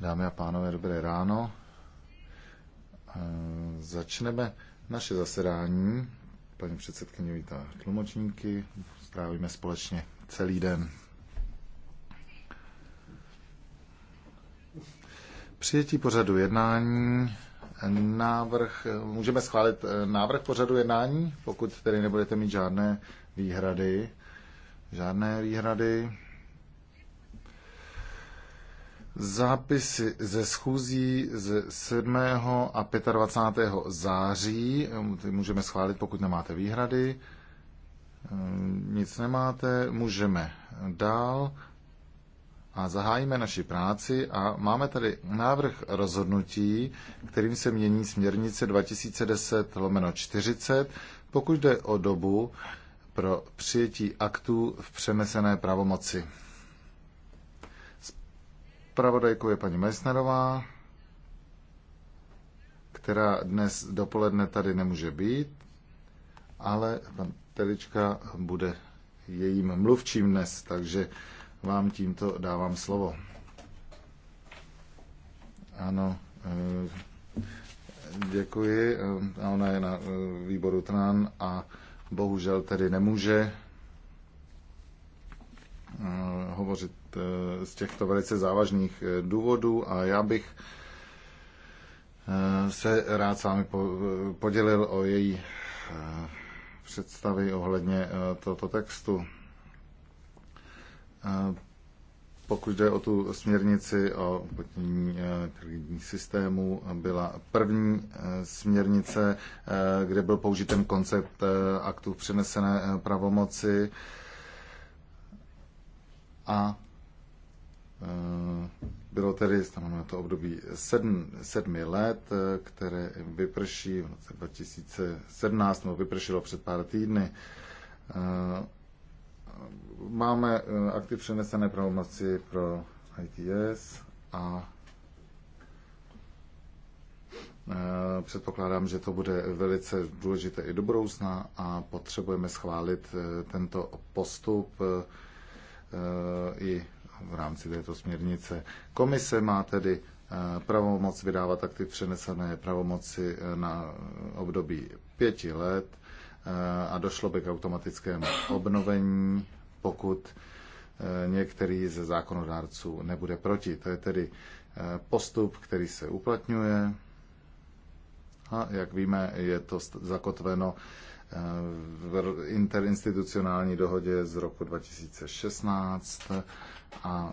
Dámy a pánové, dobré ráno. Eh, začneme naše zasedání. Paní předsedkyně vítá tlumočníky. Strávíme společně celý den. Přijetí pořadu jednání návrh, můžeme schválit eh, návrh pořadu jednání, pokud tedy nebudete mít žádné výhrady. Žádné výhrady. Zápisy ze schůzí z 7. a 25. září ty můžeme schválit, pokud nemáte výhrady. Nic nemáte, můžeme dál a zahájíme naši práci a máme tady návrh rozhodnutí, kterým se mění směrnice 2010 lomeno 40, pokud jde o dobu, pro přijetí aktů v přenesené pravomoci. Spravodajkou je paní Meissnerová, která dnes dopoledne tady nemůže být, ale pan Telička bude jejím mluvčím dnes, takže vám tímto dávám slovo. Ano, eh, děkuji. Eh, a ona je na eh, výboru TRAN a bohužel tedy nemůže eh, hovořit eh, z těchto velice závažných eh, důvodů a já bych se rád s vámi podělil o její představy ohledně tohoto textu pokud jde o tu směrnici o uplatnění kreditních eh, systémů, byla první eh, směrnice, eh, kde byl použit ten koncept aktu přenesené pravomoci a bylo tedy stanoveno to období sedm, sedmi let, které vyprší v roce 2017, nebo vypršilo před pár týdny máme eh, aktiv přenesené pravomoci pro ITS a eh, Předpokládám, že to bude velice důležité i do budoucna a potřebujeme schválit eh, tento postup i v rámci této směrnice. Komise má tedy pravomoc vydávat aktiv přenesené pravomoci na období pěti let a došlo by k automatickému obnovení, pokud eh, některý ze zákonodárců nebude proti. To je tedy eh, postup, který se uplatňuje a jak víme, je to zakotveno eh, v interinstitucionální dohodě z roku 2016 a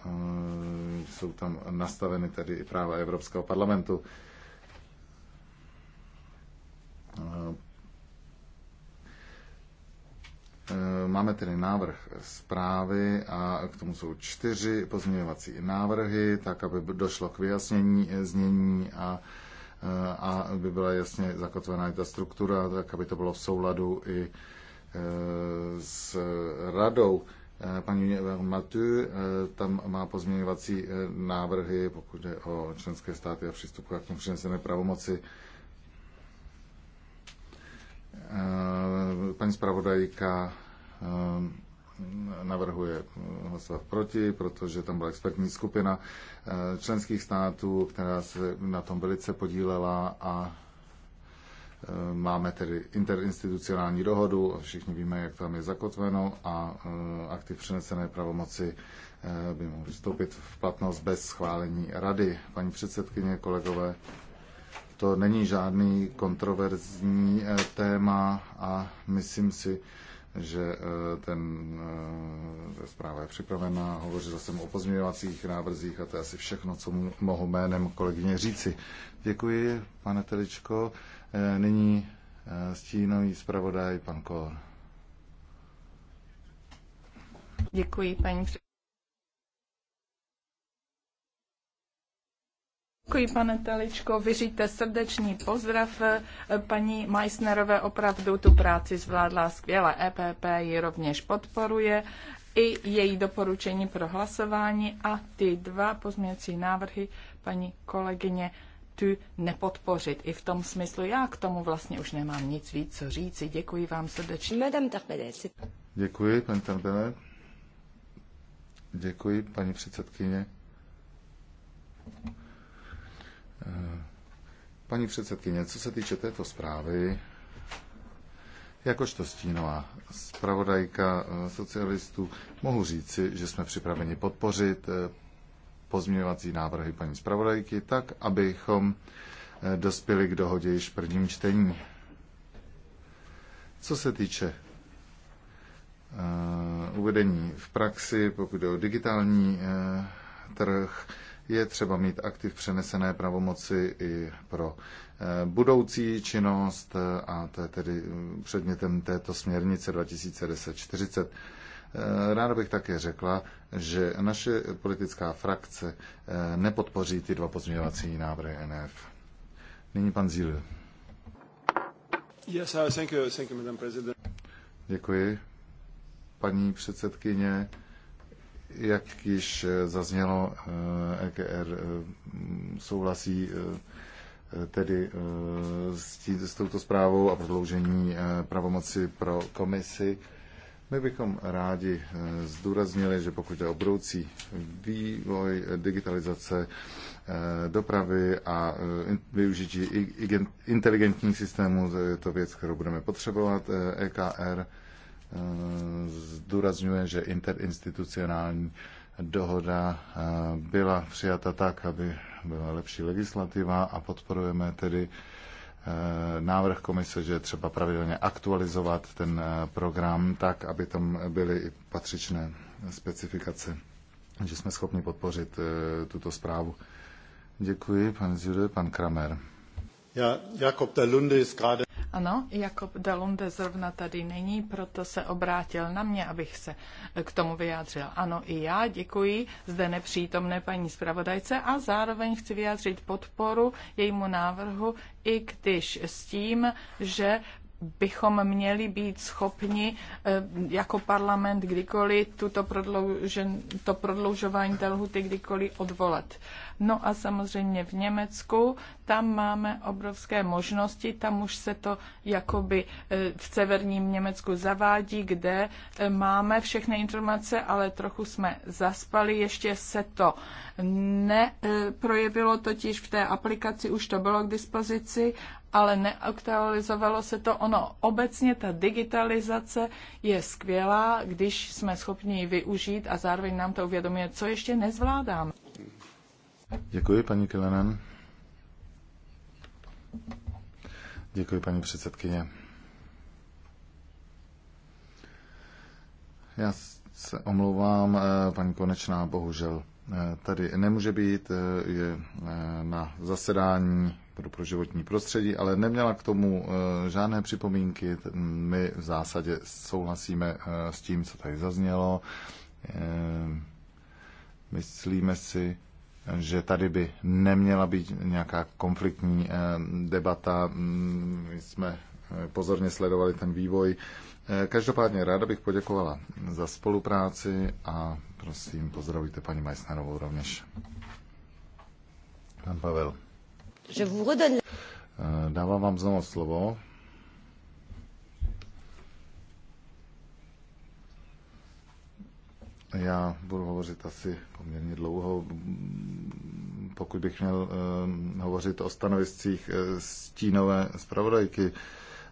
jsou tam nastaveny tedy i práva Evropského parlamentu Eh, máme tedy návrh zprávy a k tomu jsou čtyři pozměňovací návrhy, tak aby došlo k vyjasnění eh, znění a, eh, a aby byla jasně zakotvená i ta struktura, tak aby to bylo v souladu i s radou. Paní Matu tam má pozměňovací návrhy, pokud je o členské státy a přístup k tomu přinesené pravomoci. Eh, paní zpravodajka eh, navrhuje hlasovat proti, protože tam byla expertní skupina eh, členských států, která se na tom velice podílela a máme tedy interinstitucionální dohodu, všichni víme, jak tam je zakotveno a aktiv přenesené pravomoci by mohl vstoupit v platnost bez schválení rady. Paní předsedkyně, kolegové, to není žádný kontroverzní eh, téma a myslím si, že eh, ten eh, ta zpráva je připravená. Hovořil jsem o pozměňovacích návrzích a to je asi všechno, co mohu jménem kolegyně říci. Děkuji, pane Teličko. Nyní stínový zpravodaj, pan Kohl. Děkuji, paní Děkuji, pane Teličko. Vyříte srdečný pozdrav paní Meissnerové. Opravdu tu práci zvládla skvěle. EPP ji rovněž podporuje i její doporučení pro hlasování a ty dva pozměňovací návrhy paní kolegyně tu nepodpořit. I v tom smyslu já k tomu vlastně už nemám nic víc co říci. Děkuji vám srdečně. Děkuji, paní Tarbele. Děkuji, paní předsedkyně. Paní předsedkyně, co se týče této zprávy, jakožto stínová zpravodajka eh, socialistů, mohu říci, že jsme připraveni podpořit eh, pozměňovací návrhy paní zpravodajky tak, abychom eh, dospěli k dohodě již v prvním čtení. Co se týče uvedení v praxi, pokud jde o digitální trh, je třeba mít aktiv přenesené pravomoci i pro eh, budoucí činnost eh, a to je tedy mm, předmětem této směrnice 2040. Eh, ráda bych také řekla, že naše politická frakce nepodpoří ty dva pozměňovací návrhy NF. Nyní pan Zíl. Yes, uh, thank you, thank you, Děkuji, paní předsedkyně. Jak již eh, zaznělo, EKR eh, e eh, souhlasí tedy s, tí, s touto zprávou a prodloužení pravomoci pro komisi. My bychom rádi zdůraznili, že pokud je o budoucí vývoj digitalizace dopravy a využití inteligentních systémů, je to věc, kterou budeme potřebovat. EKR e zdůrazňuje, že interinstitucionální dohoda eh, byla přijata tak, aby byla lepší legislativa a podporujeme tedy eh, návrh komise, že je třeba pravidelně aktualizovat ten eh, program tak, aby tam byly i patřičné specifikace, že jsme schopni podpořit tuto zprávu. Děkuji, pan Zjude, pan Kramer. Ja, Jakob der Lunde ist gerade ano, Jakob Dalunde zrovna tady není, proto se obrátil na mě, abych se eh, k tomu vyjádřil. Ano, i já děkuji zde nepřítomné paní zpravodajce a zároveň chci vyjádřit podporu jejímu návrhu, i když s tím, že bychom měli být schopni eh, jako parlament kdykoliv tuto prodloužen, to prodloužování té lhuty kdykoliv odvolat. No a samozřejmě v Německu, tam máme obrovské možnosti, tam už se to jakoby e, v severním Německu zavádí, kde e, máme všechny informace, ale trochu jsme zaspali, ještě se to neprojevilo, totiž v té aplikaci už to bylo k dispozici, ale neaktualizovalo se to ono. Obecně ta digitalizace je skvělá, když jsme schopni ji využít a zároveň nám to uvědomuje, co ještě nezvládáme. Děkuji, paní Kilenen. Děkuji, paní předsedkyně. Já se omlouvám, eh, paní Konečná, bohužel eh, tady nemůže být, eh, je na zasedání pro životní prostředí, ale neměla k tomu žádné připomínky. My v zásadě souhlasíme s tím, co tady zaznělo. Myslíme si, že tady by neměla být nějaká konfliktní eh, debata. My mm, jsme eh, pozorně sledovali ten vývoj. Eh, každopádně ráda bych poděkovala za spolupráci a prosím, pozdravujte paní Majsnerovou rovněž. Pan Pavel. Dávám vám znovu slovo. Já budu hovořit asi poměrně dlouho. Pokud bych měl eh, hovořit o stanoviscích eh, stínové zpravodajky,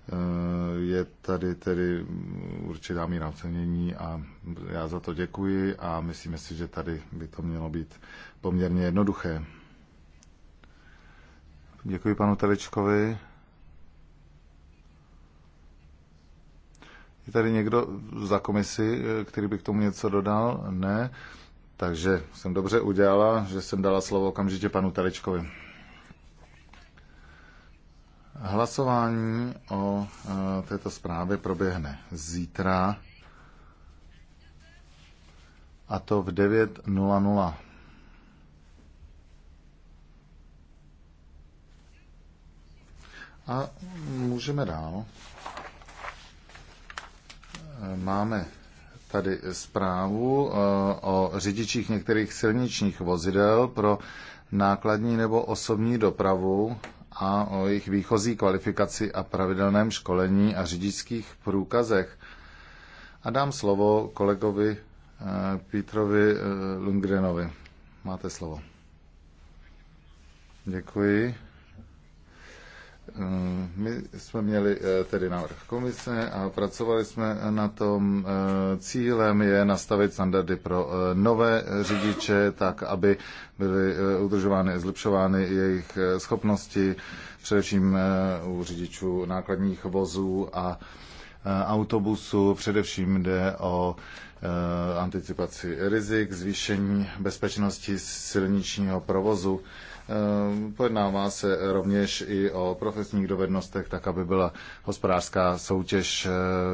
eh, je tady tedy určitá míra ocenění a já za to děkuji a myslím si, že tady by to mělo být poměrně jednoduché. Děkuji panu Teličkovi Je tady někdo za komisi, který by k tomu něco dodal? Ne. Takže jsem dobře udělala, že jsem dala slovo okamžitě panu Teličkovi. Hlasování o e, této zprávě proběhne zítra a to v 9.00. A můžeme dál. Máme tady zprávu eh, o řidičích některých silničních vozidel pro nákladní nebo osobní dopravu a o jejich výchozí kvalifikaci a pravidelném školení a řidičských průkazech. A dám slovo kolegovi eh, Pítrovi eh, Lundgrenovi. Máte slovo. Děkuji. Eh, my jsme měli eh, tedy návrh komise a pracovali jsme na tom. Eh, cílem je nastavit standardy pro nové řidiče, tak aby byly udržovány, zlepšovány jejich schopnosti, především u řidičů nákladních vozů a autobusu. Především jde o anticipaci rizik, zvýšení bezpečnosti silničního provozu. Ehm, pojednává se rovněž i o profesních dovednostech, tak aby byla hospodářská soutěž eh,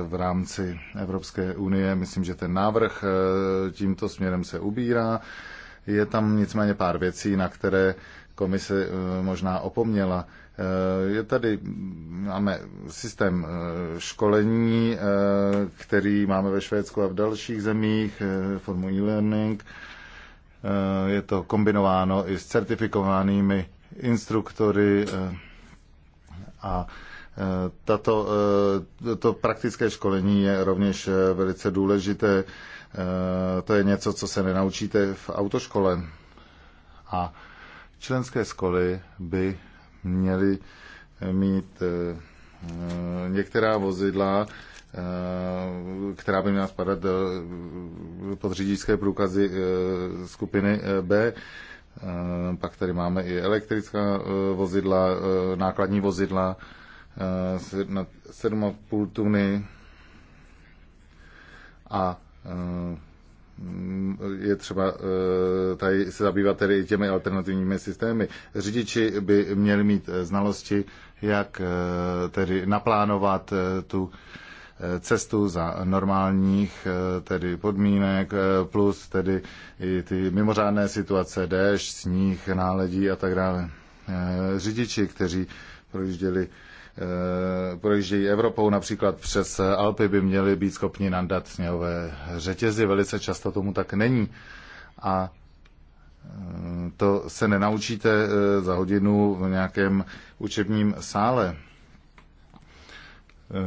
v rámci Evropské unie. Myslím, že ten návrh eh, tímto směrem se ubírá. Je tam nicméně pár věcí, na které komise eh, možná opomněla. Je tady, máme systém školení, který máme ve Švédsku a v dalších zemích, formu e-learning, je to kombinováno i s certifikovanými instruktory eh, a eh, tato, eh, to praktické školení je rovněž velice důležité. To je něco, co se nenaučíte v autoškole. A členské školy by měly mít některá vozidla, Eh, která by měla spadat eh, pod řidičské průkazy eh, skupiny B. Pak tady máme i elektrická vozidla, nákladní vozidla na 7,5 tuny a je třeba tady se zabývat tedy i těmi alternativními systémy. Řidiči by měli mít znalosti, jak tedy naplánovat tu cestu za normálních eh, tedy podmínek, eh, plus tedy i ty mimořádné situace, déšť, sníh, náledí a tak dále. Eh, řidiči, kteří projížděli projíždějí Evropou například přes Alpy, by měli být schopni nandat sněhové řetězy. Velice často tomu tak není. A to se nenaučíte za hodinu v nějakém učebním sále. Eh,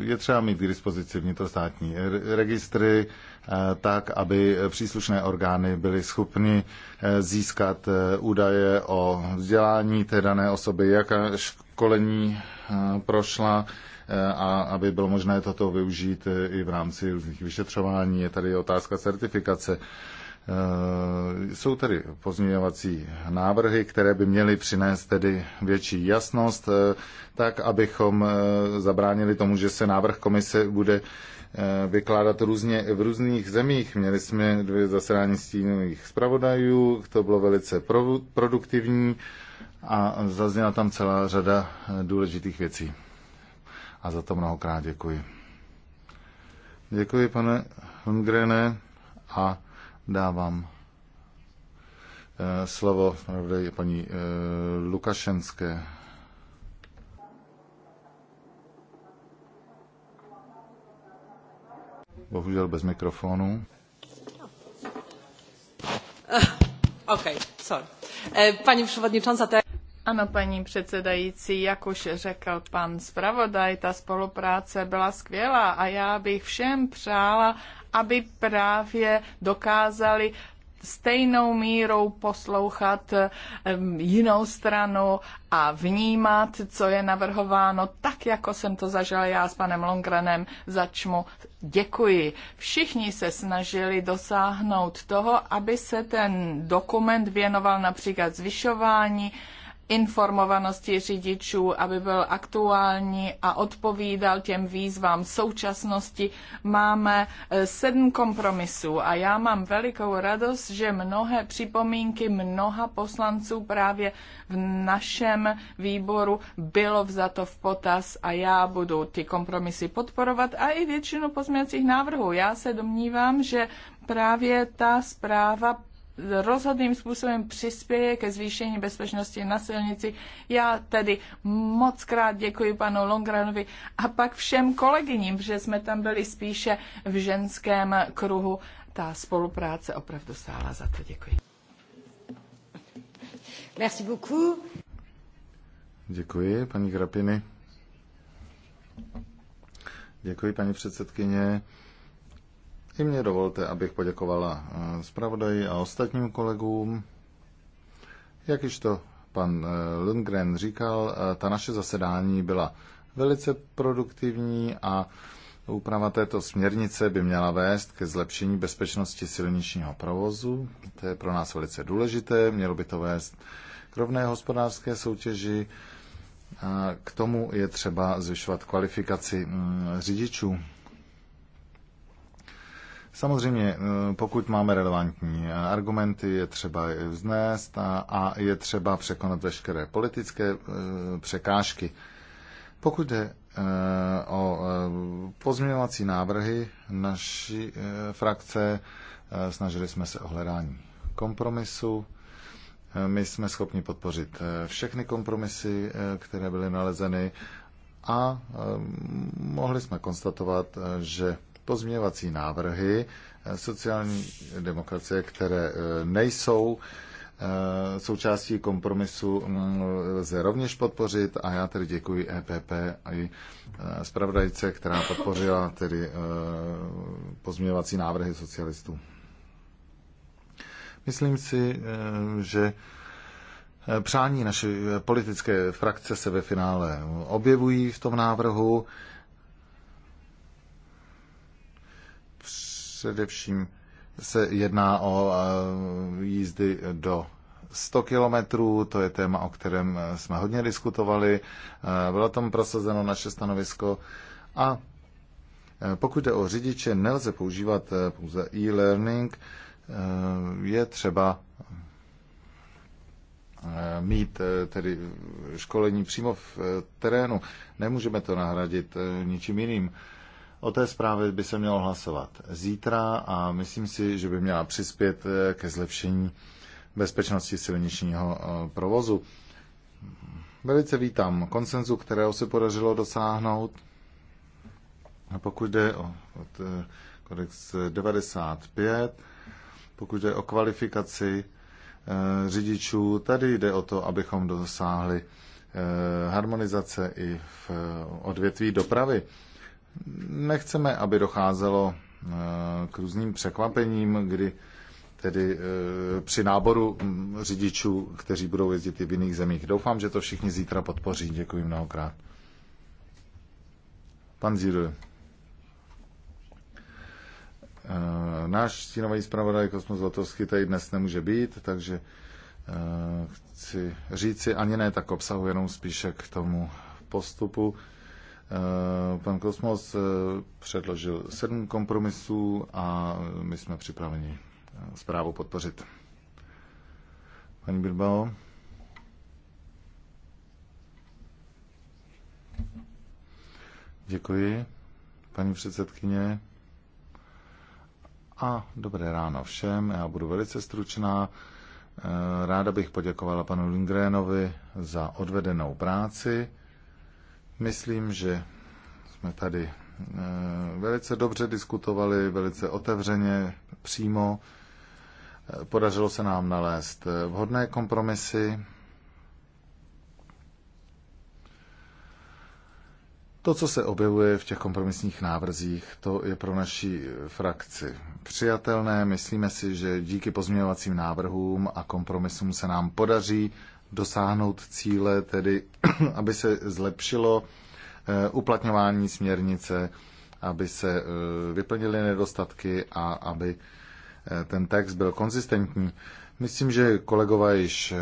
je třeba mít k dispozici vnitrostátní registry eh, tak, aby příslušné orgány byly schopny eh, získat údaje o vzdělání té dané osoby, jaká školení prošla a aby bylo možné toto využít i v rámci různých vyšetřování. Je tady otázka certifikace. Eh, jsou tedy pozměňovací návrhy, které by měly přinést tedy větší jasnost, eh, tak abychom eh, zabránili tomu, že se návrh komise bude vykládat různě v různých zemích. Měli jsme dvě zasedání stínových zpravodajů, to bylo velice produktivní a zazněla tam celá řada důležitých věcí. A za to mnohokrát děkuji. Děkuji, pane Hungrene, a Dávám eh, slovo paní eh, Lukašenské. Bohužel bez mikrofonu. Eh, ok, sorry. Pani przewodnicząca, te... Ano, paní předsedající, jak už řekl pan zpravodaj, ta spolupráce byla skvělá a já bych všem přála, aby právě dokázali stejnou mírou poslouchat jinou stranu a vnímat, co je navrhováno, tak jako jsem to zažila já s panem Longrenem, začmu. Děkuji. Všichni se snažili dosáhnout toho, aby se ten dokument věnoval například zvyšování informovanosti řidičů, aby byl aktuální a odpovídal těm výzvám současnosti. Máme eh, sedm kompromisů a já mám velikou radost, že mnohé připomínky mnoha poslanců právě v našem výboru bylo vzato v potaz a já budu ty kompromisy podporovat a i většinu pozměňovacích návrhů. Já se domnívám, že právě ta zpráva rozhodným způsobem přispěje ke zvýšení bezpečnosti na silnici. Já tedy moc krát děkuji panu Longranovi a pak všem kolegyním, že jsme tam byli spíše v ženském kruhu. Ta spolupráce opravdu stála za to. Děkuji. Merci beaucoup. Děkuji, paní Grapiny. Děkuji, paní předsedkyně. I mě dovolte, abych poděkovala eh, zpravodaji a ostatním kolegům. Jak již to pan eh, Lundgren říkal, eh, ta naše zasedání byla velice produktivní a úprava této směrnice by měla vést ke zlepšení bezpečnosti silničního provozu. To je pro nás velice důležité. Mělo by to vést k rovné hospodářské soutěži. K tomu je třeba zvyšovat kvalifikaci mm, řidičů. Samozřejmě, eh, pokud máme relevantní argumenty, je třeba je vznést a, a je třeba překonat veškeré politické eh, překážky. Pokud jde eh, o pozměňovací návrhy naší frakce, snažili jsme se o hledání kompromisu. My jsme schopni podpořit všechny kompromisy, které byly nalezeny a mohli jsme konstatovat, že pozměňovací návrhy eh, sociální demokracie, které eh, nejsou eh, součástí kompromisu mm, lze rovněž podpořit a já tedy děkuji EPP a i zpravodajce, která podpořila tedy pozměňovací návrhy socialistů. Myslím si, že přání naší politické frakce se ve finále objevují v tom návrhu. Především se jedná o e, jízdy do 100 kilometrů, to je téma, o kterém jsme hodně diskutovali. E, bylo tam prosazeno naše stanovisko a e, pokud jde o řidiče, nelze používat pouze e-learning, je třeba mít tedy školení přímo v terénu. Nemůžeme to nahradit ničím jiným. O té zprávě by se mělo hlasovat zítra a myslím si, že by měla přispět eh, ke zlepšení bezpečnosti silničního eh, provozu. Velice vítám konsenzu, kterého se podařilo dosáhnout. A pokud jde o, o eh, kodex 95, pokud jde o kvalifikaci e, řidičů, tady jde o to, abychom dosáhli e, harmonizace i v e, odvětví dopravy. Nechceme, aby docházelo eh, k různým překvapením, kdy tedy eh, při náboru hm, řidičů, kteří budou jezdit i v jiných zemích. Doufám, že to všichni zítra podpoří. Děkuji mnohokrát. Pan Zír. Eh, náš stínový zpravodaj Kosmos Zlatovský tady dnes nemůže být, takže chci říci ani ne tak obsahu, jenom spíše k tomu postupu. Eh, pan Kosmos eh, předložil sedm kompromisů a my jsme připraveni eh, zprávu podpořit. Paní Bilbao. Děkuji, paní předsedkyně. A dobré ráno všem. Já budu velice stručná. Ráda bych poděkovala panu Lindgrenovi za odvedenou práci Myslím, že jsme tady eh, velice dobře diskutovali, velice otevřeně, přímo. Eh, podařilo se nám nalézt eh, vhodné kompromisy. To, co se objevuje v těch kompromisních návrzích, to je pro naši frakci přijatelné. Myslíme si, že díky pozměňovacím návrhům a kompromisům se nám podaří dosáhnout cíle, tedy aby se zlepšilo eh, uplatňování směrnice, aby se eh, vyplnily nedostatky a aby eh, ten text byl konzistentní. Myslím, že kolegové již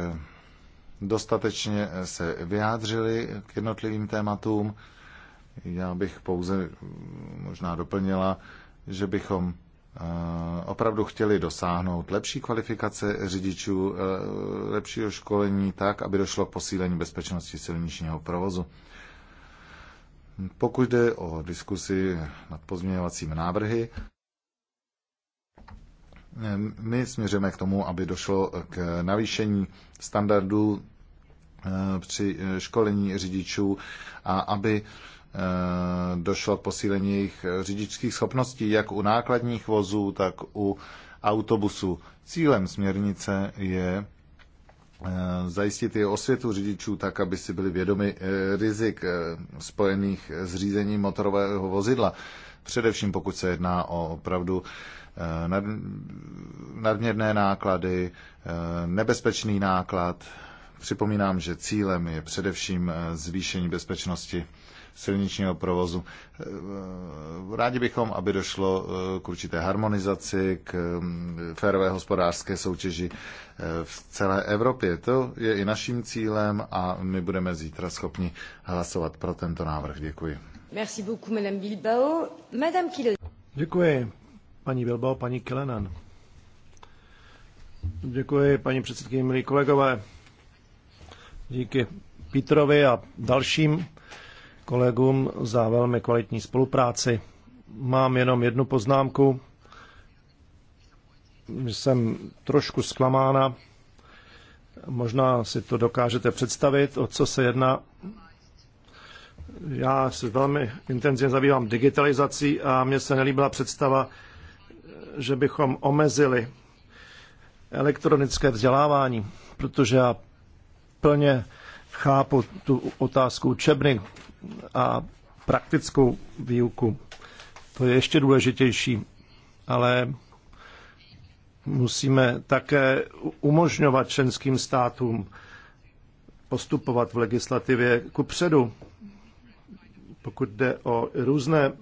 dostatečně se vyjádřili k jednotlivým tématům. Já bych pouze mm, možná doplnila, že bychom Eh, opravdu chtěli dosáhnout lepší kvalifikace řidičů, eh, lepšího školení tak, aby došlo k posílení bezpečnosti silničního provozu. Pokud jde o diskusi nad pozměňovacími návrhy, eh, my směřujeme k tomu, aby došlo k navýšení standardů při školení řidičů a aby Eh, došlo k posílení jejich eh, řidičských schopností jak u nákladních vozů, tak u autobusů. Cílem směrnice je eh, zajistit i osvětu řidičů tak, aby si byli vědomi rizik spojených s řízením motorového vozidla. Především pokud se jedná o opravdu nadměrné náklady, nebezpečný náklad. Připomínám, že cílem je především zvýšení bezpečnosti silničního provozu. Rádi bychom, aby došlo eh, k určité harmonizaci, k mm, férové hospodářské soutěži eh, v celé Evropě. To je i naším cílem a my budeme zítra schopni hlasovat pro tento návrh. Děkuji. Merci beaucoup, Madame Bilbao. Madame Kilo. Děkuji, paní Bilbao, paní Kilenan. Děkuji, paní předsedkyně, milí kolegové. Díky Petrovi a dalším kolegům za velmi kvalitní spolupráci. Mám jenom jednu poznámku. Jsem trošku zklamána. Možná si to dokážete představit, o co se jedná. Já se velmi intenzivně zabývám digitalizací a mně se nelíbila představa, že bychom omezili elektronické vzdělávání, protože já plně chápu tu otázku učebny, a praktickou výuku. To je ještě důležitější, ale musíme také umožňovat členským státům postupovat v legislativě ku předu, pokud jde o různé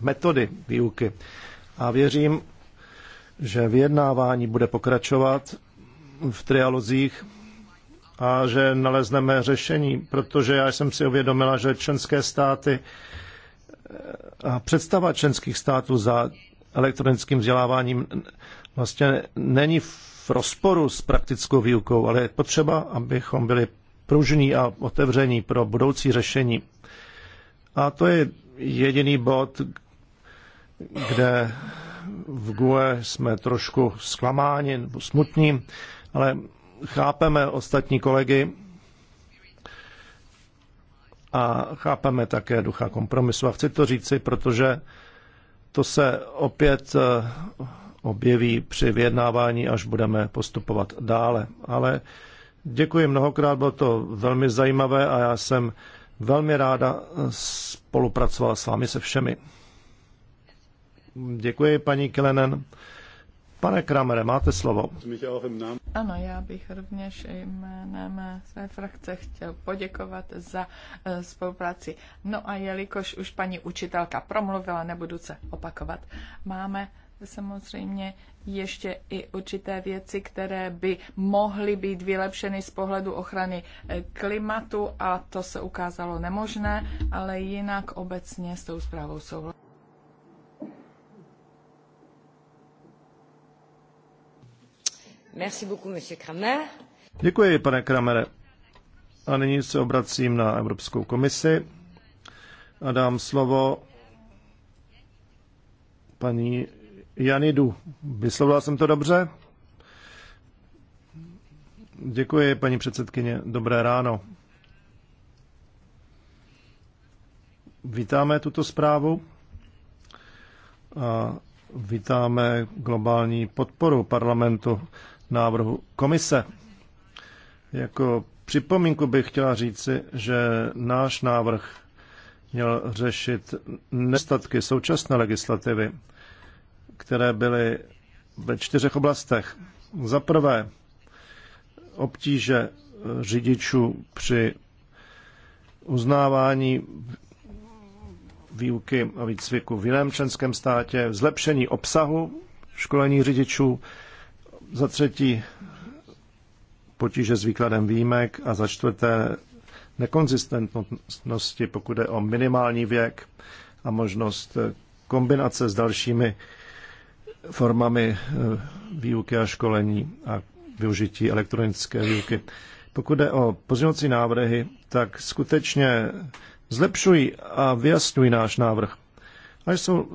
metody výuky. A věřím, že vyjednávání bude pokračovat v trialozích a že nalezneme řešení, protože já jsem si uvědomila, že členské státy eh, a představa členských států za elektronickým vzděláváním vlastně není v rozporu s praktickou výukou, ale je potřeba, abychom byli pružní a otevření pro budoucí řešení. A to je jediný bod, kde v GUE jsme trošku zklamáni nebo smutní, ale chápeme ostatní kolegy a chápeme také ducha kompromisu. A chci to říci, protože to se opět eh, objeví při vyjednávání, až budeme postupovat dále. Ale děkuji mnohokrát, bylo to velmi zajímavé a já jsem velmi ráda spolupracovala s vámi se všemi. Děkuji, paní Kelenen. Pane Kramere, máte slovo. Ano, já bych rovněž jménem své frakce chtěl poděkovat za eh, spolupráci. No a jelikož už paní učitelka promluvila, nebudu se opakovat, máme samozřejmě ještě i určité věci, které by mohly být vylepšeny z pohledu ochrany eh, klimatu a to se ukázalo nemožné, ale jinak obecně s tou zprávou souhlasím. Děkuji, pane Kramere. A nyní se obracím na Evropskou komisi a dám slovo paní Janidu. Vyslovila jsem to dobře? Děkuji, paní předsedkyně. Dobré ráno. Vítáme tuto zprávu a vítáme globální podporu parlamentu návrhu komise. Jako připomínku bych chtěla říci, že náš návrh měl řešit nedostatky současné legislativy, které byly ve čtyřech oblastech. Za prvé, obtíže řidičů při uznávání výuky a výcviku v jiném členském státě, zlepšení obsahu školení řidičů za třetí potíže s výkladem výjimek a za čtvrté nekonzistentnosti, pokud je o minimální věk a možnost kombinace s dalšími formami eh, výuky a školení a využití elektronické výuky. Pokud je o pozměňovací návrhy, tak skutečně zlepšují a vyjasňují náš návrh a jsou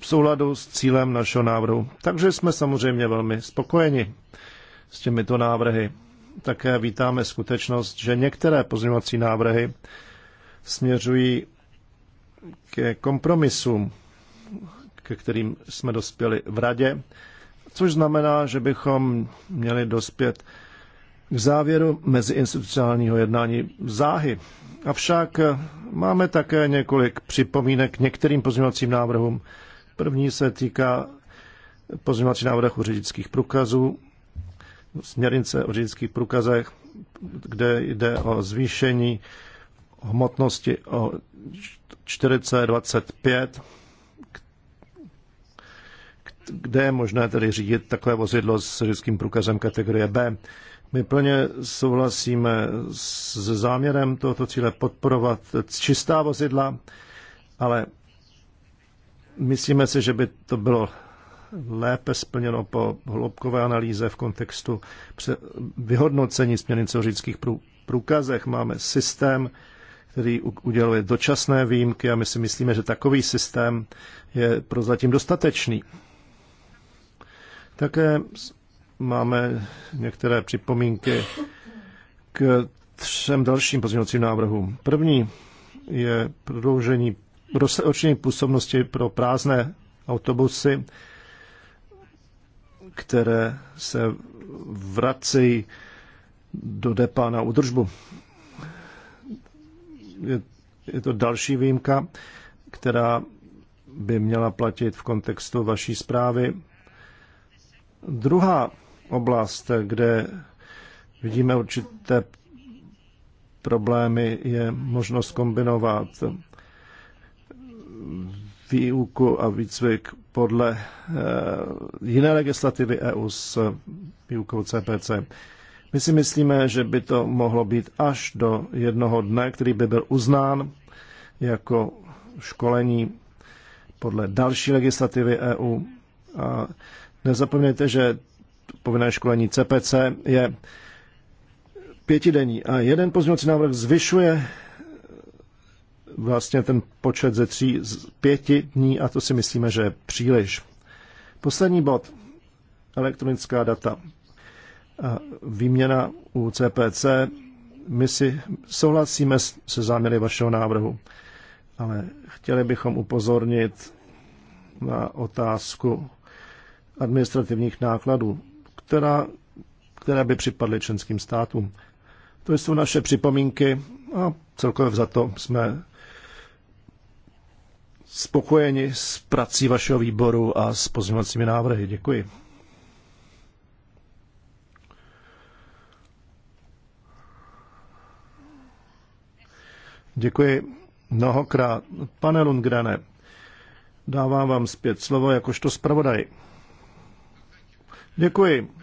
v souladu s cílem našeho návrhu. Takže jsme samozřejmě velmi spokojeni s těmito návrhy. Také vítáme skutečnost, že některé pozměňovací návrhy směřují ke kompromisům, ke kterým jsme dospěli v radě, což znamená, že bychom měli dospět k závěru meziinstitucionálního jednání záhy Avšak eh, máme také několik připomínek k některým pozměňovacím návrhům. První se týká pozměňovací návrh o řidičských průkazů, směrnice o řidičských průkazech, kde jde o zvýšení hmotnosti o 425, kde je možné tedy řídit takové vozidlo s řidičským průkazem kategorie B. My plně souhlasíme s záměrem tohoto cíle podporovat čistá vozidla, ale myslíme si, že by to bylo lépe splněno po hloubkové analýze v kontextu vyhodnocení směrnice o řidičských průkazech. Máme systém, který uděluje dočasné výjimky a my si myslíme, že takový systém je prozatím dostatečný. Také máme některé připomínky k třem dalším pozměňovacím návrhům. První je prodloužení roční působnosti pro prázdné autobusy, které se vracejí do depa na údržbu. Je, je to další výjimka, která by měla platit v kontextu vaší zprávy. Druhá oblast, kde vidíme určité problémy, je možnost kombinovat výuku a výcvik podle eh, jiné legislativy EU s výukou CPC. My si myslíme, že by to mohlo být až do jednoho dne, který by byl uznán jako školení podle další legislativy EU. A nezapomeňte, že povinné školení CPC je pětidenní a jeden pozměňovací návrh zvyšuje vlastně ten počet ze tří z pěti dní a to si myslíme, že je příliš. Poslední bod. Elektronická data. A výměna u CPC. My si souhlasíme se záměry vašeho návrhu, ale chtěli bychom upozornit na otázku administrativních nákladů která, které by připadly členským státům. To jsou naše připomínky a celkově za to jsme spokojeni s prací vašeho výboru a s pozměňovacími návrhy. Děkuji. Děkuji mnohokrát. Pane Lundgrene, dávám vám zpět slovo jakožto zpravodaj. Děkuji.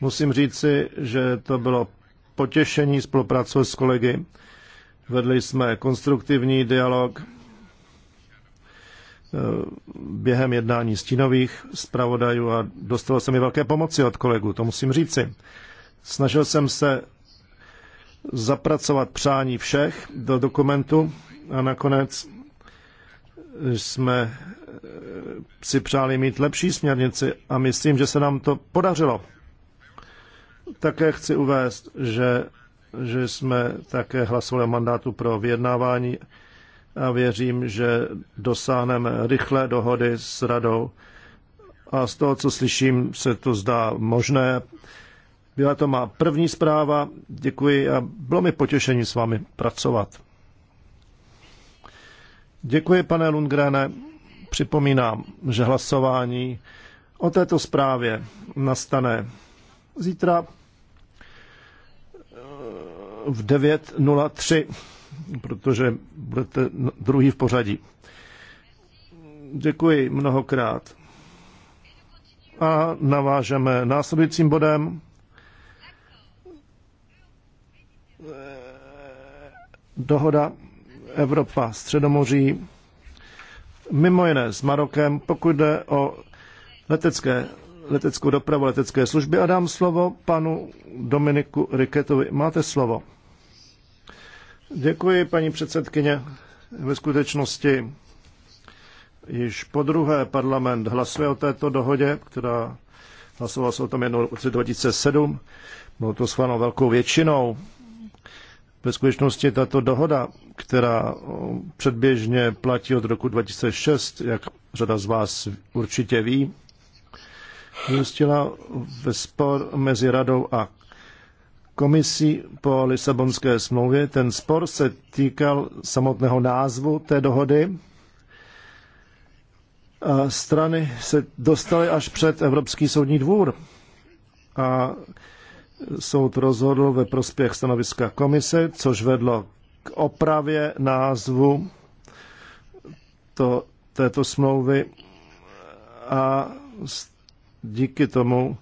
Musím říci, že to bylo potěšení spolupracovat s kolegy. Vedli jsme konstruktivní dialog eh, během jednání stínových zpravodajů a dostalo se mi velké pomoci od kolegů, to musím říci. Snažil jsem se zapracovat přání všech do dokumentu a nakonec jsme eh, si přáli mít lepší směrnici a myslím, že se nám to podařilo. Také chci uvést, že, že jsme také hlasovali mandátu pro vyjednávání a věřím, že dosáhneme rychlé dohody s radou. A z toho, co slyším, se to zdá možné. Byla to má první zpráva, děkuji a bylo mi potěšení s vámi pracovat. Děkuji, pane Lundgrene. Připomínám, že hlasování o této zprávě nastane zítra v 9.03, protože budete druhý v pořadí. Děkuji mnohokrát. A navážeme následujícím bodem. Dohoda Evropa Středomoří, mimo jiné s Marokem, pokud jde o letecké leteckou dopravu letecké služby a dám slovo panu Dominiku Riketovi. Máte slovo. Děkuji, paní předsedkyně. Ve skutečnosti již po druhé parlament hlasuje o této dohodě, která hlasovala se o tom jednou v roce 2007. Bylo to schváleno velkou většinou. Ve skutečnosti tato dohoda, která předběžně platí od roku 2006, jak řada z vás určitě ví, vyústila ve spor mezi radou a komisí po Lisabonské smlouvě. Ten spor se týkal samotného názvu té dohody. A strany se dostaly až před Evropský soudní dvůr a soud rozhodl ve prospěch stanoviska komise, což vedlo k opravě názvu to, této smlouvy a díky tomu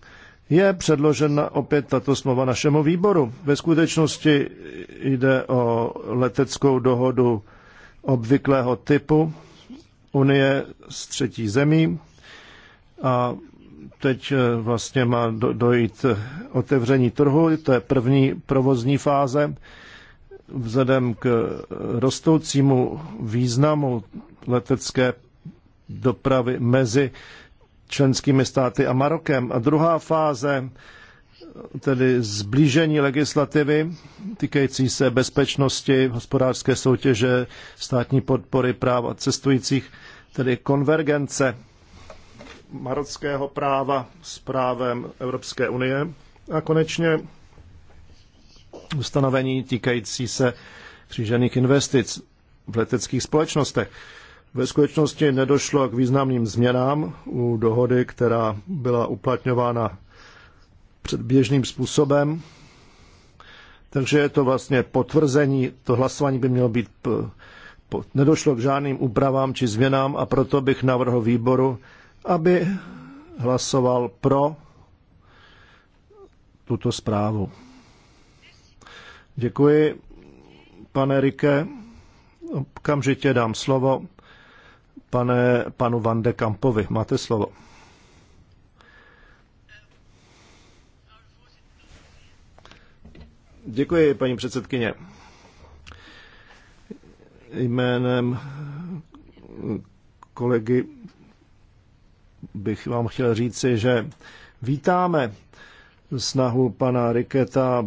je předložena opět tato smlouva našemu výboru. Ve skutečnosti jde o leteckou dohodu obvyklého typu Unie s třetí zemí a teď eh, vlastně má dojít otevření trhu, to je první provozní fáze. Vzhledem k rostoucímu významu letecké dopravy mezi členskými státy a Marokem. A druhá fáze, tedy zblížení legislativy týkající se bezpečnosti, hospodářské soutěže, státní podpory práva cestujících, tedy konvergence marockého práva s právem Evropské unie a konečně ustanovení týkající se křížených investic v leteckých společnostech. Ve skutečnosti nedošlo k významným změnám u dohody, která byla uplatňována předběžným způsobem. Takže je to vlastně potvrzení, to hlasování by mělo být, nedošlo k žádným úpravám či změnám a proto bych navrhl výboru, aby hlasoval pro tuto zprávu. Děkuji, pane Rike. Okamžitě dám slovo pane, panu Van de Kampovi. Máte slovo. Děkuji, paní předsedkyně. Jménem kolegy bych vám chtěl říci, že vítáme snahu pana Riketa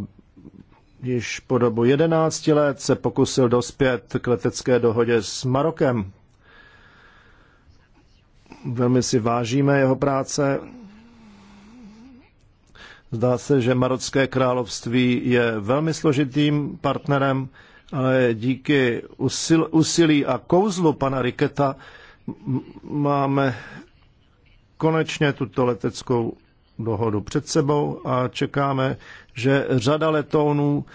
již po dobu 11 let se pokusil dospět k letecké dohodě s Marokem. Velmi si vážíme jeho práce. Zdá se, že Marocké království je velmi složitým partnerem, ale díky usil, usilí a kouzlu pana Riketa máme konečně tuto leteckou dohodu před sebou a čekáme, že řada letounů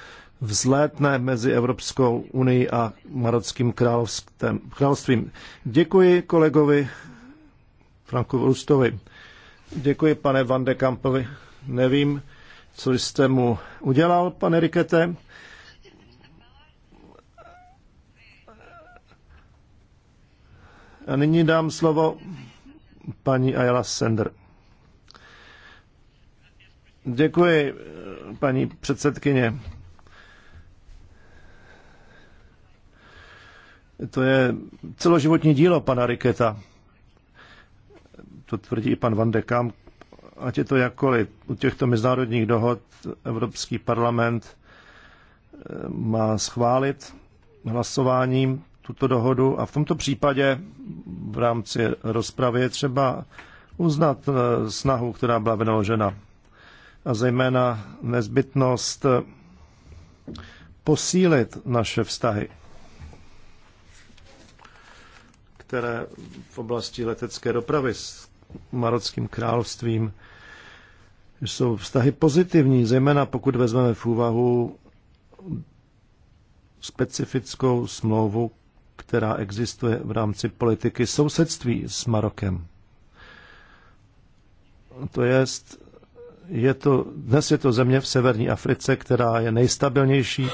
vzlétne mezi Evropskou unii a Marockým královstvím. Děkuji kolegovi Franku Rustovi. Děkuji, pane Van de Kampovi. Nevím, co jste mu udělal, pane Rikete. A nyní dám slovo paní Ayala Sender. Děkuji, paní předsedkyně. To je celoživotní dílo pana Riketa to tvrdí i pan Van de Kamp, ať je to jakkoliv, u těchto mezinárodních dohod Evropský parlament eh, má schválit hlasováním tuto dohodu a v tomto případě v rámci rozpravy je třeba uznat eh, snahu, která byla vynaložena a zejména nezbytnost eh, posílit naše vztahy, které v oblasti letecké dopravy, s Marockým královstvím. Jsou vztahy pozitivní, zejména pokud vezmeme v úvahu specifickou smlouvu, která existuje v rámci politiky sousedství s Marokem. To jest, je to, dnes je to země v severní Africe, která je nejstabilnější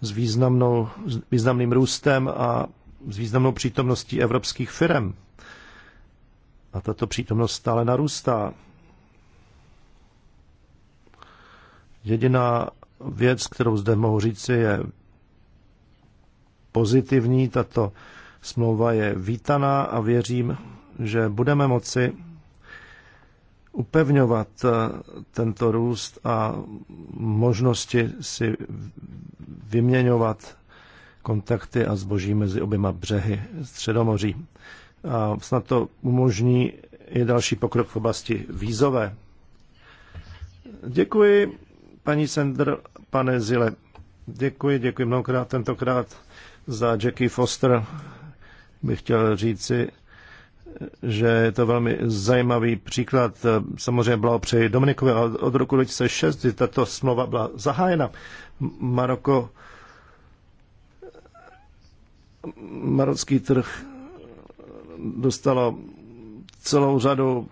s, významnou, s významným růstem a s významnou přítomností evropských firm. A tato přítomnost stále narůstá. Jediná věc, kterou zde mohu říci, je pozitivní. Tato smlouva je vítaná a věřím, že budeme moci upevňovat eh, tento růst a možnosti si vyměňovat kontakty a zboží mezi oběma břehy Středomoří a snad to umožní i další pokrok v oblasti vízové. Děkuji, paní Sender, pane Zile. Děkuji, děkuji mnohokrát tentokrát za Jackie Foster. Bych chtěl říci, že je to velmi zajímavý příklad. Samozřejmě blahopřeji Dominikovi, od roku 2006, kdy tato smlouva byla zahájena, Maroko, marocký trh dostalo celou řadu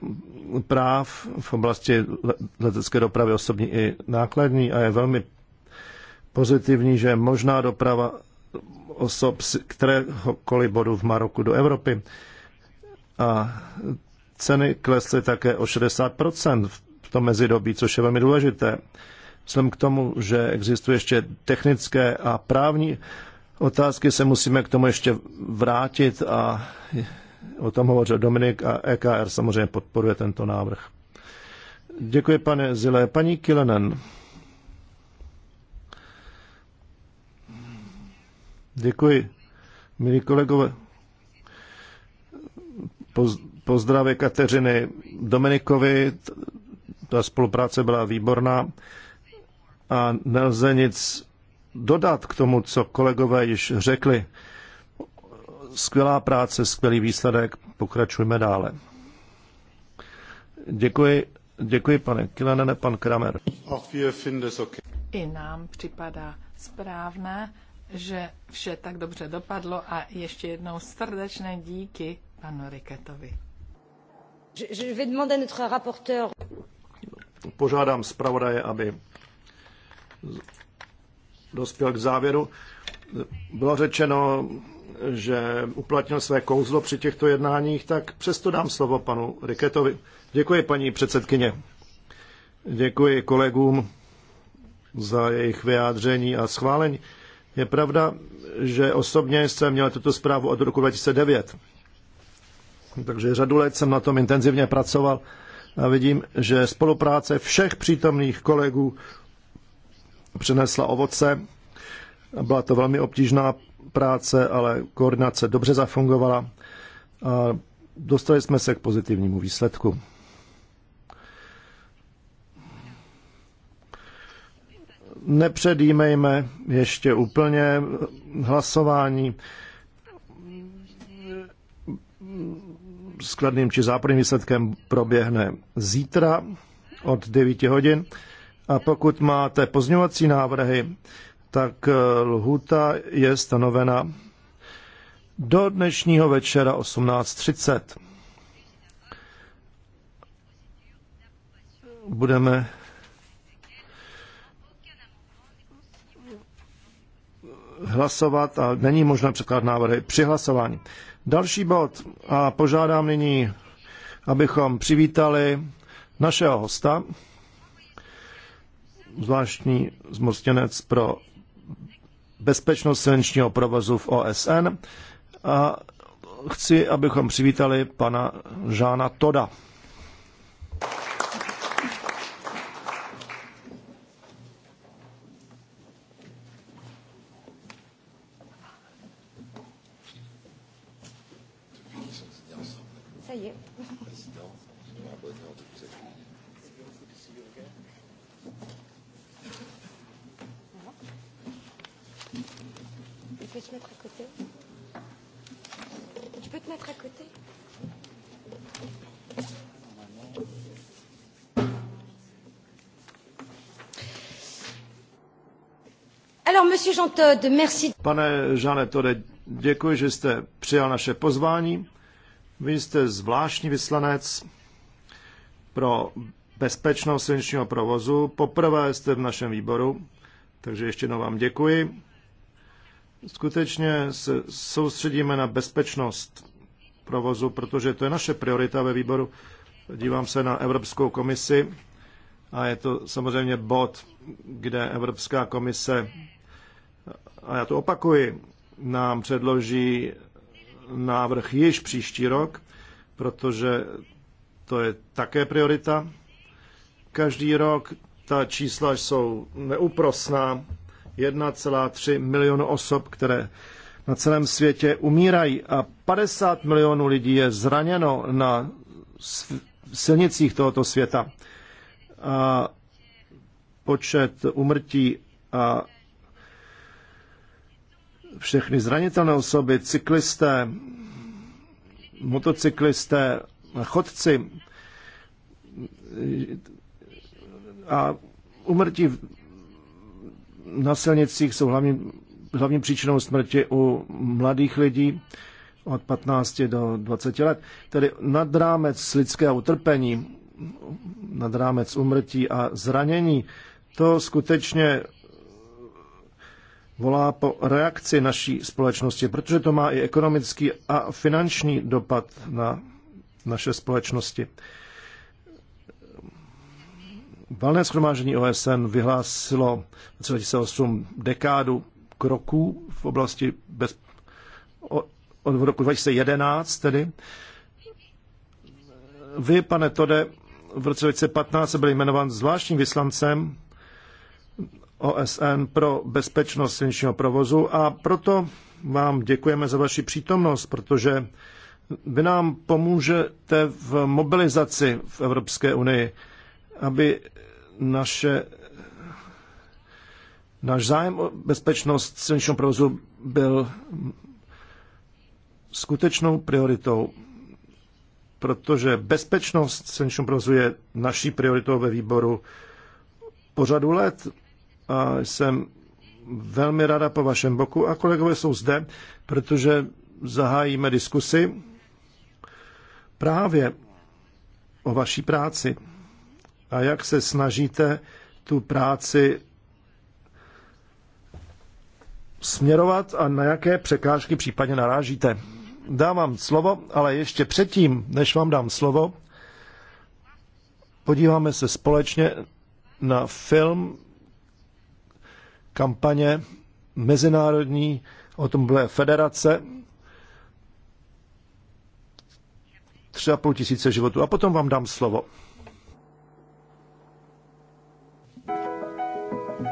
práv v oblasti letecké dopravy osobní i nákladní a je velmi pozitivní, že možná doprava osob z kteréhokoliv bodu v Maroku do Evropy. A ceny klesly také o 60% v tom mezidobí, což je velmi důležité. Vzhledem k tomu, že existují ještě technické a právní otázky, se musíme k tomu ještě vrátit a O tom hovořil Dominik a EKR samozřejmě podporuje tento návrh. Děkuji, pane Zile. Paní Kilenen. Děkuji. Milí kolegové, pozdravy Kateřiny Dominikovi, ta spolupráce byla výborná a nelze nic dodat k tomu, co kolegové již řekli. Skvělá práce, skvělý výsledek, pokračujme dále. Děkuji, děkuji pane Kilenene, pan Kramer. I nám připadá správné, že vše tak dobře dopadlo a ještě jednou srdečné díky panu Riketovi. Požádám zpravodaje, aby dospěl k závěru. Bylo řečeno že uplatnil své kouzlo při těchto jednáních, tak přesto dám slovo panu Riketovi. Děkuji, paní předsedkyně. Děkuji kolegům za jejich vyjádření a schválení. Je pravda, že osobně jsem měl tuto zprávu od roku 2009. Takže řadu let jsem na tom intenzivně pracoval a vidím, že spolupráce všech přítomných kolegů přinesla ovoce. Byla to velmi obtížná práce, ale koordinace dobře zafungovala a dostali jsme se k pozitivnímu výsledku. Nepředjímejme ještě úplně hlasování skladným či záporným výsledkem proběhne zítra od 9 hodin. A pokud máte pozňovací návrhy, tak eh, lhuta je stanovena do dnešního večera 18.30. Budeme hlasovat a není možné překládat návrhy při hlasování. Další bod a požádám nyní, abychom přivítali našeho hosta, zvláštní zmocněnec pro bezpečnost silničního provozu v OSN a chci, abychom přivítali pana Žána Toda. Jean Todt, merci. Pane Jeane Tode, děkuji, že jste přijal naše pozvání. Vy jste zvláštní vyslanec pro bezpečnost silničního provozu. Poprvé jste v našem výboru, takže ještě jednou vám děkuji. Skutečně se soustředíme na bezpečnost provozu, protože to je naše priorita ve výboru. Dívám se na Evropskou komisi a je to samozřejmě bod, kde Evropská komise a já to opakuji, nám předloží návrh již příští rok, protože to je také priorita. Každý rok ta čísla jsou neúprosná. 1,3 milionu osob, které na celém světě umírají a 50 milionů lidí je zraněno na silnicích tohoto světa. A počet umrtí a všechny zranitelné osoby, cyklisté, motocyklisté, chodci a umrtí na silnicích jsou hlavní, hlavní příčinou smrti u mladých lidí od 15 do 20 let. Tedy nad rámec lidského utrpení, nad rámec umrtí a zranění, to skutečně volá po reakci naší společnosti, protože to má i ekonomický a finanční dopad na naše společnosti. Valné schromáždění OSN vyhlásilo v 2008 dekádu kroků v oblasti bez, od roku 2011 tedy. Vy, pane Tode, v roce 2015 byli jmenován zvláštním vyslancem OSN pro bezpečnost silničního provozu a proto vám děkujeme za vaši přítomnost, protože vy nám pomůžete v mobilizaci v Evropské unii, aby naše, náš zájem o bezpečnost silničního provozu byl skutečnou prioritou, protože bezpečnost silničního provozu je naší prioritou ve výboru pořadu let a jsem velmi ráda po vašem boku a kolegové jsou zde, protože zahájíme diskusy právě o vaší práci a jak se snažíte tu práci směrovat a na jaké překážky případně narážíte. Dám vám slovo, ale ještě předtím, než vám dám slovo, podíváme se společně na film kampaně mezinárodní automobilové federace, tři a půl tisíce životů. A potom vám dám slovo.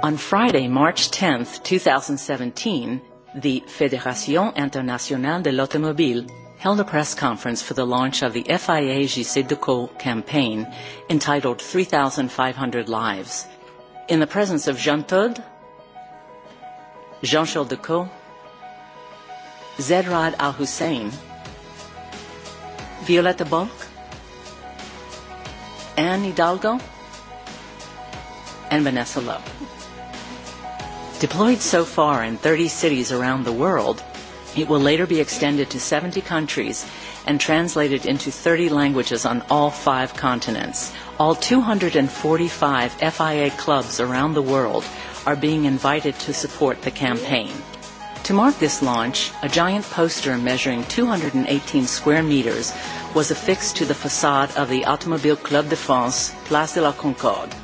On Friday, March 10th, 2017, the Fédération Internationale de l'Automobile held a press conference for the launch of the FIA JC Decaux campaign entitled 3,500 Lives. In the presence of Jean Todt, Jean Charles Decaux, Zedrad Al Hussein, Violetta Balk, Anne Hidalgo, and Vanessa Lowe. Deployed so far in 30 cities around the world, it will later be extended to 70 countries and translated into 30 languages on all five continents. All 245 FIA clubs around the world are being invited to support the campaign. To mark this launch, a giant poster measuring 218 square meters was affixed to the facade of the Automobile Club de France, Place de la Concorde.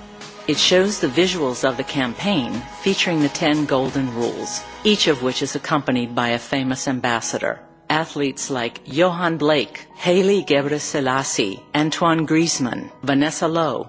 It shows the visuals of the campaign featuring the 10 golden rules, each of which is accompanied by a famous ambassador. Athletes like Johan Blake, Haley Gebre Selassie, Antoine Griezmann, Vanessa Lowe,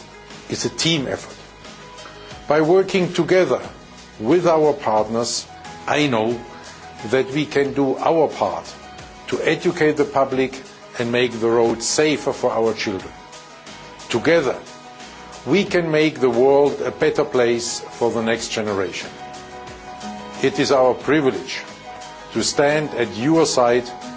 is a team effort. By working together with our partners, I know that we can do our part to educate the public and make the road safer for our children. Together, we can make the world a better place for the next generation. It is our privilege to stand at your side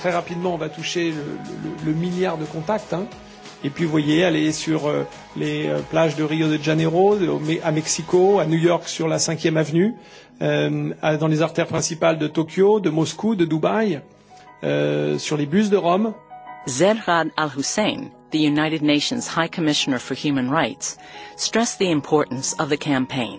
très rapidement, on va toucher le, le, le milliard de contacts. Hein. Et puis, vous voyez, aller sur euh, les euh, plages de Rio de Janeiro, de, au, à Mexico, à New York sur la 5e avenue, euh, à, dans les artères principales de Tokyo, de Moscou, de Dubaï, euh, sur les bus de Rome. Zedran al-Hussein, the United Nations High Commissioner for Human Rights, stressed the importance of the campaign.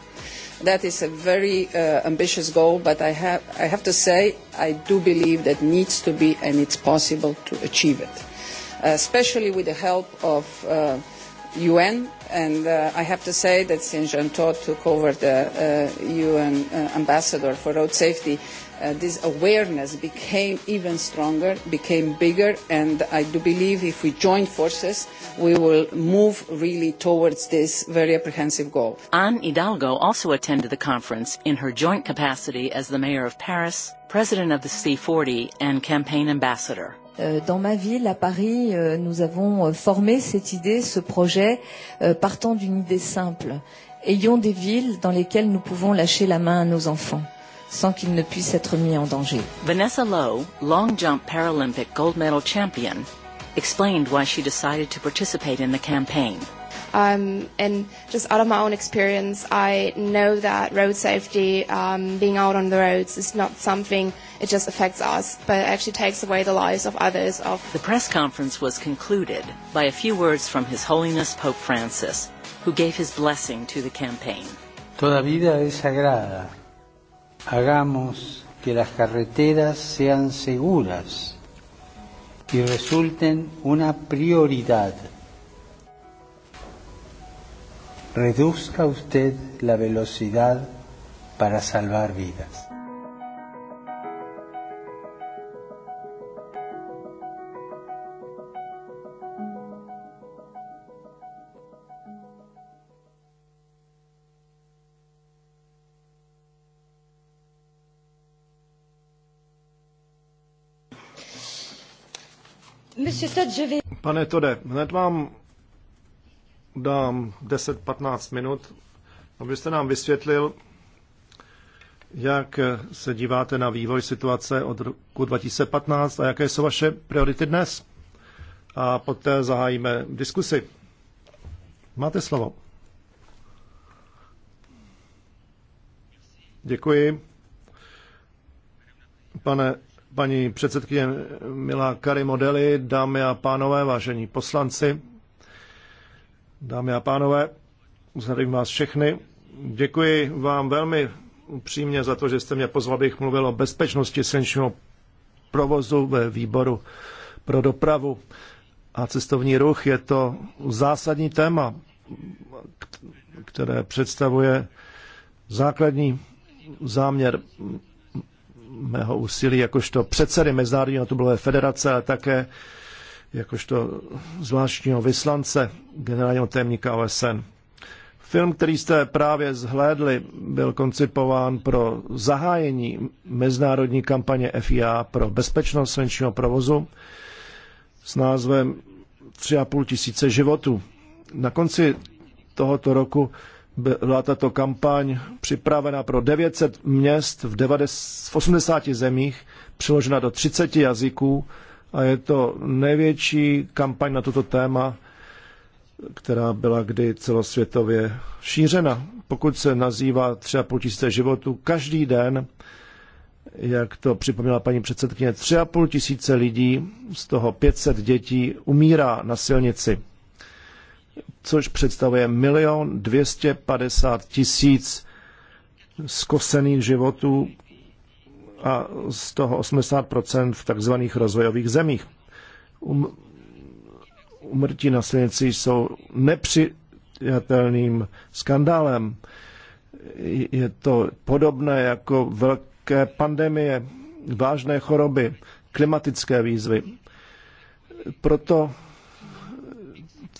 That is a very uh, ambitious goal, but I have, I have to say I do believe that needs to be and it's possible to achieve it, uh, especially with the help of uh, UN. And uh, I have to say that since Jean Todt took over the uh, UN uh, ambassador for road safety, uh, this awareness became even stronger, became bigger, and I do believe if we join forces, we will move really towards this very apprehensive goal. Anne Hidalgo also attended the conference in her joint capacity as the mayor of Paris, president of the C40, and campaign ambassador. Euh, dans ma ville, à Paris, euh, nous avons euh, formé cette idée, ce projet, partant d'une idée simple. Ayons des villes dans lesquelles nous pouvons lâcher la main à nos enfants sans qu'il ne puisse être mis en danger. Vanessa Lowe, long jump Paralympic gold medal champion, explained why she decided to participate in the campaign. Um, and just out of my own experience, I know that road safety, um, being out on the roads, is not something it just affects us, but it actually takes away the lives of others. Of the press conference was concluded by a few words from His Holiness Pope Francis, who gave his blessing to the campaign. Toda vida es sagrada hagamos que las carreteras sean seguras y resulten una prioridad. Reduzca usted la velocidad para salvar vidas. Pane Tode, hned vám dám 10-15 minut, abyste nám vysvětlil, jak se díváte na vývoj situace od roku 2015 a jaké jsou vaše priority dnes. A poté zahájíme diskusi. Máte slovo. Děkuji. Pane Paní předsedkyně Milá Kary Modely, dámy a pánové, vážení poslanci, dámy a pánové, zdravím vás všechny. Děkuji vám velmi upřímně za to, že jste mě pozval, abych mluvil o bezpečnosti silničního provozu ve výboru pro dopravu a cestovní ruch. Je to zásadní téma, které představuje základní záměr mého úsilí jakožto předsedy Mezinárodní automobilové federace ale také jakožto zvláštního vyslance generálního témníka OSN. Film, který jste právě zhlédli, byl koncipován pro zahájení mezinárodní kampaně FIA pro bezpečnost silničního provozu s názvem 3,5 tisíce životů. Na konci tohoto roku byla tato kampaň připravena pro 900 měst v, 90, 80 zemích, přeložena do 30 jazyků a je to největší kampaň na toto téma, která byla kdy celosvětově šířena. Pokud se nazývá 3,5 tisíce životů každý den, jak to připomněla paní předsedkyně, 3,5 tisíce lidí, z toho 500 dětí umírá na silnici což představuje milion 250 tisíc zkosených životů a z toho 80% v takzvaných rozvojových zemích. Um, umrtí na silnici jsou nepřijatelným skandálem. Je to podobné jako velké pandemie, vážné choroby, klimatické výzvy. Proto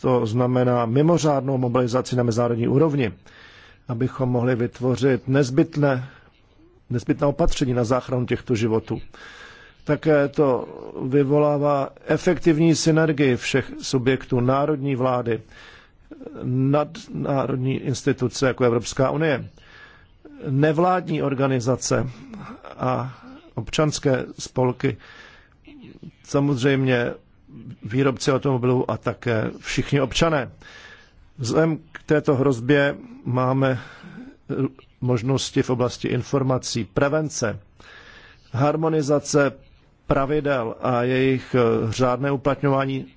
to znamená mimořádnou mobilizaci na mezinárodní úrovni, abychom mohli vytvořit nezbytné, nezbytné opatření na záchranu těchto životů. Také to vyvolává efektivní synergii všech subjektů národní vlády, nadnárodní instituce jako Evropská unie, nevládní organizace a občanské spolky. Samozřejmě výrobci automobilů a také všichni občané. Vzhledem k této hrozbě máme možnosti v oblasti informací, prevence, harmonizace pravidel a jejich řádné uplatňování,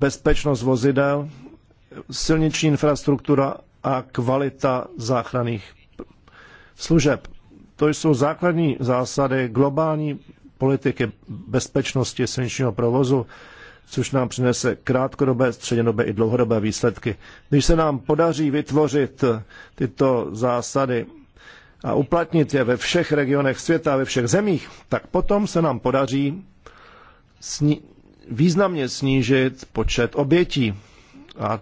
bezpečnost vozidel, silniční infrastruktura a kvalita záchranných služeb. To jsou základní zásady globální politiky bezpečnosti silničního provozu, což nám přinese krátkodobé, střednědobé i dlouhodobé výsledky. Když se nám podaří vytvořit tyto zásady a uplatnit je ve všech regionech světa, ve všech zemích, tak potom se nám podaří sni- významně snížit počet obětí. A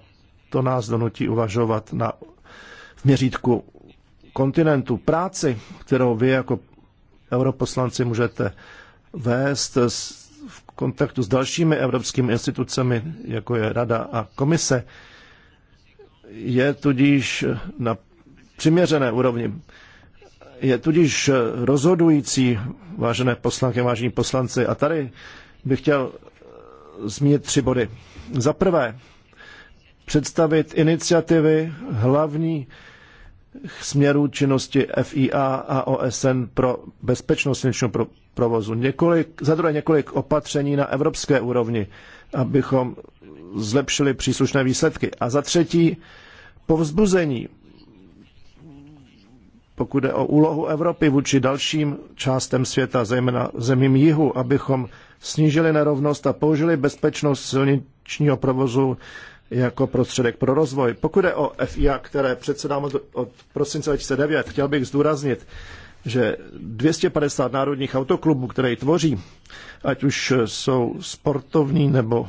to nás donutí uvažovat na, v měřítku kontinentu. Práci, kterou vy jako europoslanci můžete vést, kontaktu s dalšími evropskými institucemi, jako je Rada a Komise, je tudíž na přiměřené úrovni. Je tudíž rozhodující, vážené poslanky, vážení poslanci, a tady bych chtěl zmínit tři body. Za prvé, představit iniciativy hlavní směrů činnosti FIA a OSN pro bezpečnost silničního pro provozu. Několik, za druhé několik opatření na evropské úrovni, abychom zlepšili příslušné výsledky. A za třetí povzbuzení, pokud jde o úlohu Evropy vůči dalším částem světa, zejména zemím jihu, abychom snížili nerovnost a použili bezpečnost silničního provozu jako prostředek pro rozvoj. Pokud je o FIA, které předsedám od, od prosince 2009, chtěl bych zdůraznit, že 250 národních autoklubů, které ji tvoří, ať už jsou sportovní nebo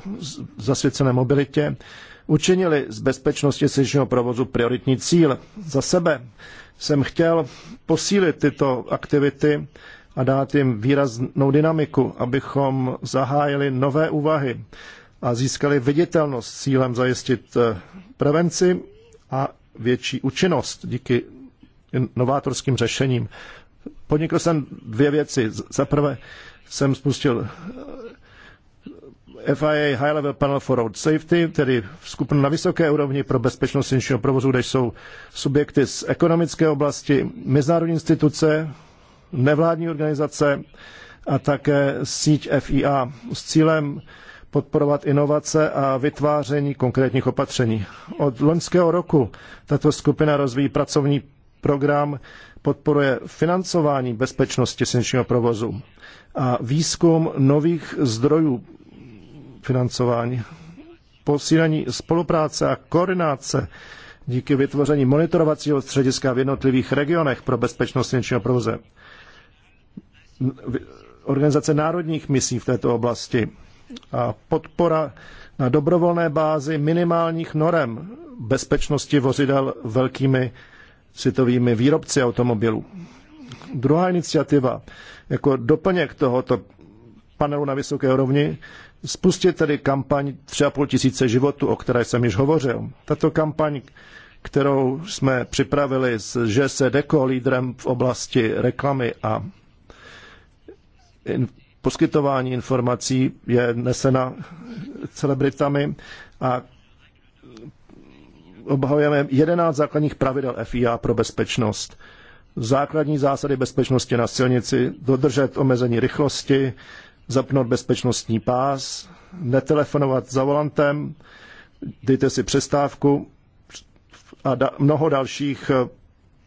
zasvěcené mobilitě, učinili z bezpečnosti silničního provozu prioritní cíl. Za sebe jsem chtěl posílit tyto aktivity a dát jim výraznou dynamiku, abychom zahájili nové úvahy a získali viditelnost s cílem zajistit eh, prevenci a větší účinnost díky novátorským řešením podnikl jsem dvě věci. Za prvé jsem spustil eh, FIA High Level Panel for Road Safety, tedy skupinu na vysoké úrovni pro bezpečnost silničního provozu, kde jsou subjekty z ekonomické oblasti, mezinárodní instituce, nevládní organizace a také síť FIA s cílem podporovat inovace a vytváření konkrétních opatření. Od loňského roku tato skupina rozvíjí pracovní program podporuje financování bezpečnosti silničního provozu a výzkum nových zdrojů financování, posílení spolupráce a koordinace díky vytvoření monitorovacího střediska v jednotlivých regionech pro bezpečnost silničního provozu, organizace národních misí v této oblasti a podpora na dobrovolné bázi minimálních norem bezpečnosti vozidel velkými světovými výrobci automobilů. Druhá iniciativa, jako doplněk tohoto panelu na vysoké úrovni, spustit tedy kampaň 3,5 tisíce životů, o které jsem již hovořil. Tato kampaň, kterou jsme připravili s ŽS Deco, lídrem v oblasti reklamy a poskytování informací, je nesena celebritami a obhajujeme 11 základních pravidel FIA pro bezpečnost. Základní zásady bezpečnosti na silnici, dodržet omezení rychlosti, zapnout bezpečnostní pás, netelefonovat za volantem, dejte si přestávku a da- mnoho dalších eh,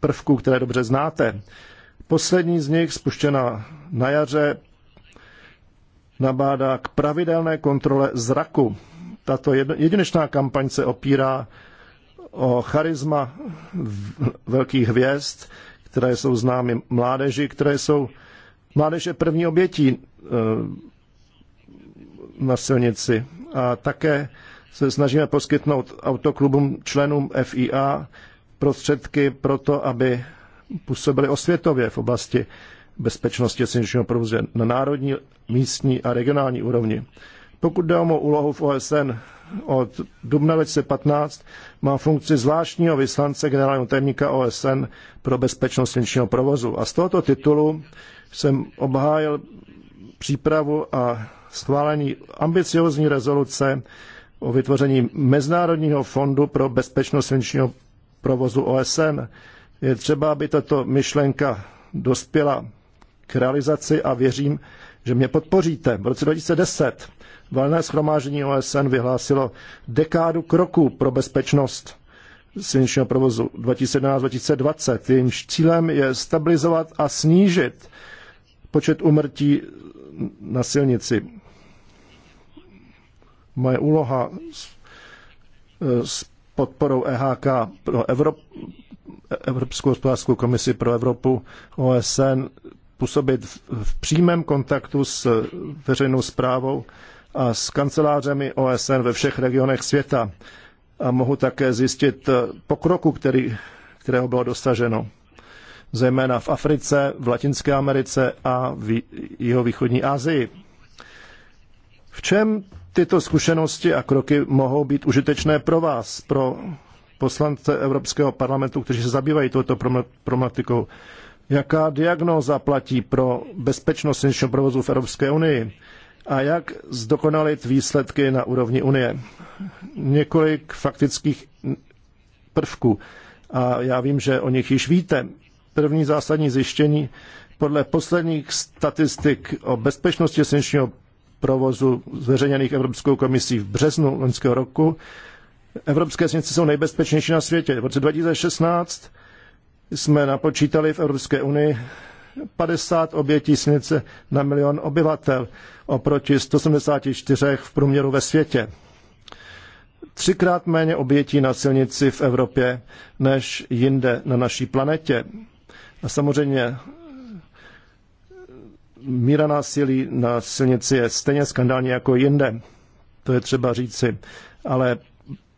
prvků, které dobře znáte. Poslední z nich, spuštěna na jaře, nabádá k pravidelné kontrole zraku. Tato jedinečná kampaň se opírá o charisma velkých hvězd, které jsou známy mládeži, které jsou mládeže první obětí eh, na silnici. A také se snažíme poskytnout autoklubům členům FIA prostředky pro to, aby působili osvětově v oblasti bezpečnosti silničního provozu na národní, místní a regionální úrovni. Pokud jde o mou úlohu v OSN, od dubna 2015 má funkci zvláštního vyslance generálního tajemníka OSN pro bezpečnost silničního provozu. A z tohoto titulu jsem obhájil přípravu a schválení ambiciozní rezoluce o vytvoření Mezinárodního fondu pro bezpečnost silničního provozu OSN. Je třeba, aby tato myšlenka dospěla k realizaci a věřím, že mě podpoříte. V roce 2010 Valné schromáždění OSN vyhlásilo dekádu kroků pro bezpečnost silničního provozu 2017-2020. Jejímž cílem je stabilizovat a snížit počet umrtí na silnici. Moje úloha s podporou EHK pro Evropskou hospodářskou komisi pro Evropu OSN působit v, v přímém kontaktu s veřejnou zprávou a s kancelářemi OSN ve všech regionech světa. A mohu také zjistit eh, pokroku, který, kterého bylo dosaženo, zejména v Africe, v Latinské Americe a v jeho východní Asii. V čem tyto zkušenosti a kroky mohou být užitečné pro vás, pro poslance Evropského parlamentu, kteří se zabývají touto problematikou? Jaká diagnóza platí pro bezpečnost silničního provozu v Evropské unii? a jak zdokonalit výsledky na úrovni Unie. Několik faktických prvků a já vím, že o nich již víte. První zásadní zjištění podle posledních statistik o bezpečnosti silničního provozu zveřejněných Evropskou komisí v březnu loňského roku. Evropské silnice jsou nejbezpečnější na světě. V roce 2016 jsme napočítali v Evropské unii 50 obětí silnice na milion obyvatel oproti 174 v průměru ve světě. Třikrát méně obětí na silnici v Evropě než jinde na naší planetě. A samozřejmě míra násilí na silnici je stejně skandální jako jinde. To je třeba říci. Ale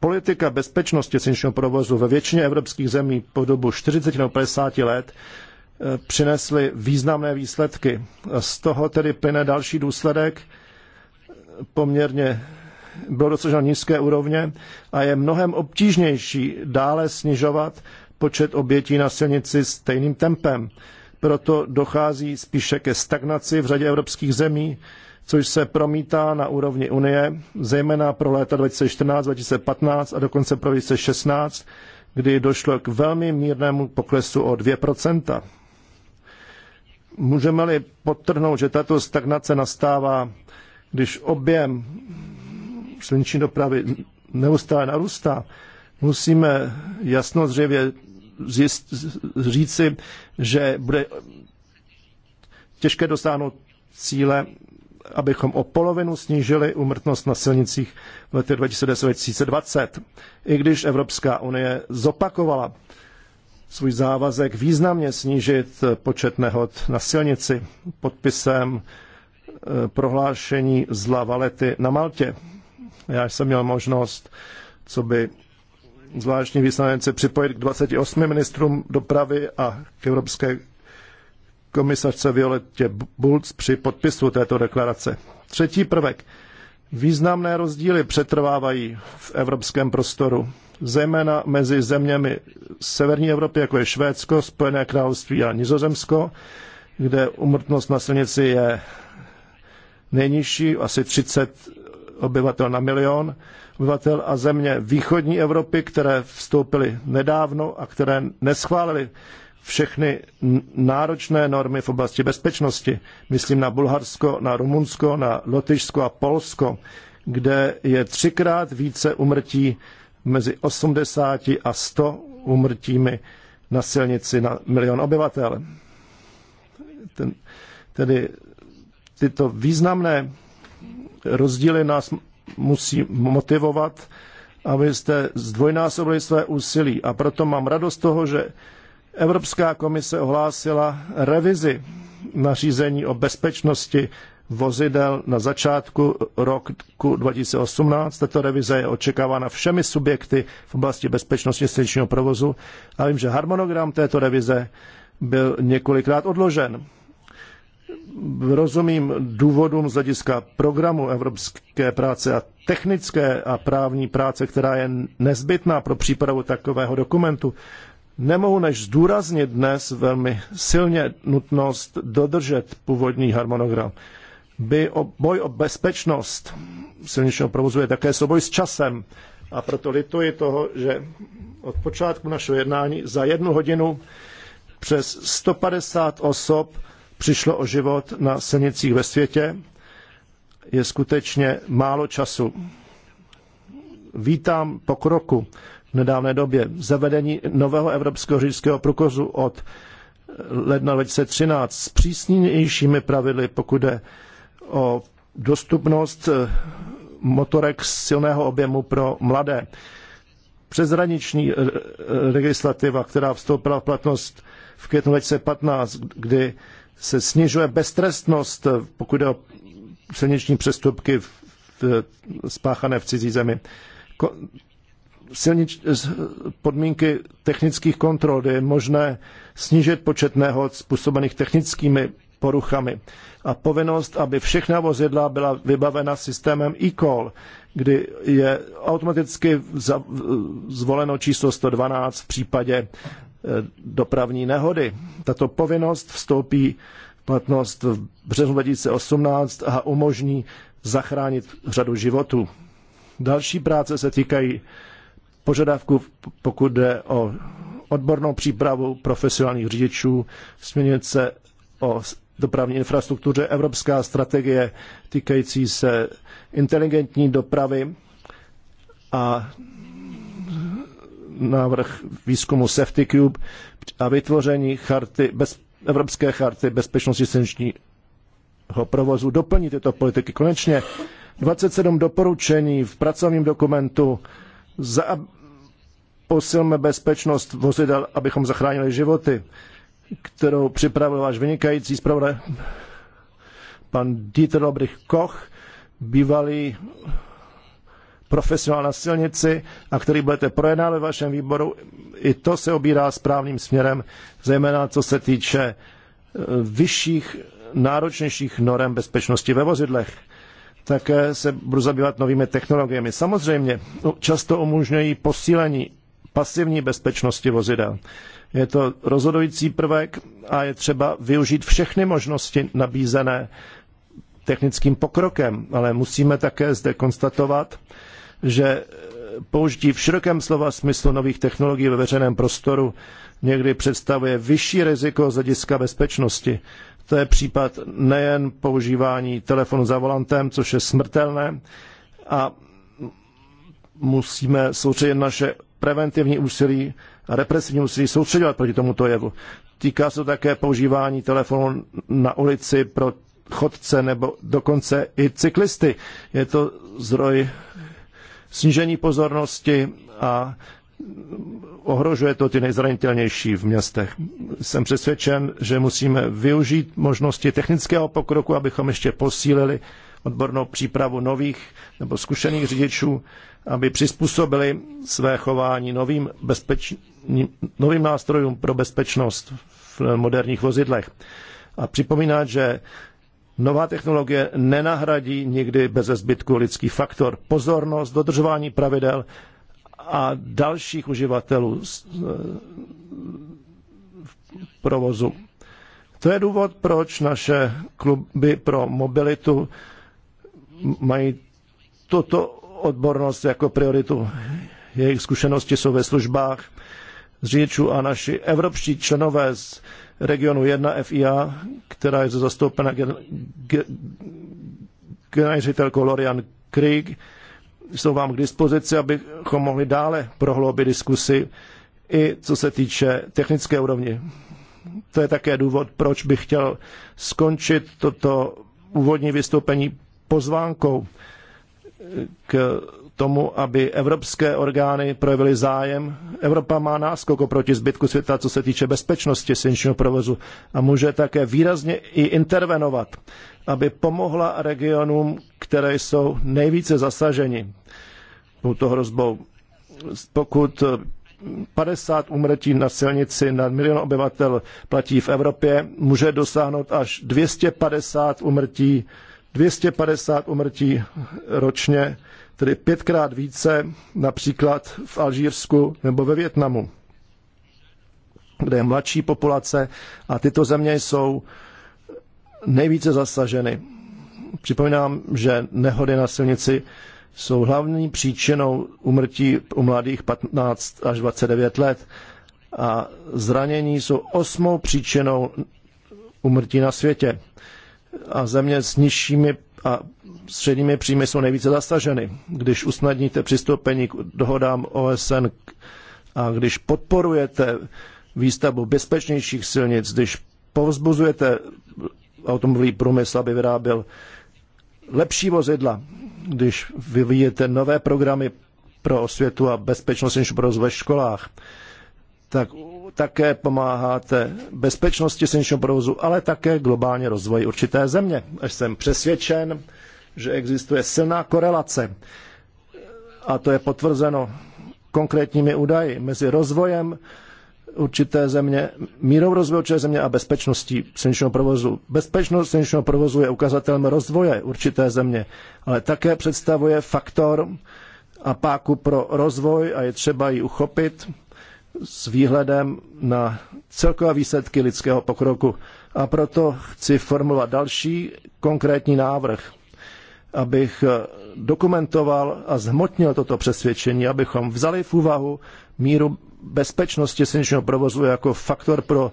politika bezpečnosti silničního provozu ve většině evropských zemí po dobu 40 nebo 50 let přinesly významné výsledky. Z toho tedy plyne další důsledek, poměrně bylo dosaženo nízké úrovně a je mnohem obtížnější dále snižovat počet obětí na silnici stejným tempem. Proto dochází spíše ke stagnaci v řadě evropských zemí, což se promítá na úrovni Unie, zejména pro léta 2014, 2015 a dokonce pro 2016, kdy došlo k velmi mírnému poklesu o 2 Můžeme-li podtrhnout, že tato stagnace nastává, když objem silniční dopravy neustále narůstá, musíme jasno zřejmě říci, že bude těžké dosáhnout cíle, abychom o polovinu snížili umrtnost na silnicích v letech 2010-2020, i když Evropská unie zopakovala svůj závazek významně snížit počet nehod na silnici podpisem e, prohlášení z La Valety na Maltě. Já jsem měl možnost, co by zvláštní vyslanci připojit k 28 ministrům dopravy a k Evropské komisařce Violetě Bulc při podpisu této deklarace. Třetí prvek. Významné rozdíly přetrvávají v evropském prostoru zejména mezi zeměmi severní Evropy, jako je Švédsko, Spojené království a Nizozemsko, kde umrtnost na silnici je nejnižší, asi 30 obyvatel na milion obyvatel a země východní Evropy, které vstoupily nedávno a které neschválily všechny náročné normy v oblasti bezpečnosti. Myslím na Bulharsko, na Rumunsko, na Lotyšsko a Polsko, kde je třikrát více umrtí mezi 80 a 100 umrtími na silnici na milion obyvatel. Ten, tedy tyto významné rozdíly nás musí motivovat, abyste zdvojnásobili své úsilí. A proto mám radost toho, že Evropská komise ohlásila revizi nařízení o bezpečnosti vozidel na začátku roku 2018. Tato revize je očekávána všemi subjekty v oblasti bezpečnosti silničního provozu a vím, že harmonogram této revize byl několikrát odložen. Rozumím důvodům z hlediska programu evropské práce a technické a právní práce, která je nezbytná pro přípravu takového dokumentu. Nemohu než zdůraznit dnes velmi silně nutnost dodržet původní harmonogram by o boj o bezpečnost silničního provozu je také souboj s časem. A proto lituji toho, že od počátku našeho jednání za jednu hodinu přes 150 osob přišlo o život na silnicích ve světě. Je skutečně málo času. Vítám pokroku v nedávné době zavedení nového evropského řidičského průkazu od ledna 2013 s přísnějšími pravidly, pokud jde o dostupnost eh, motorek silného objemu pro mladé. Přezraniční eh, eh, legislativa, která vstoupila v platnost v květnu 2015, kdy se snižuje beztrestnost, pokud jde o silniční přestupky v, v, spáchané v cizí zemi. Ko, silnič, podmínky technických kontrol, kdy je možné snížit počet nehod způsobených technickými poruchami. A povinnost, aby všechna vozidla byla vybavena systémem e-call, kdy je automaticky zvoleno číslo 112 v případě e, dopravní nehody. Tato povinnost vstoupí v platnost v březnu 2018 a umožní zachránit řadu životů. Další práce se týkají požadavků, pokud jde o odbornou přípravu profesionálních řidičů, směrnice o dopravní infrastruktuře, evropská strategie týkající se inteligentní dopravy a návrh výzkumu Safety Cube a vytvoření charty bez, Evropské charty bezpečnosti silničního provozu doplní tyto politiky. Konečně 27 doporučení v pracovním dokumentu za, posilme bezpečnost vozidel, abychom zachránili životy kterou připravil váš vynikající zpravodaj pan Dieter Obrich Koch, bývalý profesionál na silnici a který budete projednávat ve vašem výboru. I to se obírá správným směrem, zejména co se týče e, vyšších, náročnějších norem bezpečnosti ve vozidlech. Také se budu zabývat novými technologiemi. Samozřejmě no, často umožňují posílení pasivní bezpečnosti vozidel. Je to rozhodující prvek a je třeba využít všechny možnosti nabízené technickým pokrokem, ale musíme také zde konstatovat, že použití v širokém slova smyslu nových technologií ve veřejném prostoru někdy představuje vyšší riziko z hlediska bezpečnosti. To je případ nejen používání telefonu za volantem, což je smrtelné, a musíme soustředit naše preventivní úsilí a represivní úsilí soustředovat proti tomuto jevu. Týká se to také používání telefonu na ulici pro chodce nebo dokonce i cyklisty. Je to zdroj snížení pozornosti a ohrožuje to ty nejzranitelnější v městech. Jsem přesvědčen, že musíme využít možnosti technického pokroku, abychom ještě posílili odbornou přípravu nových nebo zkušených řidičů aby přizpůsobili své chování novým, bezpeč... novým nástrojům pro bezpečnost v moderních vozidlech. A připomínat, že nová technologie nenahradí nikdy bez zbytku lidský faktor. Pozornost, dodržování pravidel a dalších uživatelů e, v provozu. To je důvod, proč naše kluby pro mobilitu mají toto odbornost jako prioritu. Jejich zkušenosti jsou ve službách z řidičů a naši evropští členové z regionu 1 FIA, která je zastoupena generální ředitelkou Lorian Krieg, jsou vám k dispozici, abychom mohli dále prohloubit diskusy i co se týče technické úrovni. To je také důvod, proč bych chtěl skončit toto úvodní vystoupení pozvánkou k tomu, aby evropské orgány projevily zájem. Evropa má náskok oproti zbytku světa, co se týče bezpečnosti silničního provozu a může také výrazně i intervenovat, aby pomohla regionům, které jsou nejvíce zasaženi touto hrozbou. Pokud 50 úmrtí na silnici na milion obyvatel platí v Evropě, může dosáhnout až 250 úmrtí 250 umrtí ročně, tedy pětkrát více například v Alžírsku nebo ve Větnamu, kde je mladší populace a tyto země jsou nejvíce zasaženy. Připomínám, že nehody na silnici jsou hlavní příčinou umrtí u mladých 15 až 29 let a zranění jsou osmou příčinou umrtí na světě a země s nižšími a středními příjmy jsou nejvíce zastaženy. Když usnadníte přistoupení k dohodám OSN a když podporujete výstavbu bezpečnějších silnic, když povzbuzujete automobilový průmysl, aby vyráběl lepší vozidla, když vyvíjete nové programy pro osvětu a bezpečnost pro rozvoj v školách, tak také pomáháte bezpečnosti silničního provozu, ale také globálně rozvoji určité země. Až jsem přesvědčen, že existuje silná korelace, a to je potvrzeno konkrétními údaji, mezi rozvojem určité země, mírou rozvoje určité země a bezpečností silničního provozu. Bezpečnost silničního provozu je ukazatelem rozvoje určité země, ale také představuje faktor a páku pro rozvoj a je třeba ji uchopit s výhledem na celkové výsledky lidského pokroku. A proto chci formulovat další konkrétní návrh, abych dokumentoval a zhmotnil toto přesvědčení, abychom vzali v úvahu míru bezpečnosti silničního provozu jako faktor pro,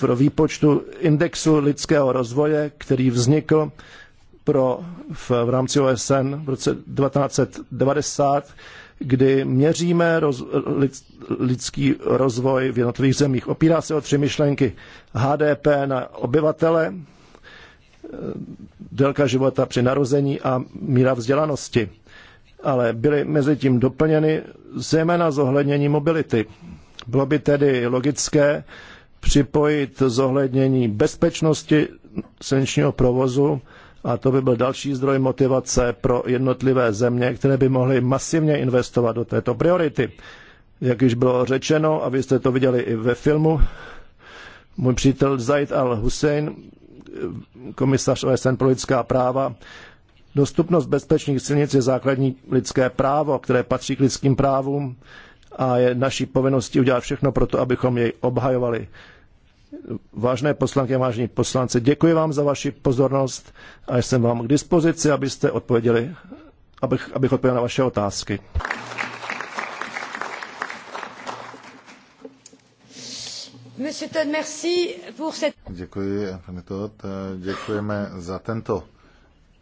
pro výpočtu indexu lidského rozvoje, který vznikl pro, v, v rámci OSN v roce 1990 kdy měříme roz, lidský rozvoj v jednotlivých zemích. Opírá se o tři myšlenky. HDP na obyvatele, eh, délka života při narození a míra vzdělanosti. Ale byly mezi tím doplněny zejména zohlednění mobility. Bylo by tedy logické připojit zohlednění bezpečnosti silničního provozu a to by byl další zdroj motivace pro jednotlivé země, které by mohly masivně investovat do této priority. Jak již bylo řečeno, a vy jste to viděli i ve filmu, můj přítel Zaid al-Hussein, komisař OSN pro lidská práva, Dostupnost bezpečných silnic je základní lidské právo, které patří k lidským právům a je naší povinností udělat všechno pro to, abychom jej obhajovali. Vážné poslanky vážní poslanci, děkuji vám za vaši pozornost a jsem vám k dispozici, abyste odpověděli, abych, abych odpověděl na vaše otázky. Děkuji, Anthony Todd. Děkujeme za tento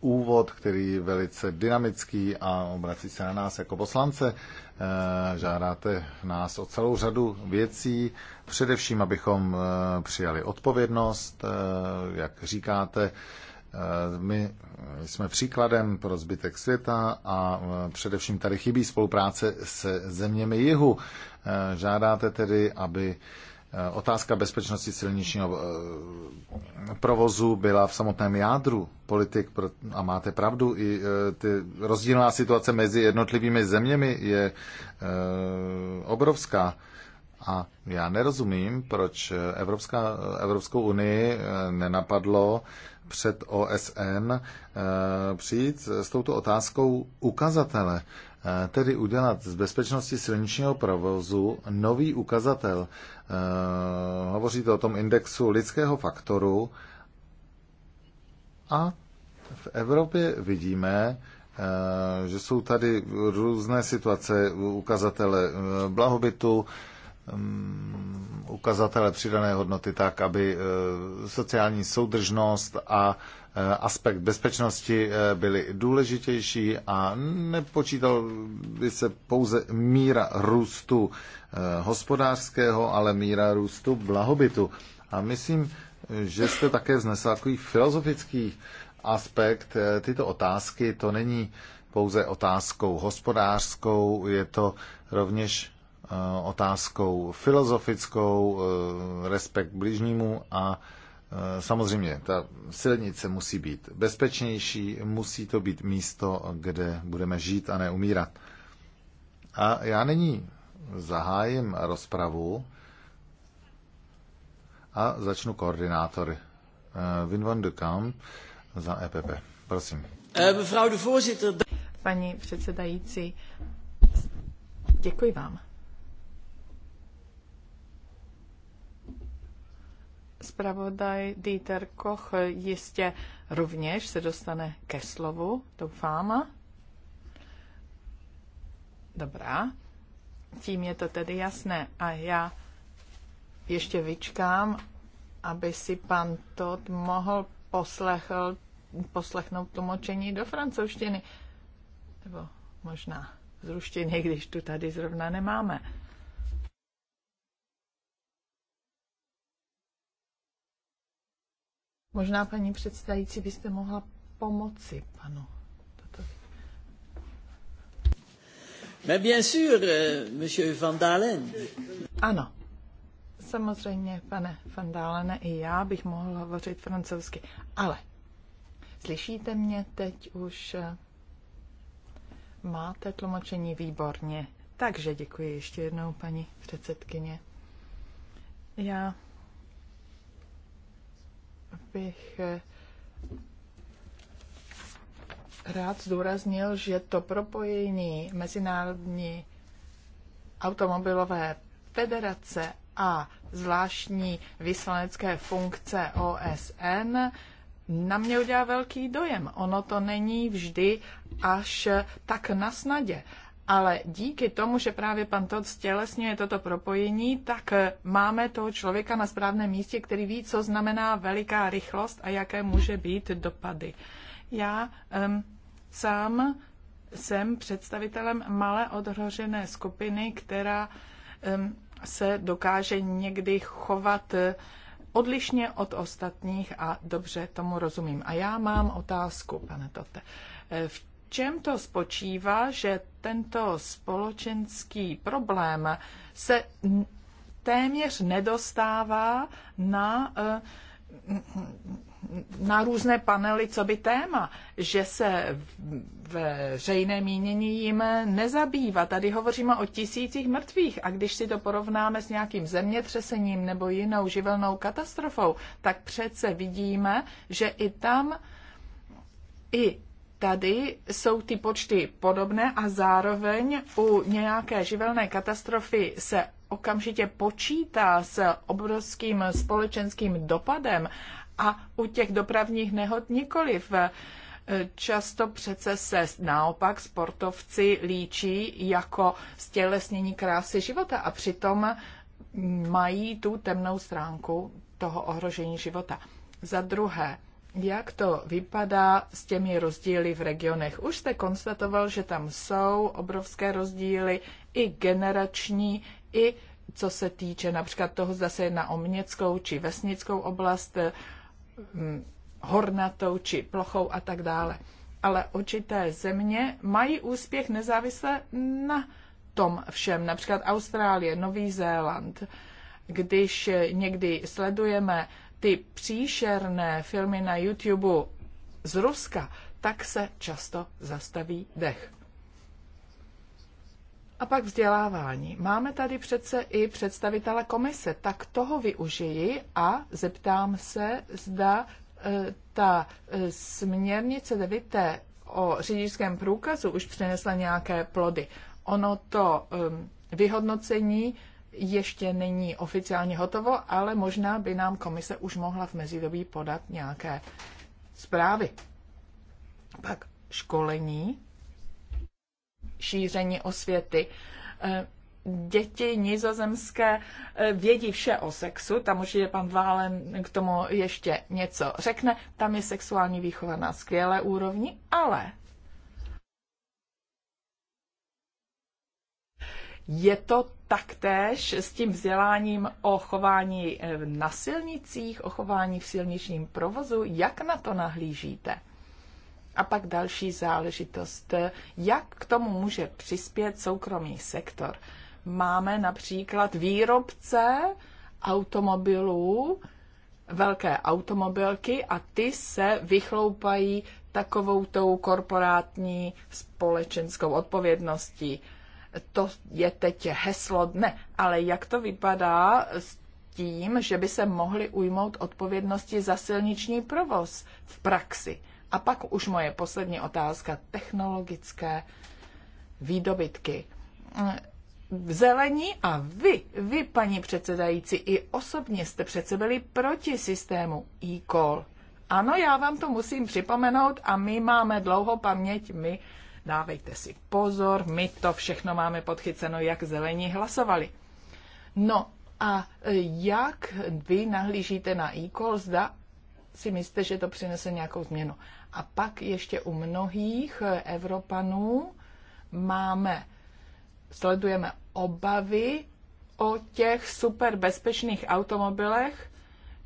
úvod, který je velice dynamický a obrací se na nás jako poslance. Eh, žádáte nás o celou řadu věcí, především, abychom eh, přijali odpovědnost, eh, jak říkáte, my jsme příkladem pro zbytek světa a především tady chybí spolupráce se zeměmi jihu. Žádáte tedy, aby Eh, otázka bezpečnosti silničního eh, provozu byla v samotném jádru politik a máte pravdu, i eh, ty rozdílná situace mezi jednotlivými zeměmi je obrovská. A já nerozumím, proč Evropská, Evropskou unii nenapadlo před OSN přijít s touto otázkou ukazatele tedy udělat z bezpečnosti silničního provozu nový ukazatel. Hovoříte o tom indexu lidského faktoru a v Evropě vidíme, že jsou tady různé situace, ukazatele e, blahobytu, mm, ukazatele přidané hodnoty tak, aby e, sociální soudržnost a Eh, aspekt bezpečnosti eh, byly důležitější a nepočítal by se pouze míra růstu eh, hospodářského, ale míra růstu blahobytu. A myslím, že jste také vznesl takový filozofický aspekt tyto otázky. To není pouze otázkou hospodářskou, je to rovněž otázkou filozofickou, respekt bližnímu a Eh, samozřejmě, ta silnice musí být bezpečnější, musí to být místo, kde budeme žít a neumírat. A já nyní zahájím rozpravu a začnu koordinátory. Vin eh, van de Kamp za EPP. Prosím. Eh, Paní předsedající, děkuji vám. Spravodaj Dieter Koch jistě rovněž se dostane ke slovu, doufám. Dobrá, tím je to tedy jasné. A já ještě vyčkám, aby si pan Todd mohl poslechl, poslechnout tlumočení do francouzštiny. Nebo možná z ruštiny, když tu tady zrovna nemáme. Možná paní předstající, byste mohla pomoci panu. Mais bien sûr, euh, monsieur Van Dalen. Ano, samozřejmě, pane Van Dalen, i já bych mohl hovořit francouzsky, ale slyšíte mě teď už? Máte tlumočení výborně. Takže děkuji ještě jednou, paní předsedkyně. Já bych eh, rád zdůraznil, že to propojení Mezinárodní automobilové federace a zvláštní vyslanecké funkce OSN na mě udělá velký dojem. Ono to není vždy až tak na snadě. Ale díky tomu, že právě pan Todd stělesňuje toto propojení, tak eh, máme toho člověka na správném místě, který ví, co znamená veliká rychlost a jaké může být dopady. Já um, sám jsem představitelem malé odhrožené skupiny, která um, se dokáže někdy chovat eh, odlišně od ostatních a dobře tomu rozumím. A já mám otázku, pane Tote. Eh, v čem to spočívá, že tento společenský problém se téměř nedostává na, eh, na různé panely, co by téma, že se veřejné mínění jim nezabývá. Tady hovoříme o tisících mrtvých a když si to porovnáme s nějakým zemětřesením nebo jinou živelnou katastrofou, tak přece vidíme, že i tam i tady jsou ty počty podobné a zároveň u nějaké živelné katastrofy se okamžitě počítá s obrovským společenským dopadem a u těch dopravních nehod nikoliv. Často přece se naopak sportovci líčí jako stělesnění krásy života a přitom mají tu temnou stránku toho ohrožení života. Za druhé, jak to vypadá s těmi rozdíly v regionech. Už jste konstatoval, že tam jsou obrovské rozdíly i generační, i co se týče například toho, zda se jedná o městskou či vesnickou oblast, mm, hornatou či plochou a tak dále. Ale určité země mají úspěch nezávisle na tom všem, například Austrálie, Nový Zéland. Když někdy sledujeme ty příšerné filmy na YouTube z Ruska, tak se často zastaví dech. A pak vzdělávání. Máme tady přece i představitele komise, tak toho využiji a zeptám se, zda e, ta e, směrnice devité o řidičském průkazu už přinesla nějaké plody. Ono to e, vyhodnocení ještě není oficiálně hotovo, ale možná by nám komise už mohla v mezidobí podat nějaké zprávy. Pak školení, šíření osvěty. Eh, děti nizozemské eh, vědí vše o sexu, tam určitě pan Válen k tomu ještě něco řekne. Tam je sexuální výchova na skvělé úrovni, ale Je to taktéž s tím vzděláním o chování eh, na silnicích, o chování v silničním provozu. Jak na to nahlížíte? A pak další záležitost. Jak k tomu může přispět soukromý sektor? Máme například výrobce automobilů, velké automobilky a ty se vychloupají takovou tou korporátní společenskou odpovědností to je teď heslo dne, ale jak to vypadá s tím, že by se mohli ujmout odpovědnosti za silniční provoz v praxi? A pak už moje poslední otázka, technologické výdobytky v zelení a vy, vy, paní předsedající, i osobně jste přece byli proti systému e-call. Ano, já vám to musím připomenout a my máme dlouho paměť, my dávejte si pozor, my to všechno máme podchyceno, jak zelení hlasovali. No a e, jak vy nahlížíte na e-call, zda si myslíte, že to přinese nějakou změnu. A pak ještě u mnohých e, Evropanů máme, sledujeme obavy o těch super bezpečných automobilech,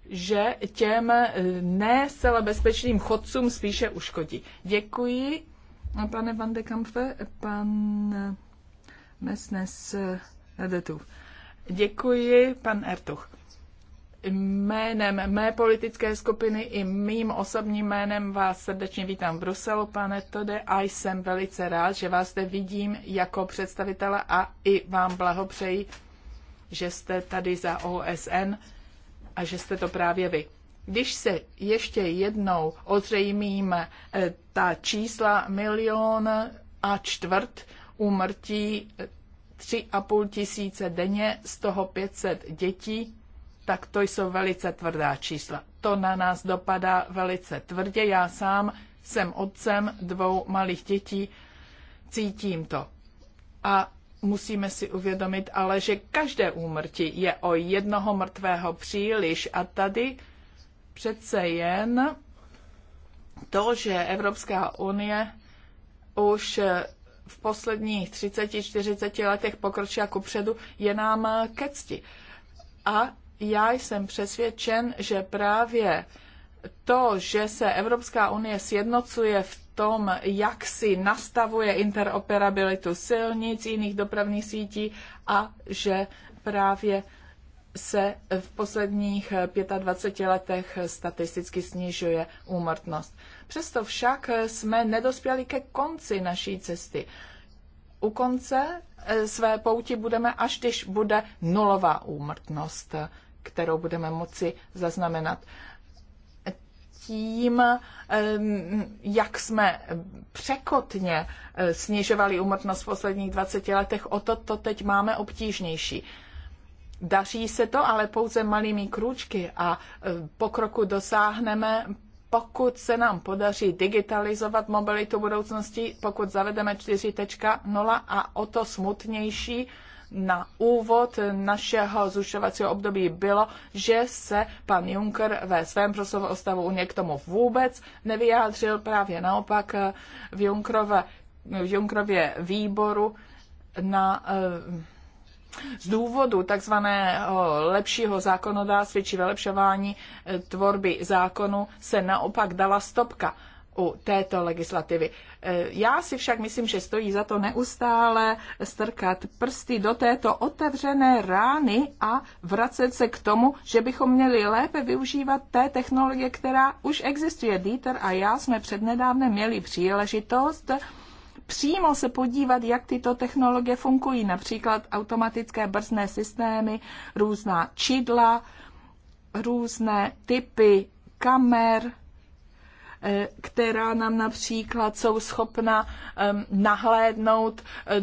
že těm e, ne bezpečným chodcům spíše uškodí. Děkuji Pane Van de Kampfe, pan Mesnes Nedetův. Eh, Děkuji, pan Ertuch. Jménem mé politické skupiny i mým osobním jménem vás srdečně vítám v Bruselu, pane Tode, a jsem velice rád, že vás zde vidím jako představitele a i vám blahopřeji, že jste tady za OSN a že jste to právě vy. Když se ještě jednou ozřejmím eh, ta čísla milion a čtvrt úmrtí, eh, tři a půl tisíce denně, z toho 500 dětí, tak to jsou velice tvrdá čísla. To na nás dopadá velice tvrdě. Já sám jsem otcem dvou malých dětí, cítím to. A musíme si uvědomit ale, že každé úmrtí je o jednoho mrtvého příliš a tady přece jen to, že Evropská unie už v posledních 30-40 letech pokročila ku předu, je nám ke cti. A já jsem přesvědčen, že právě to, že se Evropská unie sjednocuje v tom, jak si nastavuje interoperabilitu silnic, jiných dopravních sítí a že právě se v posledních 25 eh, letech statisticky snižuje úmrtnost. Přesto však eh, jsme nedospěli ke konci naší cesty. U konce eh, své pouti budeme, až když bude nulová úmrtnost, kterou budeme moci zaznamenat tím, ehm, jak jsme překotně snižovali úmrtnost v posledních 20 letech, o to, to teď máme obtížnější. Daří se to ale pouze malými krůčky a e, pokroku dosáhneme, pokud se nám podaří digitalizovat mobilitu budoucnosti, pokud zavedeme 4.0 a o to smutnější, na úvod našeho zrušovacího období bylo, že se pan Juncker ve svém proslovu o stavu Unie k tomu vůbec nevyjádřil, právě naopak e, v, Junkrove, v Junkrově výboru na e, z důvodu takzvaného lepšího zákonodárství či vylepšování eh, tvorby zákonu se naopak dala stopka u této legislativy. Eh, já si však myslím, že stojí za to neustále strkat prsty do této otevřené rány a vracet se k tomu, že bychom měli lépe využívat té technologie, která už existuje. Dieter a já jsme přednedávne měli příležitost přímo se podívat, jak tyto technologie fungují, například automatické brzné systémy, různá čidla, různé typy kamer, eh, která nám například jsou schopna nahlédnout eh,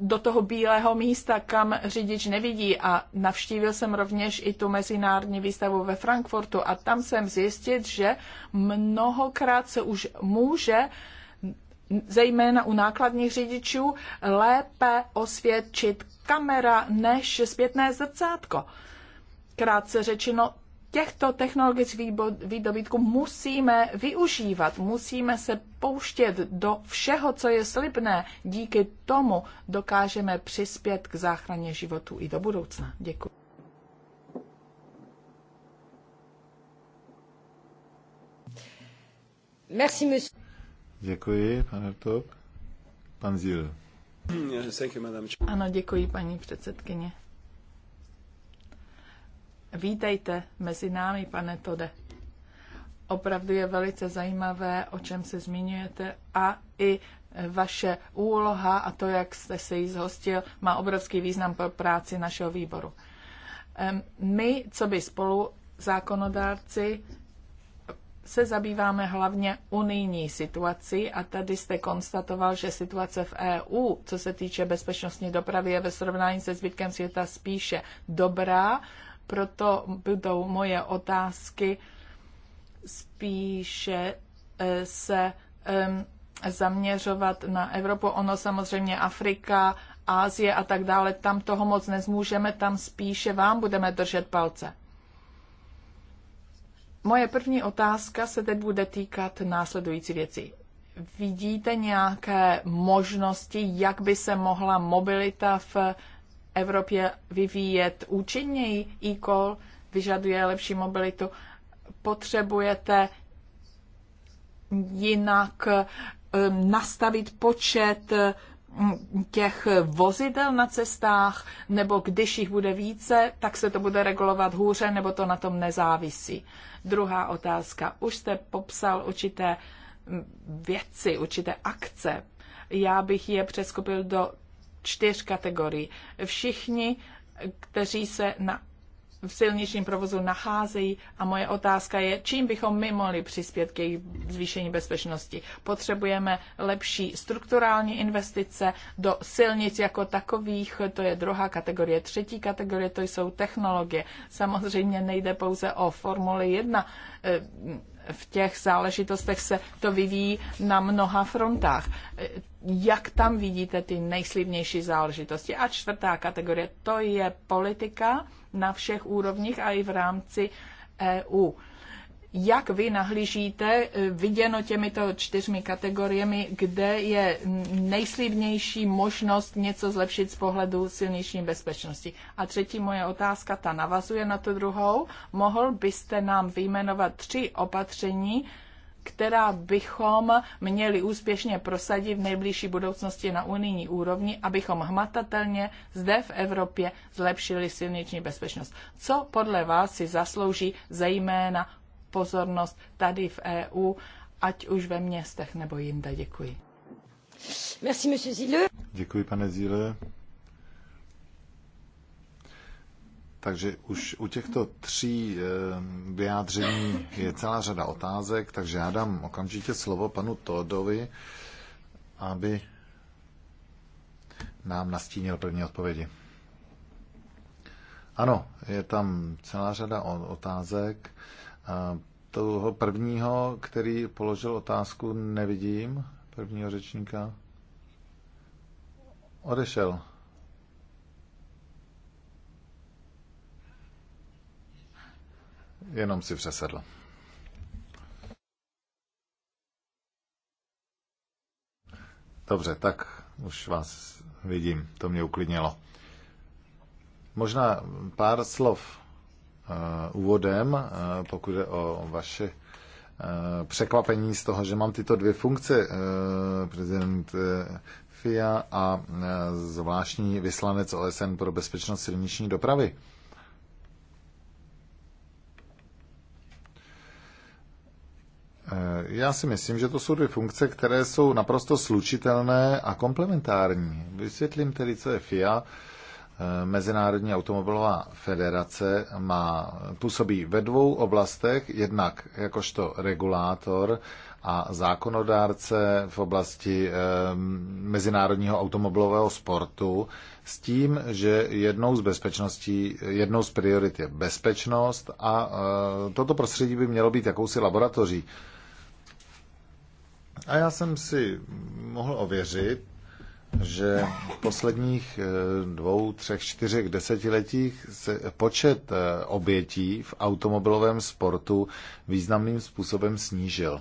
do toho bílého místa, kam řidič nevidí. A navštívil jsem rovněž i tu mezinárodní výstavu ve Frankfurtu a tam jsem zjistil, že mnohokrát se už může zejména u nákladních řidičů, lépe osvědčit kamera než zpětné zrcátko. Krátce řečeno, těchto technologických výdobytků musíme využívat, musíme se pouštět do všeho, co je slibné. Díky tomu dokážeme přispět k záchraně životů i do budoucna. Děkuji. Merci, monsieur. Děkuji, pan Top. Pan Zil. Ano, děkuji, paní předsedkyně. Vítejte mezi námi, pane Tode. Opravdu je velice zajímavé, o čem se zmiňujete a i vaše úloha a to, jak jste se jí zhostil, má obrovský význam pro práci našeho výboru. My, co by spolu zákonodárci, se zabýváme hlavně unijní situací a tady jste konstatoval, že situace v EU, co se týče bezpečnostní dopravy, je ve srovnání se zbytkem světa spíše dobrá, proto budou moje otázky spíše eh, se zaměřovat na Evropu. Ono samozřejmě Afrika, Ázie a tak dále, tam toho moc nezmůžeme, tam spíše vám budeme držet palce. Moje první otázka se teď bude týkat následující věci. Vidíte nějaké možnosti, jak by se mohla mobilita v Evropě vyvíjet účinněji? E-call vyžaduje lepší mobilitu. Potřebujete jinak eh, nastavit počet eh, těch vozidel na cestách, nebo když jich bude více, tak se to bude regulovat hůře, nebo to na tom nezávisí. Druhá otázka. Už jste popsal určité mm, věci, určité akce. Já bych je přeskupil do čtyř kategorií. Všichni, kteří se na v silničním provozu nacházejí a moje otázka je, čím bychom my mohli přispět k jejich zvýšení bezpečnosti. Potřebujeme lepší strukturální investice do silnic jako takových, to je druhá kategorie. Třetí kategorie to jsou technologie. Samozřejmě nejde pouze o Formuli 1, v těch záležitostech se to vyvíjí na mnoha frontách. Jak tam vidíte ty nejslibnější záležitosti? A čtvrtá kategorie, to je politika na všech úrovních a i v rámci EU jak vy nahlížíte e, viděno těmito čtyřmi kategoriemi, kde je nejslíbnější možnost něco zlepšit z pohledu silniční bezpečnosti? A třetí moje otázka, ta navazuje na tu druhou. Mohl byste nám vyjmenovat tři opatření, která bychom měli úspěšně prosadit v nejbližší budoucnosti na unijní úrovni, abychom hmatatelně zde v Evropě zlepšili silniční bezpečnost. Co podle vás si zaslouží zejména pozornost tady v EU, ať už ve městech nebo jinde. Děkuji. Merci, monsieur Zille. Děkuji, pane Zille. Takže už u těchto tří eh, vyjádření je celá řada otázek, takže já dám okamžitě slovo panu Todovi, aby nám nastínil první odpovědi. Ano, je tam celá řada otázek toho prvního, který položil otázku, nevidím, prvního řečníka. Odešel. Jenom si přesedl. Dobře, tak už vás vidím, to mě uklidnilo. Možná pár slov Eh, úvodem, eh, pokud je o vaše eh, překvapení z toho, že mám tyto dvě funkce, prezident FIA a zvláštní vyslanec OSN pro bezpečnost silniční dopravy. Já si myslím, že to jsou dvě funkce, které jsou naprosto slučitelné a komplementární. Vysvětlím tedy, co je FIA. Mezinárodní automobilová federace má, působí ve dvou oblastech, jednak jakožto regulátor a zákonodárce v oblasti mezinárodního automobilového sportu s tím, že jednou z bezpečností, jednou z priorit je bezpečnost a e, toto prostředí by mělo být jakousi laboratoří. A já jsem si mohl ověřit, že v posledních eh, dvou, třech, čtyřech desetiletích se počet eh, obětí v automobilovém sportu významným způsobem snížil.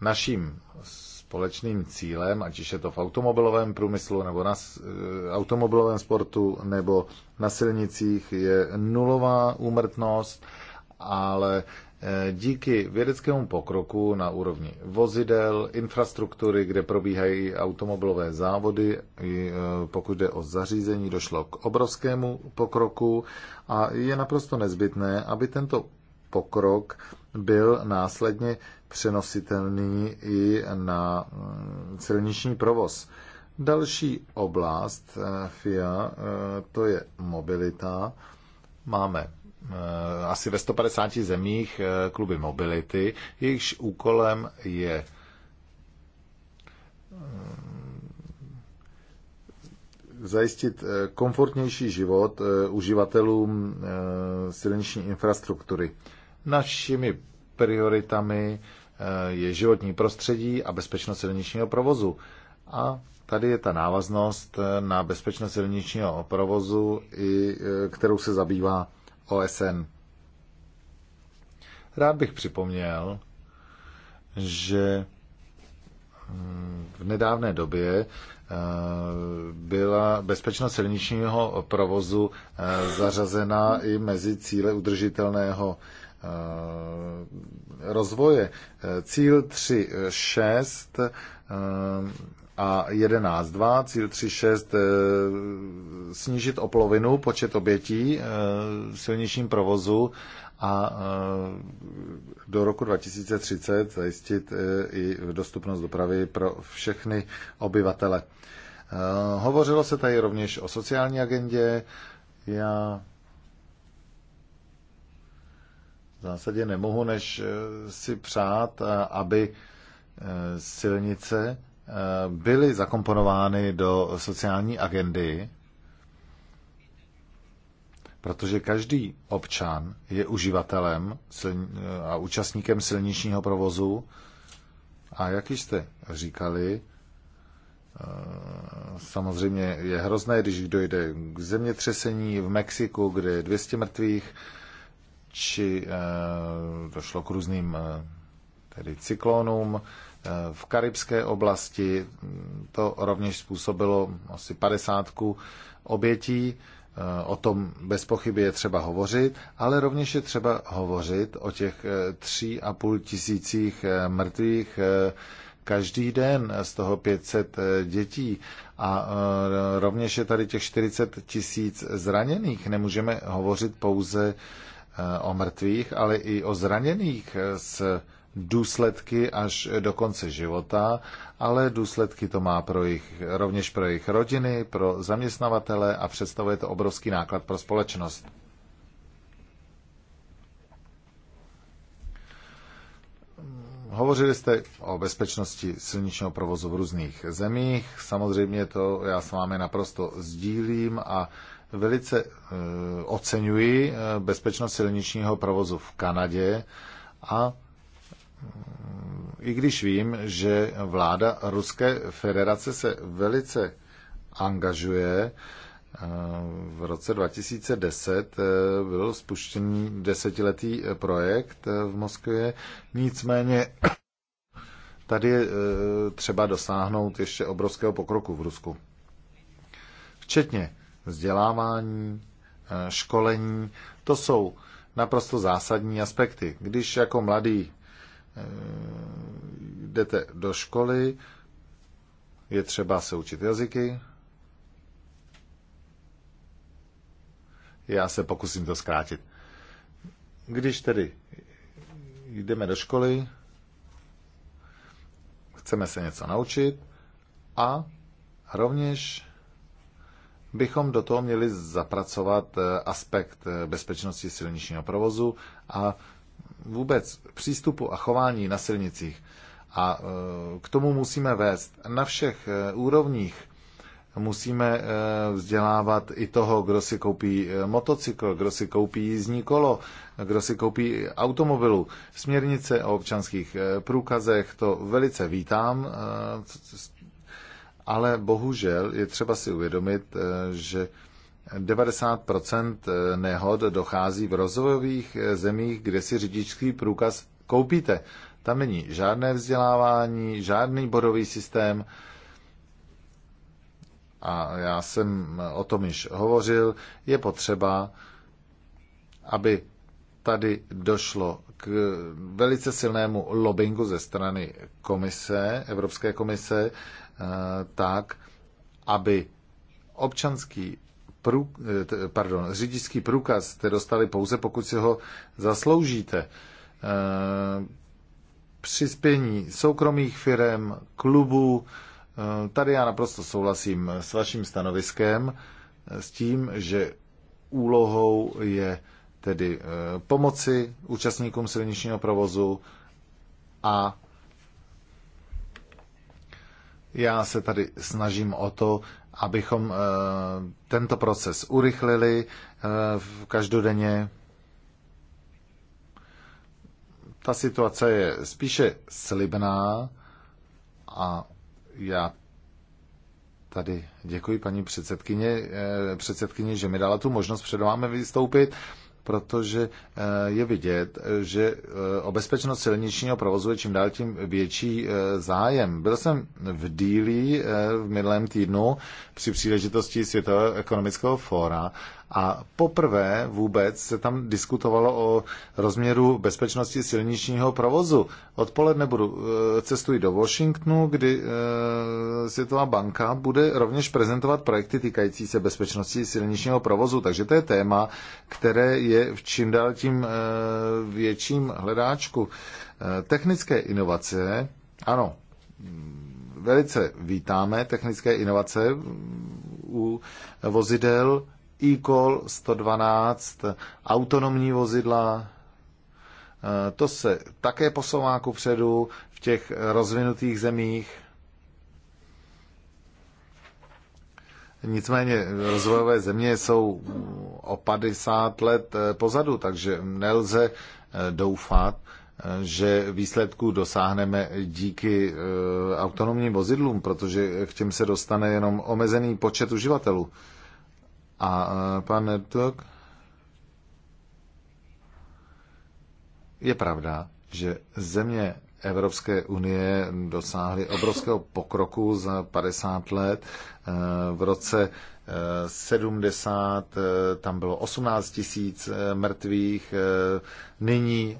Naším společným cílem, ať už je to v automobilovém průmyslu nebo na eh, automobilovém sportu nebo na silnicích, je nulová úmrtnost, ale díky vědeckému pokroku na úrovni vozidel, infrastruktury, kde probíhají automobilové závody, e, pokud jde o zařízení, došlo k obrovskému pokroku a je naprosto nezbytné, aby tento pokrok byl následně přenositelný i na mm, silniční provoz. Další oblast e, FIA, e, to je mobilita. Máme Eh, asi ve 150 zemích eh, kluby mobility, jejichž úkolem je eh, zajistit komfortnější život uživatelům silniční infrastruktury. Našimi prioritami je životní prostředí a bezpečnost silničního provozu. A tady je ta návaznost na bezpečnost silničního provozu, i, kterou se zabývá OSN. Rád bych připomněl, že mm, v nedávné době eh, byla bezpečnost silničního provozu eh, zařazena i mezi cíle udržitelného eh, rozvoje. Cíl 3.6 a 11.2, cíl 3.6, eh, snížit o polovinu počet obětí eh, v silničním provozu a eh, do roku 2030 zajistit i dostupnost dopravy pro všechny obyvatele. Hovořilo se tady rovněž o sociální agendě. Já v zásadě nemohu než si přát, aby silnice Eh, byly zakomponovány do sociální agendy, protože každý občan je uživatelem eh, a účastníkem silničního provozu a jak již jste říkali, eh, samozřejmě je hrozné, když dojde k zemětřesení v Mexiku, kde je 200 mrtvých, či došlo k různým tedy cyklonům, v karibské oblasti. To rovněž způsobilo asi padesátku obětí. O tom bez pochyby je třeba hovořit, ale rovněž je třeba hovořit o těch eh, tří a půl tisících eh, mrtvých eh, každý den, z toho 500 dětí a rovněž je tady těch 40 tisíc zraněných. Nemůžeme hovořit pouze o mrtvých, ale i o zraněných z důsledky až do konce života, ale důsledky to má pro jejich, rovněž pro jejich rodiny, pro zaměstnavatele a představuje to obrovský náklad pro společnost. Hovořili jste o bezpečnosti silničního provozu v různých zemích. Samozřejmě to já s vámi naprosto sdílím a velice eh, oceňuji eh, bezpečnost silničního provozu v Kanadě a i když vím, že vláda Ruské federace se velice angažuje, eh, v roce 2010 eh, byl spuštěn desetiletý projekt eh, v Moskvě, nicméně tady je třeba dosáhnout ještě obrovského pokroku v Rusku. Včetně vzdělávání, školení, to jsou naprosto zásadní aspekty. Když jako mladý Eh, jdete do školy, je třeba se učit jazyky. Já se pokusím to zkrátit. Když tedy jdeme do školy, chceme se něco naučit a rovněž bychom do toho měli zapracovat eh, aspekt eh, bezpečnosti silničního provozu a vůbec přístupu a chování na silnicích. A e, k tomu musíme vést. Na všech e, úrovních musíme e, vzdělávat i toho, kdo si koupí motocykl, kdo si koupí jízdní kolo, kdo si koupí automobilu. Směrnice o občanských průkazech to velice vítám, ale bohužel je třeba si uvědomit, že 90 eh, nehod dochází v rozvojových eh, zemích, kde si řidičský průkaz koupíte. Tam není žádné vzdělávání, žádný bodový systém. A já jsem eh, o tom již hovořil. Je potřeba, aby tady došlo k velice silnému lobbingu ze strany komise, Evropské komise, tak, aby občanský prů, pardon, řidičský průkaz jste dostali pouze, pokud si ho zasloužíte. E, přispění soukromých firm, klubů, e, tady já naprosto souhlasím s vaším stanoviskem, e, s tím, že úlohou je tedy pomoci účastníkům silničního provozu a já se tady snažím o to, abychom eh, tento proces urychlili eh, v každodenně. Ta situace je spíše slibná a já tady děkuji paní předsedkyně, eh, předsedkyně, že mi dala tu možnost před vámi vystoupit protože eh, je vidět, že eh, o bezpečnost silničního provozu je čím dál tím větší eh, zájem. Byl jsem v Dílí v minulém týdnu při příležitosti Světového ekonomického fóra a poprvé vůbec se tam diskutovalo o rozměru bezpečnosti silničního provozu. Odpoledne budu e, cestuji do Washingtonu, kdy e, Světová banka bude rovněž prezentovat projekty týkající se bezpečnosti silničního provozu. Takže to je téma, které je v čím dál tím e, větším hledáčku. Technické inovace, ano, velice vítáme technické inovace u vozidel e-call 112, autonomní vozidla, eh, to se také posouvá ku předu v těch rozvinutých zemích. Nicméně rozvojové země jsou o 50 let eh, pozadu, takže nelze eh, doufat, že výsledků dosáhneme díky autonomním vozidlům, protože k těm se dostane jenom omezený počet uživatelů. A eh, pan Ertug, je pravda, že země Evropské unie dosáhly obrovského pokroku za 50 let. Eh, v roce 70 eh, tam bylo 18 tisíc mrtvých, nyní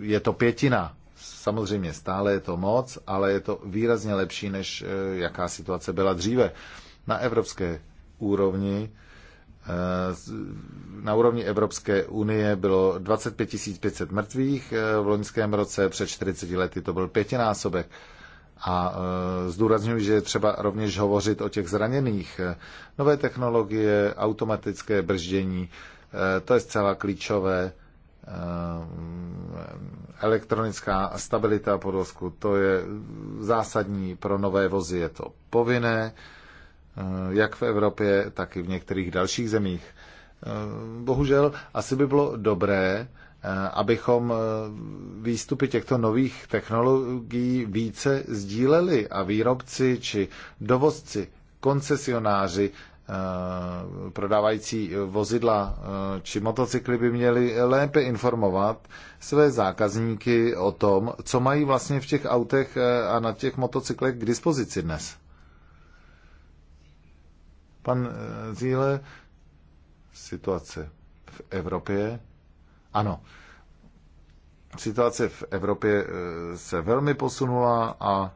je to pětina. Samozřejmě stále je to moc, ale je to výrazně lepší, než jaká situace byla dříve. Na evropské úrovni. Eh, na úrovni Evropské unie bylo 25 500 mrtvých eh, v loňském roce, před 40 lety to byl pětinásobek. A eh, zdůrazňuji, že je třeba rovněž hovořit o těch zraněných. Nové technologie, automatické brždění, to je zcela klíčové. Elektronická stabilita podvozku, to je zásadní pro nové vozy, je to povinné. Eh, jak v Evropě, tak i v některých dalších zemích. Eh, bohužel asi by bylo dobré, eh, abychom výstupy těchto nových technologií více sdíleli a výrobci či dovozci, koncesionáři, prodávající vozidla či motocykly by měli lépe informovat své zákazníky o tom, co mají vlastně v těch autech a na těch motocyklech k dispozici dnes. Pan eh, Zíle, situace v Evropě. Ano, situace v Evropě eh, se velmi posunula a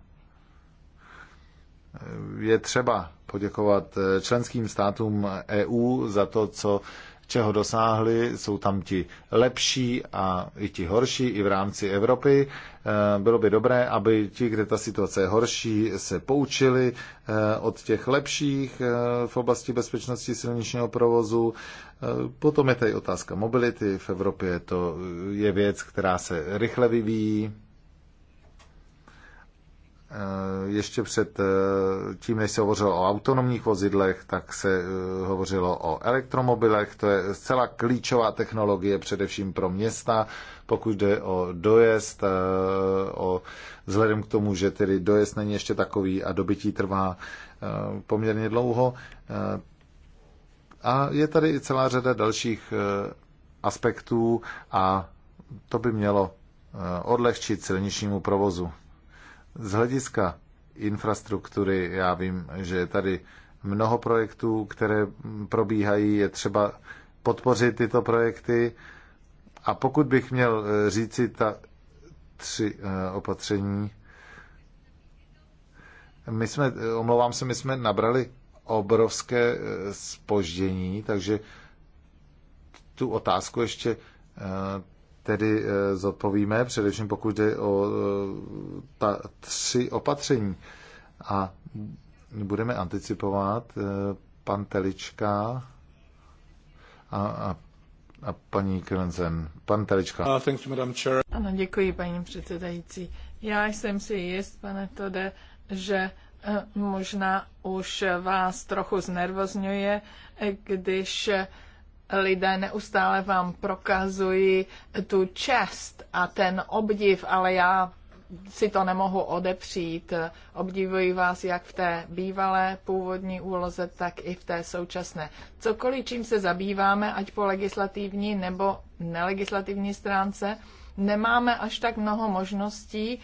eh, je třeba poděkovat členským státům EU za to, co čeho dosáhli. Jsou tam ti lepší a i ti horší i v rámci Evropy. Eh, bylo by dobré, aby ti, kde ta situace je horší, se poučili eh, od těch lepších eh, v oblasti bezpečnosti silničního provozu. Potom je tady otázka mobility. V Evropě to je věc, která se rychle vyvíjí Eh, ještě před eh, tím, než se hovořilo o autonomních vozidlech, tak se eh, hovořilo o elektromobilech. To je zcela klíčová technologie především pro města, pokud jde o dojezd, o, vzhledem k tomu, že tedy dojezd není ještě takový a dobytí trvá poměrně dlouho. A je tady i celá řada dalších aspektů a to by mělo odlehčit silničnímu provozu. Z hlediska infrastruktury, já vím, že je tady mnoho projektů, které probíhají, je třeba podpořit tyto projekty. A pokud bych měl eh, říci ta tři eh, opatření, my jsme, eh, omlouvám se, my jsme nabrali obrovské spoždění, takže tu otázku ještě tedy eh, zodpovíme, především pokud jde o eh, ta tři opatření. A budeme anticipovat eh, pan Telička a, a, a paní Krenzen. Pan Telička. Uh, madam chair. Ano, děkuji, paní předsedající. Já jsem si jist, pane Tode, že možná už vás trochu znervozňuje, když lidé neustále vám prokazují tu čest a ten obdiv, ale já si to nemohu odepřít. Obdivuji vás jak v té bývalé původní úloze, tak i v té současné. Cokoliv, čím se zabýváme, ať po legislativní nebo nelegislativní stránce, nemáme až tak mnoho možností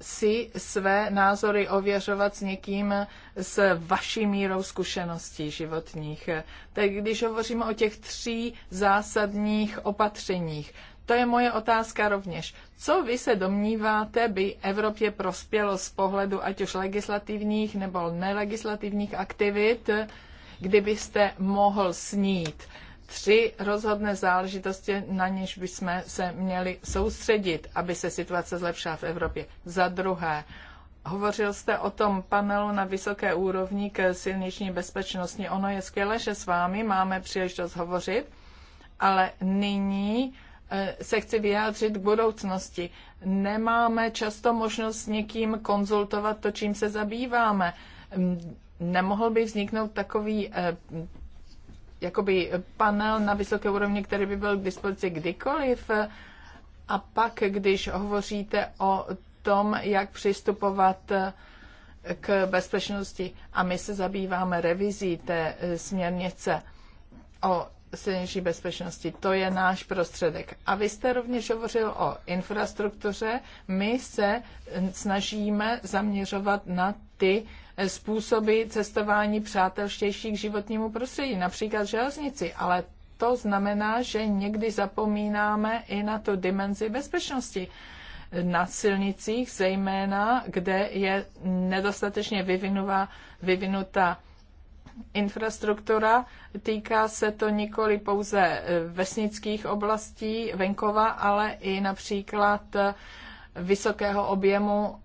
si své názory ověřovat s někým s vaší mírou zkušeností životních. Tak když hovoříme o těch tří zásadních opatřeních, to je moje otázka rovněž. Co vy se domníváte, by Evropě prospělo z pohledu ať už legislativních nebo nelegislativních aktivit, kdybyste mohl snít? tři rozhodné záležitosti, na něž bychom se měli soustředit, aby se situace zlepšila v Evropě. Za druhé, Hovořil jste o tom panelu na vysoké úrovni k silniční bezpečnosti. Ono je skvělé, že s vámi máme příležitost hovořit, ale nyní eh, se chci vyjádřit k budoucnosti. Nemáme často možnost s někým konzultovat to, čím se zabýváme. Hm, nemohl by vzniknout takový eh, jakoby panel na vysoké úrovni, který by byl k dispozici kdykoliv. A pak, když hovoříte o tom, jak přistupovat k bezpečnosti, a my se zabýváme revizí té eh, směrnice o silnější bezpečnosti. To je náš prostředek. A vy jste rovněž hovořil o infrastruktuře. My se eh, snažíme zaměřovat na ty způsoby cestování přátelštější k životnímu prostředí, například železnici, ale to znamená, že někdy zapomínáme i na tu dimenzi bezpečnosti na silnicích, zejména kde je nedostatečně vyvinutá, vyvinutá infrastruktura. Týká se to nikoli pouze e, vesnických oblastí, venkova, ale i například e, vysokého objemu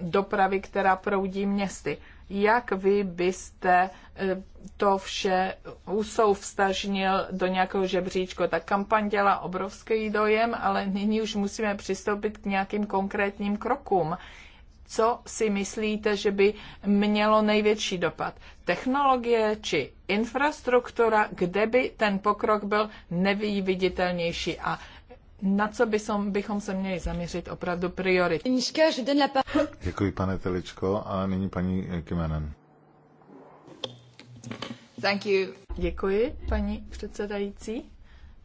dopravy, která proudí městy. Jak vy byste eh, to vše úsou vstažnil do nějakého žebříčku? Ta kampaň dělá obrovský dojem, ale nyní už musíme přistoupit k nějakým konkrétním krokům co si myslíte, že by mělo největší dopad? Technologie či infrastruktura, kde by ten pokrok byl nejviditelnější? A na co bychom, bychom se měli zaměřit opravdu prioritně. Děkuji, pane Teličko, a nyní paní Kimenen. Thank you. Děkuji, paní předsedající.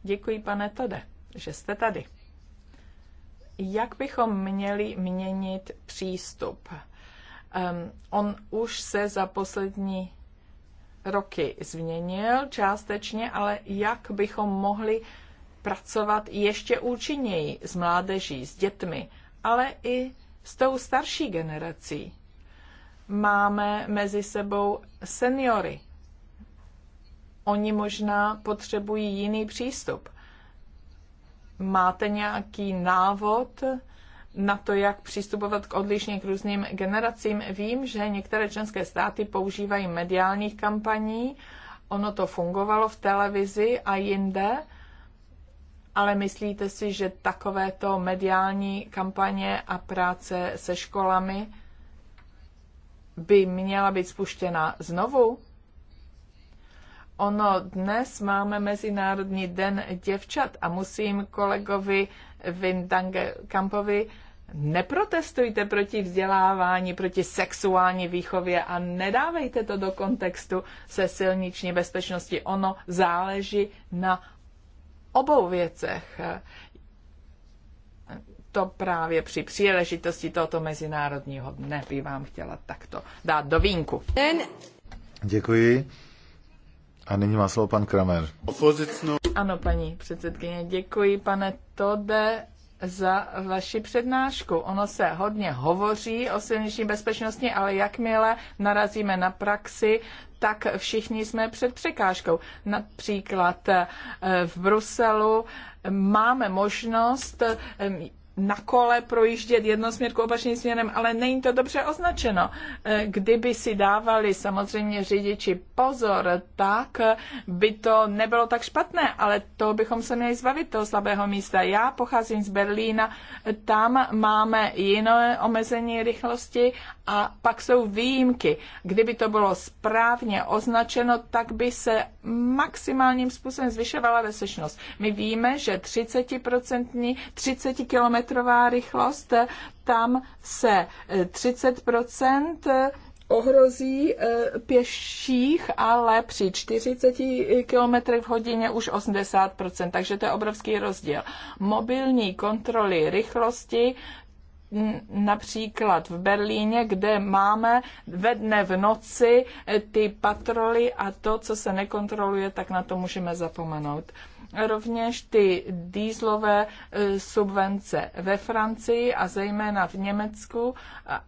Děkuji, pane Tode, že jste tady. Jak bychom měli měnit přístup? Um, on už se za poslední roky změnil částečně, ale jak bychom mohli pracovat ještě účinněji s mládeží, s dětmi, ale i s tou starší generací. Máme mezi sebou seniory. Oni možná potřebují jiný přístup. Máte nějaký návod na to, jak přistupovat k odlišně k různým generacím? Vím, že některé členské státy používají mediálních kampaní, ono to fungovalo v televizi a jinde ale myslíte si, že takovéto mediální kampaně a práce se školami by měla být spuštěna znovu? Ono dnes máme Mezinárodní den děvčat a musím kolegovi Vindange Kampovi neprotestujte proti vzdělávání, proti sexuální výchově a nedávejte to do kontextu se silniční bezpečnosti. Ono záleží na obou věcech. To právě při příležitosti tohoto Mezinárodního dne by vám chtěla takto dát do vínku. Děkuji. A nyní má slovo pan Kramer. Ano, paní předsedkyně, děkuji, pane Tode, za vaši přednášku. Ono se hodně hovoří o silniční bezpečnosti, ale jakmile narazíme na praxi, tak všichni jsme před překážkou. Například eh, v Bruselu máme možnost eh, na kole projíždět jednosměrku opačným směrem, ale není to dobře označeno. Eh, kdyby si dávali samozřejmě řidiči pozor, tak by to nebylo tak špatné, ale to bychom se měli zbavit toho slabého místa. Já pocházím z Berlína, tam máme jiné omezení rychlosti a pak jsou výjimky. Kdyby to bylo správně označeno, tak by se maximálním způsobem zvyšovala bezpečnost. My víme, že 30%, 30-kilometrová rychlost, tam se 30% eh, ohrozí eh, pěších, ale při 40 km v hodině už 80%, takže to je obrovský rozdíl. Mobilní kontroly rychlosti, například v Berlíně, kde máme ve dne v noci eh, ty patroly a to, co se nekontroluje, tak na to můžeme zapomenout. Rovněž ty dýzlové eh, subvence ve Francii a zejména v Německu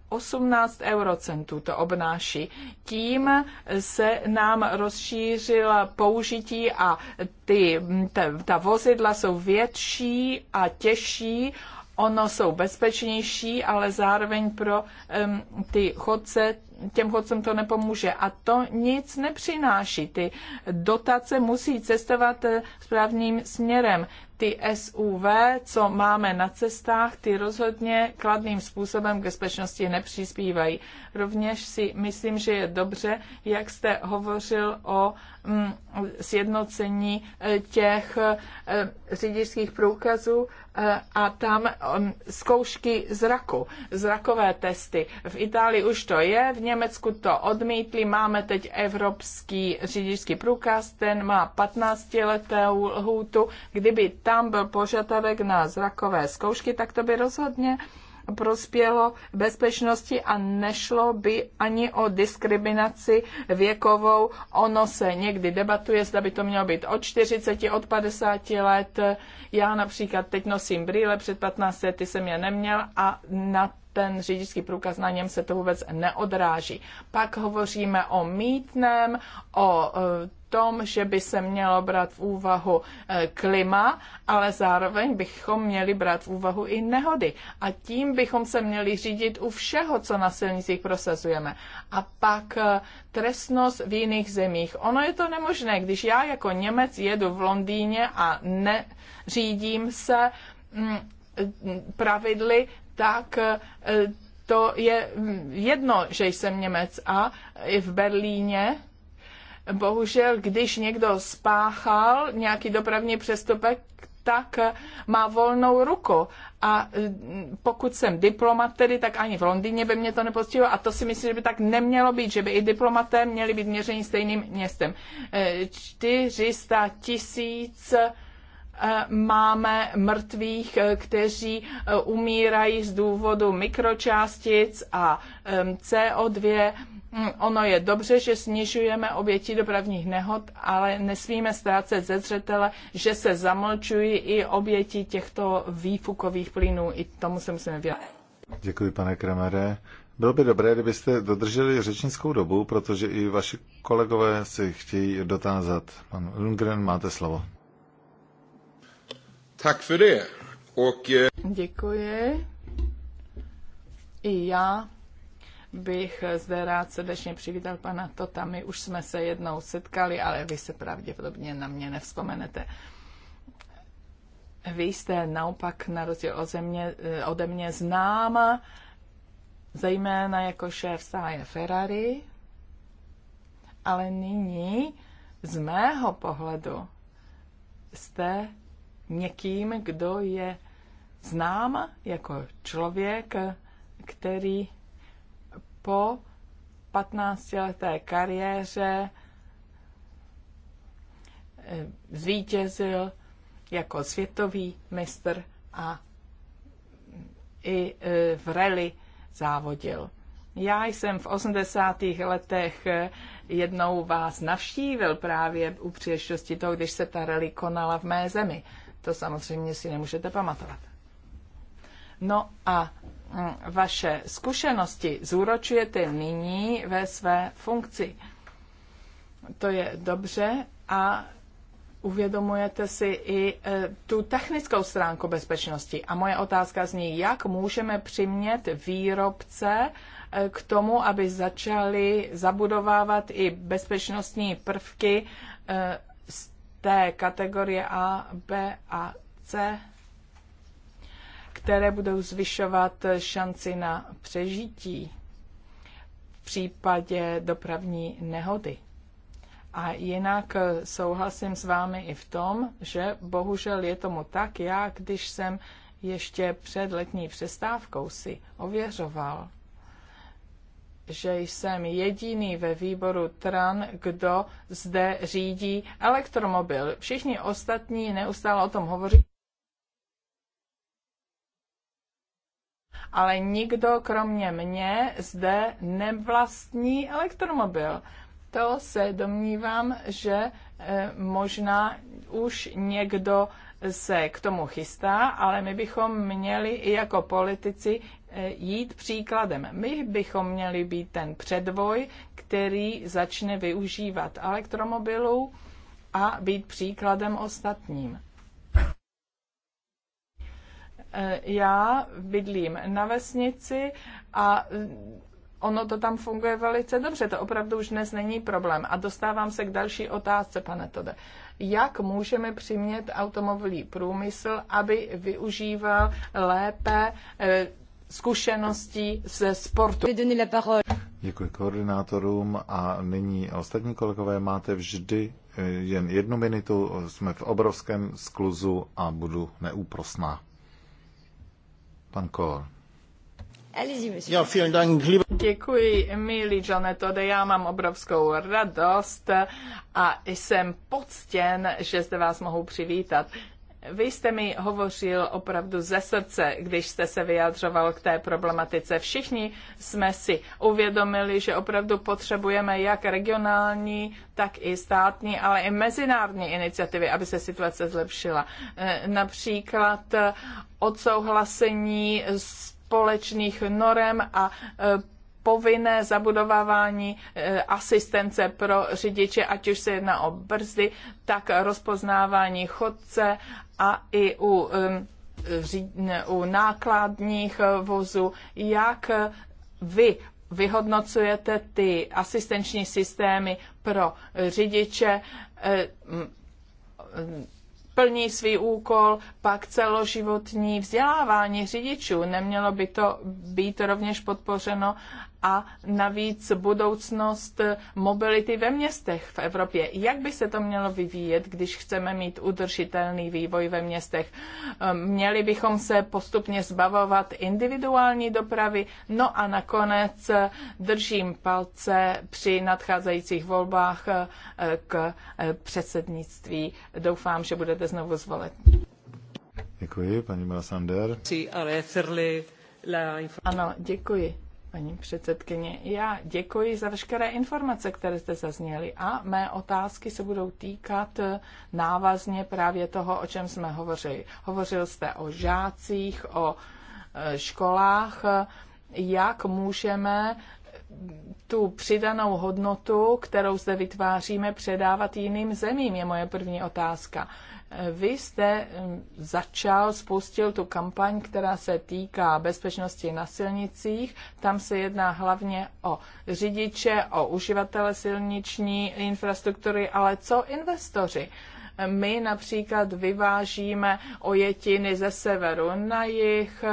18 eurocentů to obnáší. Tím eh, se nám rozšířila použití a ty, ta, ta vozidla jsou větší a těžší ono jsou bezpečnější, ale zároveň pro um, ty chodce, těm chodcům to nepomůže. A to nic nepřináší. Ty dotace musí cestovat eh, správným směrem. Ty SUV, co máme na cestách, ty rozhodně kladným způsobem k bezpečnosti nepřispívají. Rovněž si myslím, že je dobře, jak jste hovořil o Mm, sjednocení eh, těch eh, řidičských průkazů eh, a tam mm, zkoušky zraku, zrakové testy. V Itálii už to je, v Německu to odmítli, máme teď evropský řidičský průkaz, ten má 15 letou lhůtu. Kdyby tam byl požadavek na zrakové zkoušky, tak to by rozhodně prospělo bezpečnosti a nešlo by ani o diskriminaci věkovou. Ono se někdy debatuje, zda by to mělo být od 40, od 50 let. Já například teď nosím brýle, před 15 lety jsem je neměl a na ten řidičský průkaz, na něm se to vůbec neodráží. Pak hovoříme o mítném, o e, tom, že by se mělo brát v úvahu eh, klima, ale zároveň bychom měli brát v úvahu i nehody. A tím bychom se měli řídit u všeho, co na silnicích prosazujeme. A pak eh, trestnost v jiných zemích. Ono je to nemožné, když já jako Němec jedu v Londýně a neřídím se mm, eh, pravidly, tak to je mm, jedno, že jsem Němec a v Berlíně bohužel, když někdo spáchal nějaký dopravní přestupek, tak má volnou ruku. A e, pokud jsem diplomat tedy, tak ani v Londýně by mě to nepostihlo. A to si myslím, že by tak nemělo být, že by i diplomaté měli být měření stejným městem. 400 e, tisíc e, máme mrtvých, kteří umírají z důvodu mikročástic a CO2. Hm, ono je dobře, že snižujeme oběti dopravních nehod, ale nesmíme ztrácet ze zřetele, že se zamlčují i oběti těchto výfukových plynů. I tomu se musíme věnovat. Děkuji, pane Kremere. Bylo by dobré, kdybyste dodrželi řečnickou dobu, protože i vaši kolegové si chtějí dotázat. Pan Lundgren, máte slovo. Tak för det. Eh, Děkuji. I já bych zde rád srdečně přivítal pana Tota. My už jsme se jednou setkali, ale vy se pravděpodobně na mě nevzpomenete. Vy jste naopak na rozdíl ode mě, eh, ode mě známa, zejména jako šéf Sáje Ferrari, ale nyní z mého pohledu jste někým, kdo je znám jako člověk, který po 15-leté kariéře eh, zvítězil jako světový mistr a i eh, v rally závodil. Já jsem v 80. letech eh, jednou vás navštívil právě u příležitosti toho, když se ta rally konala v mé zemi. To samozřejmě si nemůžete pamatovat. No a vaše zkušenosti zúročujete nyní ve své funkci. To je dobře a uvědomujete si i e, tu technickou stránku bezpečnosti. A moje otázka zní, jak můžeme přimět výrobce e, k tomu, aby začali zabudovávat i bezpečnostní prvky e, z té kategorie A, B a C které budou zvyšovat šanci na přežití v případě dopravní nehody. A jinak souhlasím s vámi i v tom, že bohužel je tomu tak. Já, když jsem ještě před letní přestávkou si ověřoval, že jsem jediný ve výboru TRAN, kdo zde řídí elektromobil. Všichni ostatní neustále o tom hovoří. ale nikdo kromě mě zde nevlastní elektromobil. To se domnívám, že eh, možná už někdo se k tomu chystá, ale my bychom měli i jako politici eh, jít příkladem. My bychom měli být ten předvoj, který začne využívat elektromobilů a být příkladem ostatním. Eh, já bydlím na vesnici a eh, ono to tam funguje velice dobře. To opravdu už dnes není problém. A dostávám se k další otázce, pane Tode. Jak můžeme přimět automobilový průmysl, aby využíval lépe eh, zkušeností ze sportu? Děkuji koordinátorům a nyní ostatní kolegové máte vždy jen jednu minutu. Jsme v obrovském skluzu a budu neúprosná. Pan Kohl. Děkuji, milý Janetode, já mám obrovskou radost a jsem poctěn, že zde vás mohu přivítat. Vy jste mi hovořil opravdu ze srdce, když jste se vyjadřoval k té problematice. Všichni jsme si uvědomili, že opravdu potřebujeme jak regionální, tak i státní, ale i mezinárodní iniciativy, aby se situace zlepšila. E, například odsouhlasení společných norem a e, povinné zabudovávání eh, asistence pro řidiče, ať už se jedná o brzdy, tak rozpoznávání chodce a i u, u nákladních eh, vozů, jak eh, vy vyhodnocujete ty asistenční systémy pro řidiče, plní svý úkol, pak celoživotní vzdělávání řidičů. Nemělo by to být rovněž podpořeno a navíc budoucnost mobility ve městech v Evropě. Jak by se to mělo vyvíjet, když chceme mít udržitelný vývoj ve městech? Ehm, měli bychom se postupně zbavovat individuální dopravy? No a nakonec držím palce při nadcházejících volbách eh, k eh, předsednictví. Doufám, že budete znovu zvolit. Děkuji, paní Malasander. Ano, děkuji paní předsedkyně. Já děkuji za veškeré informace, které jste zazněly a mé otázky se budou týkat eh, návazně právě toho, o čem jsme hovořili. Hovořil jste o žácích, o eh, školách, jak můžeme eh, tu přidanou hodnotu, kterou zde vytváříme, předávat jiným zemím, je moje první otázka. Vy jste mm, začal, spustil tu kampaň, která se týká bezpečnosti na silnicích. Tam se jedná hlavně o řidiče, o uživatele silniční infrastruktury, ale co investoři? My například vyvážíme ojetiny ze severu na jih,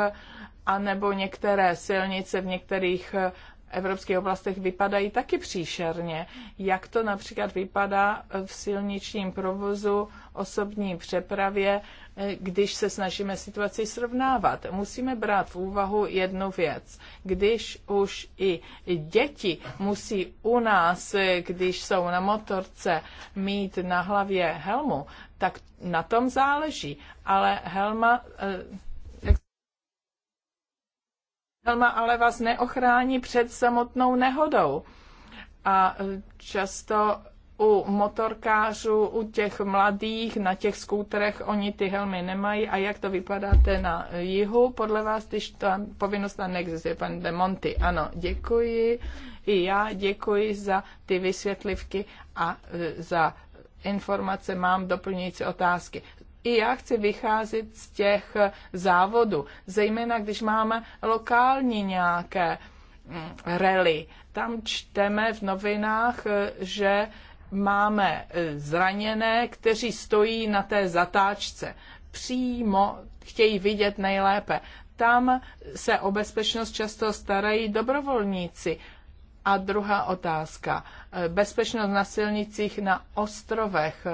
anebo některé silnice v některých eh, evropských oblastech vypadají taky příšerně. Jak to například vypadá v silničním provozu osobní přepravě, eh, když se snažíme situaci srovnávat. Musíme brát v úvahu jednu věc. Když už i děti musí u nás, eh, když jsou na motorce, mít na hlavě helmu, tak na tom záleží. Ale helma eh, Helma ale vás neochrání před samotnou nehodou. A často u motorkářů, u těch mladých, na těch skúterech, oni ty helmy nemají. A jak to vypadáte na jihu, podle vás, když ta povinnost tam neexistuje, pan De Monty Ano, děkuji. I já děkuji za ty vysvětlivky a e, za informace. Mám doplňující otázky. I já chci vycházet z těch e, závodů, zejména když máme lokální nějaké mm, rally. Tam čteme v novinách, e, že máme e, zraněné, kteří stojí na té zatáčce. Přímo chtějí vidět nejlépe. Tam se o bezpečnost často starají dobrovolníci. A druhá otázka. E, bezpečnost na silnicích na ostrovech.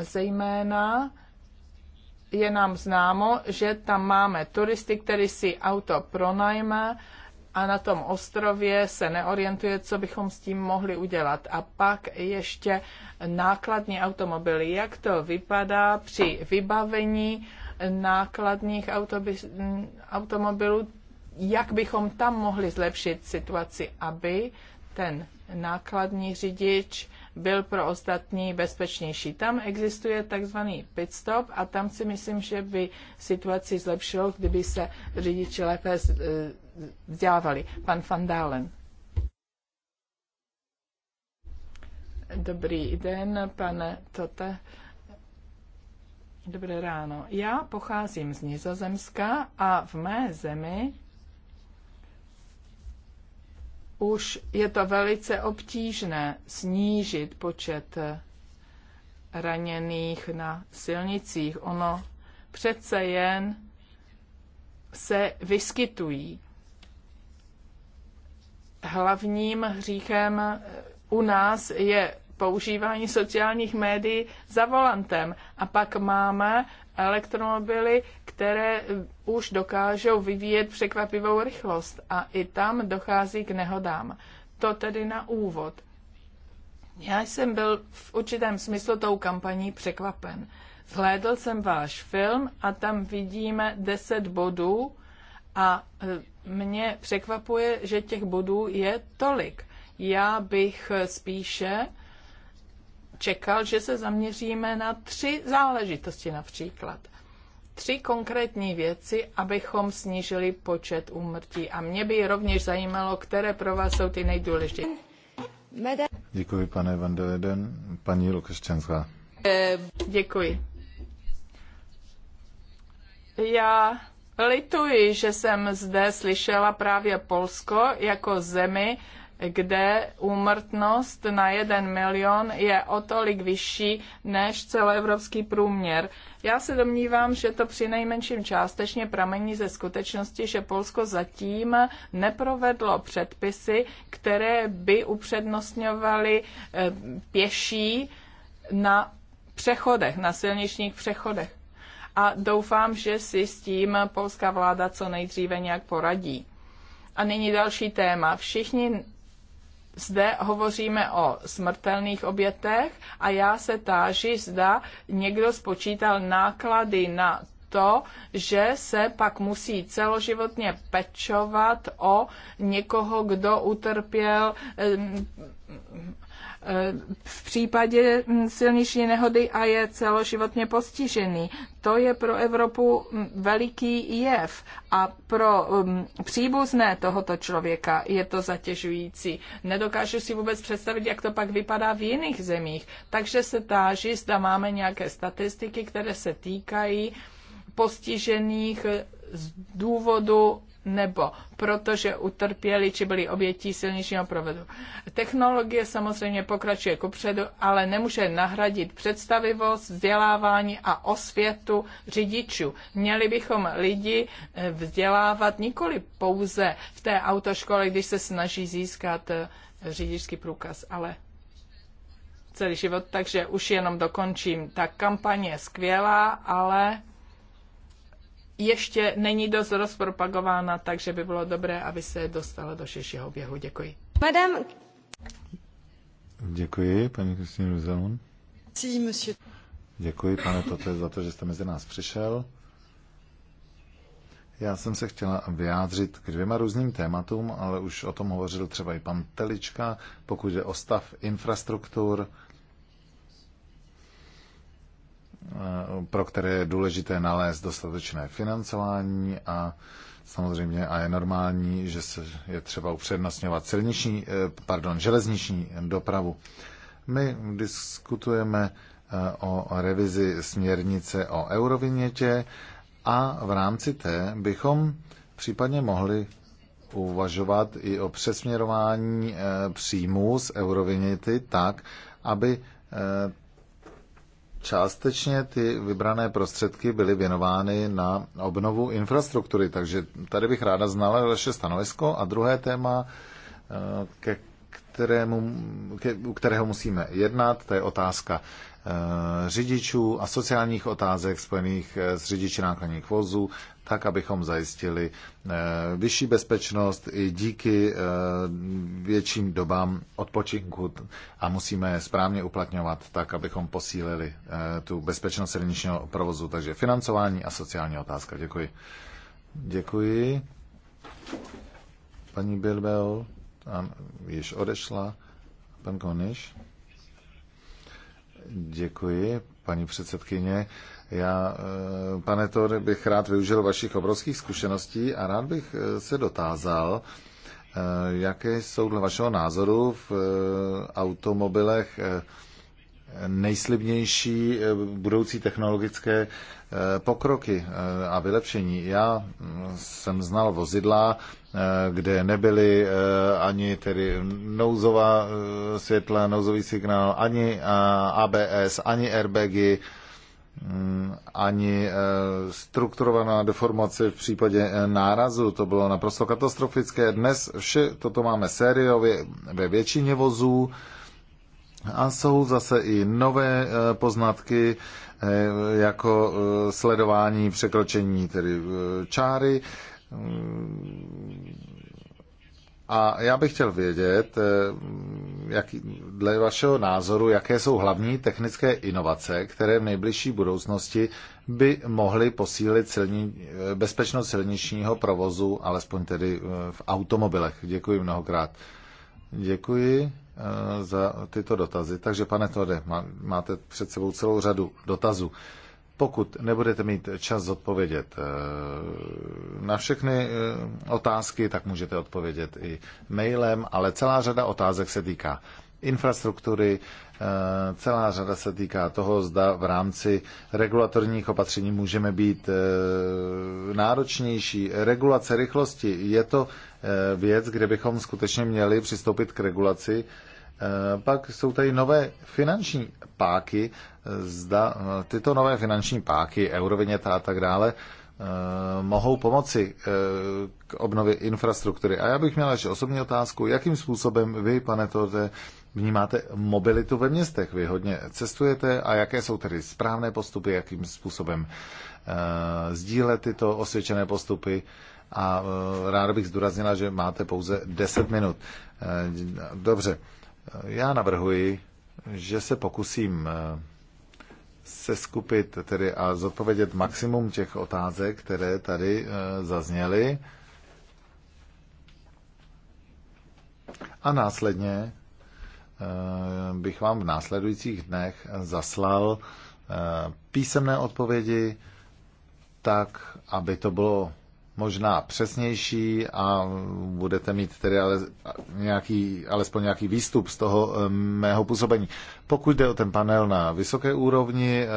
Zejména je nám známo, že tam máme turisty, který si auto pronajme, a na tom ostrově se neorientuje, co bychom s tím mohli udělat. A pak ještě nákladní automobily. Jak to vypadá při vybavení nákladních automobilů? Jak bychom tam mohli zlepšit situaci, aby ten nákladní řidič byl pro ostatní bezpečnější. Tam existuje takzvaný pit stop a tam si myslím, že by situaci zlepšilo, kdyby se řidiči lépe vzdělávali. Pan Van Dalen. Dobrý den, pane Tote. Dobré ráno. Já pocházím z Nizozemska a v mé zemi už je to velice obtížné snížit počet raněných na silnicích. Ono přece jen se vyskytují hlavním hříchem eh, u nás je používání sociálních médií za volantem. A pak máme elektromobily, které eh, už dokážou vyvíjet překvapivou rychlost a i tam dochází k nehodám. To tedy na úvod. Já jsem byl v určitém smyslu tou kampaní překvapen. Zhlédl jsem váš film a tam vidíme 10 bodů, a e, mě překvapuje, že těch bodů je tolik. Já bych e, spíše čekal, že se zaměříme na tři záležitosti například. Tři konkrétní věci, abychom snížili počet úmrtí. A mě by rovněž zajímalo, které pro vás jsou ty nejdůležitější. Děkuji, pane Van Deleden. Paní Lukaščenská. E, děkuji. Já Lituji, že jsem zde slyšela právě Polsko jako zemi, kde úmrtnost na jeden milion je o tolik vyšší než celoevropský průměr. Já se domnívám, že to při nejmenším částečně pramení ze skutečnosti, že Polsko zatím neprovedlo předpisy, které by upřednostňovaly eh, pěší na přechodech, na silničních přechodech a doufám, že si s tím polská vláda co nejdříve nějak poradí. A nyní další téma. Všichni zde hovoříme o smrtelných obětech a já se táži, zda někdo spočítal náklady na to, že se pak musí celoživotně pečovat o někoho, kdo utrpěl v případě silniční nehody a je celoživotně postižený. To je pro Evropu mm, veliký jev a pro mm, příbuzné tohoto člověka je to zatěžující. Nedokážu si vůbec představit, jak to pak vypadá v jiných zemích. Takže se táží, zda máme nějaké statistiky, které se týkají postižených z důvodu nebo protože utrpěli či byli obětí silničního provedu. Technologie samozřejmě pokračuje kupředu, ale nemůže nahradit představivost, vzdělávání a osvětu řidičů. Měli bychom lidi eh, vzdělávat nikoli pouze v té autoškole, když se snaží získat eh, řidičský průkaz, ale celý život, takže už jenom dokončím. Ta kampaně je skvělá, ale ještě není dost rozpropagována, takže by bylo dobré, aby se dostala do širšího oběhu. Děkuji. madam. Děkuji, paní Kristýna Ruzelun. Děkuji, pane Toto, za to, že jste mezi nás přišel. Já jsem se chtěla vyjádřit k dvěma různým tématům, ale už o tom hovořil třeba i pan Telička, pokud je o stav infrastruktur Eh, pro které je důležité nalézt dostatečné financování a samozřejmě a je normální, že se je třeba upřednostňovat silniční, eh, pardon, železniční dopravu. My diskutujeme eh, o revizi směrnice o eurovinětě a v rámci té bychom případně mohli uvažovat i o přesměrování příjmů z eurovinity tak, aby Částečně ty vybrané prostředky byly věnovány na obnovu infrastruktury, takže tady bych ráda znala vaše stanovisko. A druhé téma, eh, ke kterému, ke, u kterého musíme jednat, to je otázka eh, řidičů a sociálních otázek spojených eh, s řidiči nákladních vozů tak abychom zajistili eh, vyšší bezpečnost i díky eh, větším dobám odpočinku a musíme správně uplatňovat tak, abychom posílili eh, tu bezpečnost silničního provozu. Takže financování a sociální otázka. Děkuji. Děkuji. Paní Bilbel již odešla. Pan Koniš. Děkuji, paní předsedkyně. Já, eh, pane Tor, bych rád využil vašich obrovských zkušeností a rád bych eh, se dotázal, eh, jaké jsou dle vašeho názoru v automobilech nejslibnější budoucí technologické pokroky a vylepšení. Já hm, jsem znal vozidla, kde nebyly ani tedy nouzová světla, nouzový signál, ani ABS, ani airbagy, Mm, ani eh, strukturovaná deformace v případě eh, nárazu. To bylo naprosto katastrofické. Dnes vše toto máme sériově ve většině vozů a jsou zase i nové eh, poznatky jako sledování překročení tedy čáry mm, a já bych chtěl vědět, eh, jak, dle vašeho názoru, jaké jsou hlavní technické inovace, které v nejbližší budoucnosti by mohly posílit silni, eh, bezpečnost silničního provozu, alespoň tedy eh, v automobilech. Děkuji mnohokrát. Děkuji za tyto dotazy. Takže, pane Tode, máte před sebou celou řadu dotazů. Pokud nebudete mít čas odpovědět eh, na všechny eh, otázky, tak můžete odpovědět i mailem, ale celá řada otázek se týká infrastruktury, eh, celá řada se týká toho, zda v rámci regulatorních opatření můžeme být náročnější. Regulace rychlosti je to věc, kde bychom skutečně měli přistoupit k regulaci Eh, pak jsou tady nové finanční páky, eh, zda eh, tyto nové finanční páky, euroviněta a tak dále, mohou pomoci k obnově infrastruktury. A já bych měl ještě osobní otázku, jakým způsobem vy, pane tote vnímáte mobilitu ve městech? Vy hodně cestujete a jaké jsou tedy správné postupy, jakým způsobem sdílet tyto osvědčené postupy? A ráda bych zdůraznila, že máte pouze 10 minut. Dobře, já navrhuji, že se pokusím eh, seskupit tedy a zodpovědět maximum těch otázek, které tady eh, zazněly. A následně eh, bych vám v následujících dnech zaslal písemné odpovědi tak, aby to bylo možná přesnější a budete mít tedy ale, nějaký, alespoň nějaký výstup z toho eh, mého působení. Pokud jde o ten panel na vysoké úrovni, eh,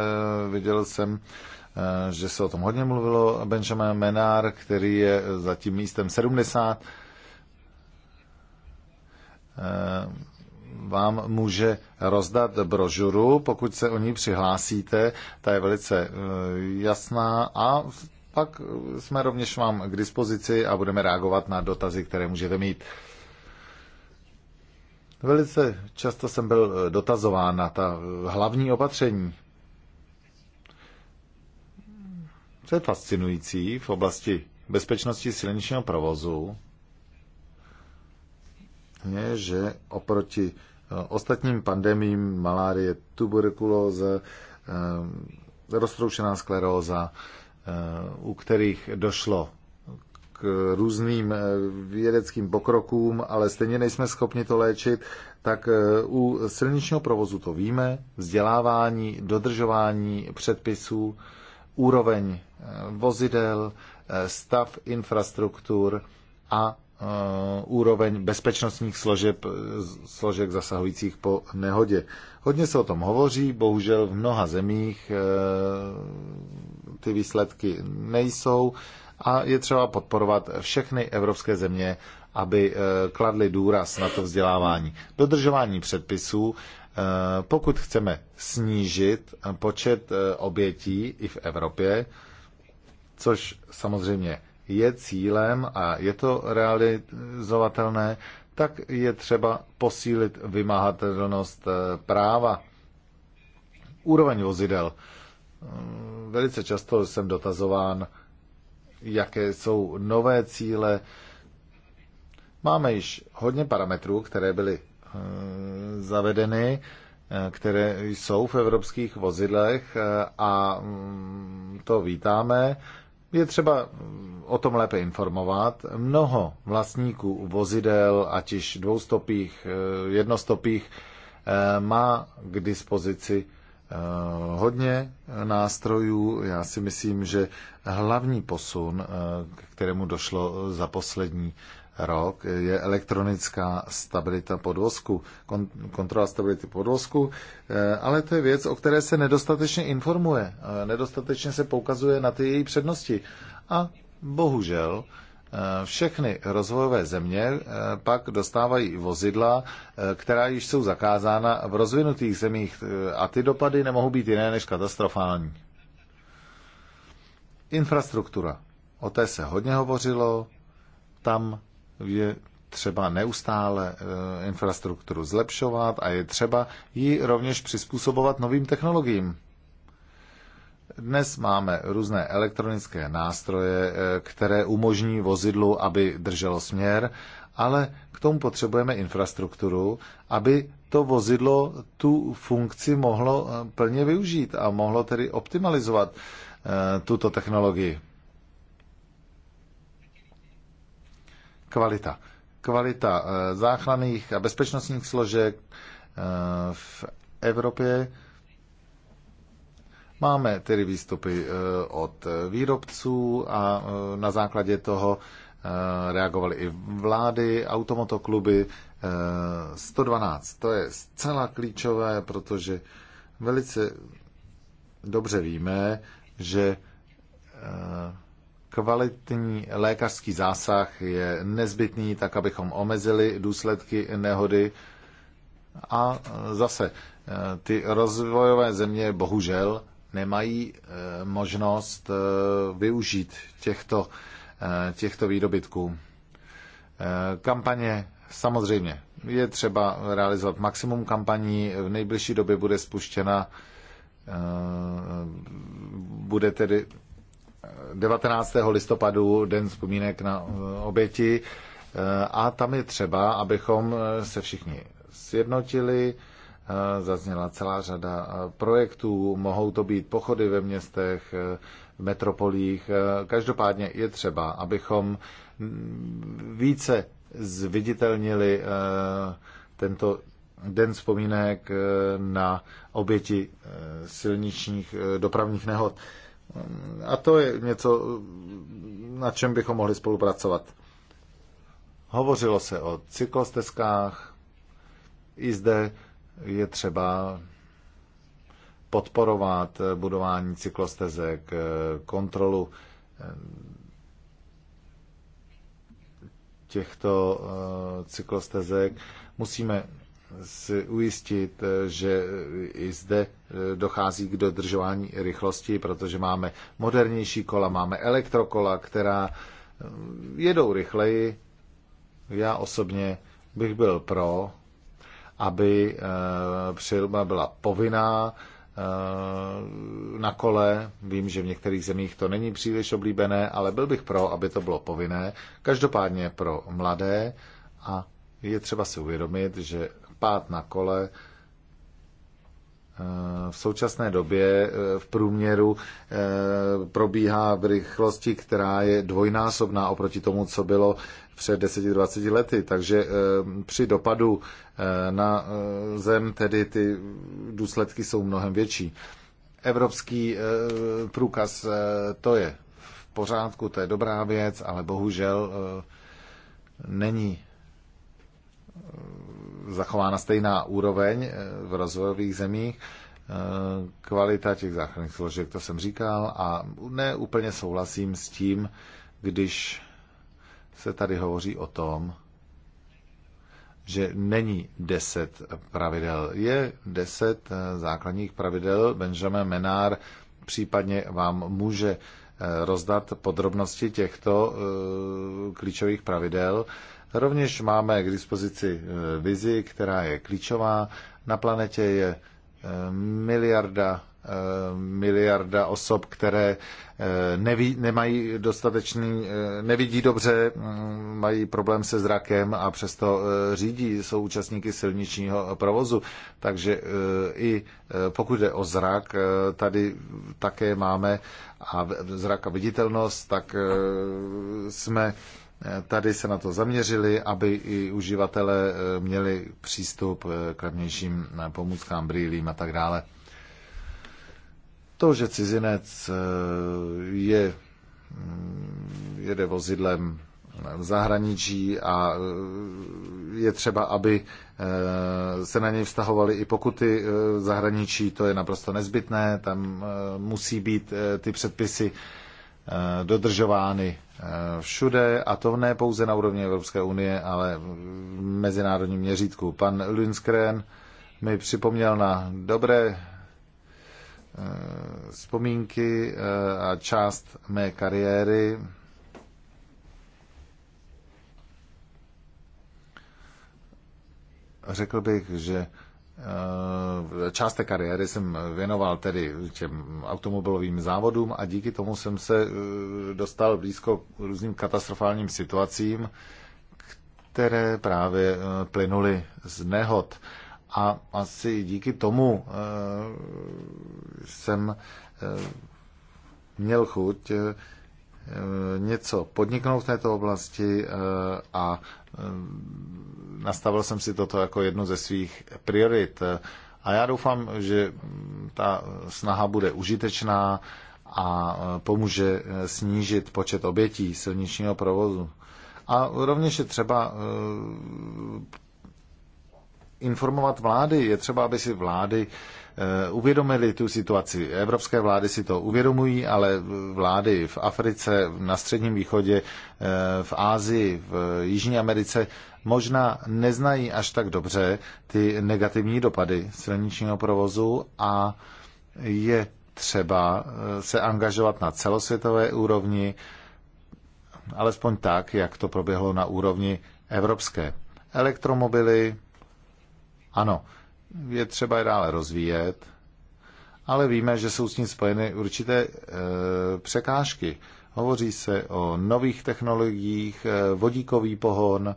viděl jsem, eh, že se o tom hodně mluvilo Benjamin Menár, který je zatím místem 70, vám může rozdat brožuru, pokud se o ní přihlásíte. Ta je velice jasná a pak jsme rovněž vám k dispozici a budeme reagovat na dotazy, které můžete mít. Velice často jsem byl eh, dotazován na ta eh, hlavní opatření. Co je fascinující v oblasti bezpečnosti silničního provozu, je, že oproti eh, ostatním pandemím, malárie, tuberkulóze, roztroušená skleróza, u kterých došlo k různým eh, vědeckým pokrokům, ale stejně nejsme schopni to léčit, tak eh, u silničního provozu to víme, vzdělávání, dodržování předpisů, úroveň eh, vozidel, stav infrastruktur a úroveň bezpečnostních složeb, složek zasahujících po nehodě. Hodně se o tom hovoří, bohužel v mnoha zemích ty výsledky nejsou a je třeba podporovat všechny evropské země, aby eh, kladly důraz na to vzdělávání. Dodržování předpisů, eh, pokud chceme snížit počet eh, obětí i v Evropě, což samozřejmě je cílem a je to realizovatelné, tak je třeba posílit vymahatelnost práva. Úroveň vozidel. Ehm, velice často jsem dotazován, jaké jsou nové cíle. Máme již hodně parametrů, které byly ehm, zavedeny, ehm, které jsou v evropských vozidlech a mm, to vítáme. Je třeba mm, o tom lépe informovat. Mnoho vlastníků vozidel, ať již dvoustopých, jednostopých, má k dispozici Eh, hodně nástrojů. Já si myslím, že hlavní posun, eh, k kterému došlo za poslední rok, je elektronická stabilita podvozku, kontrola stability podvozku, eh, ale to je věc, o které se nedostatečně informuje, nedostatečně se poukazuje na ty její přednosti. A bohužel všechny rozvojové země eh, pak dostávají vozidla, eh, která již jsou zakázána v rozvinutých zemích eh, a ty dopady nemohou být jiné než katastrofální. Infrastruktura. O té se hodně hovořilo. Tam je třeba neustále infrastrukturu zlepšovat a je třeba ji rovněž přizpůsobovat novým technologiím. Dnes máme různé elektronické nástroje, eh, které umožní vozidlu, aby drželo směr, ale k tomu potřebujeme infrastrukturu, aby to vozidlo tu funkci mohlo eh, plně využít a mohlo tedy optimalizovat eh, tuto technologii. Kvalita. Kvalita záchranných a bezpečnostních složek v Evropě Máme tedy výstupy eh, od výrobců a eh, na základě toho eh, reagovaly i vlády, automotokluby. 112, to je zcela klíčové, protože velice dobře víme, že kvalitní lékařský zásah je nezbytný, tak abychom omezili důsledky nehody. A zase ty rozvojové země bohužel nemají eh, možnost eh, využít těchto, eh, těchto výdobytků. Kampaně samozřejmě je třeba realizovat maximum kampaní. V nejbližší době bude spuštěna, bude tedy 19. listopadu Den vzpomínek na oběti a tam je třeba, abychom se všichni sjednotili, zazněla celá řada projektů, mohou to být pochody ve městech, e, v metropolích. E, každopádně je třeba, abychom více zviditelnili e, tento den vzpomínek na oběti silničních dopravních nehod. A to je něco, na čem bychom mohli spolupracovat. Hovořilo se o cyklostezkách, i zde je třeba podporovat budování cyklostezek, kontrolu těchto eh, cyklostezek. Musíme si ujistit, že i zde eh, dochází k dodržování rychlosti, protože máme modernější kola, máme elektrokola, která eh, jedou rychleji. Já osobně bych byl pro aby eh, přilba byla povinná eh, na kole. Vím, že v některých zemích to není příliš oblíbené, ale byl bych pro, aby to bylo povinné. Každopádně pro mladé a je třeba si uvědomit, že pád na kole eh, v současné době v průměru probíhá v rychlosti, která je dvojnásobná oproti tomu, co bylo před 10-20 lety, takže eh, při dopadu eh, na eh, zem tedy ty důsledky jsou mnohem větší. Evropský průkaz to je v pořádku, to je dobrá věc, ale bohužel není zachována stejná úroveň v rozvojových zemích. Kvalita těch záchranných složek, to jsem říkal, a ne úplně souhlasím s tím, když se tady hovoří o tom, že není deset pravidel. Je deset eh, základních pravidel. Benjamin Menár případně vám může eh, rozdat podrobnosti těchto eh, klíčových pravidel. Rovněž máme k dispozici vizi, která je klíčová. Na planetě je miliarda Eh, miliarda osob, které eh, neví, nemají dostatečný, eh, nevidí dobře, mm, mají problém se zrakem a přesto řídí, jsou účastníky silničního provozu. Takže i pokud jde o zrak, tady také máme a zrak a viditelnost, tak jsme tady se na to zaměřili, aby i uživatelé měli přístup k levnějším pomůckám, brýlím a tak dále. To, že cizinec eh, je, mm, jede vozidlem v zahraničí a eh, je třeba, aby eh, se na něj vztahovaly i pokuty v zahraničí, to je naprosto nezbytné, tam musí být ty předpisy dodržovány všude a to ne pouze na úrovni Evropské unie, ale v mezinárodním měřítku. Pan Lundskren mi připomněl na dobré Eh, vzpomínky eh, a část mé kariéry. Řekl bych, že eh, část té kariéry jsem věnoval tedy těm automobilovým závodům a díky tomu jsem se dostal blízko k různým katastrofálním situacím, které právě plynuly z nehod a asi díky tomu eh, jsem eh, měl chuť eh, něco podniknout v této oblasti a nastavil jsem si toto jako jednu ze svých priorit. A já doufám, že ta snaha bude užitečná a pomůže snížit počet obětí silničního provozu. A rovněž je třeba informovat vlády. Je třeba, aby si vlády eh, uvědomili tu situaci. Evropské vlády si to uvědomují, ale vlády v Africe, na Středním východě, eh, v Ázii, v Jižní Americe možná neznají až tak dobře ty negativní dopady silničního provozu a je třeba eh, se angažovat na celosvětové úrovni, alespoň tak, jak to proběhlo na úrovni evropské. Elektromobily, ano, je třeba je dále rozvíjet, ale víme, že jsou s tím spojeny určité e, překážky. Hovoří se o nových technologiích, e, vodíkový pohon, e,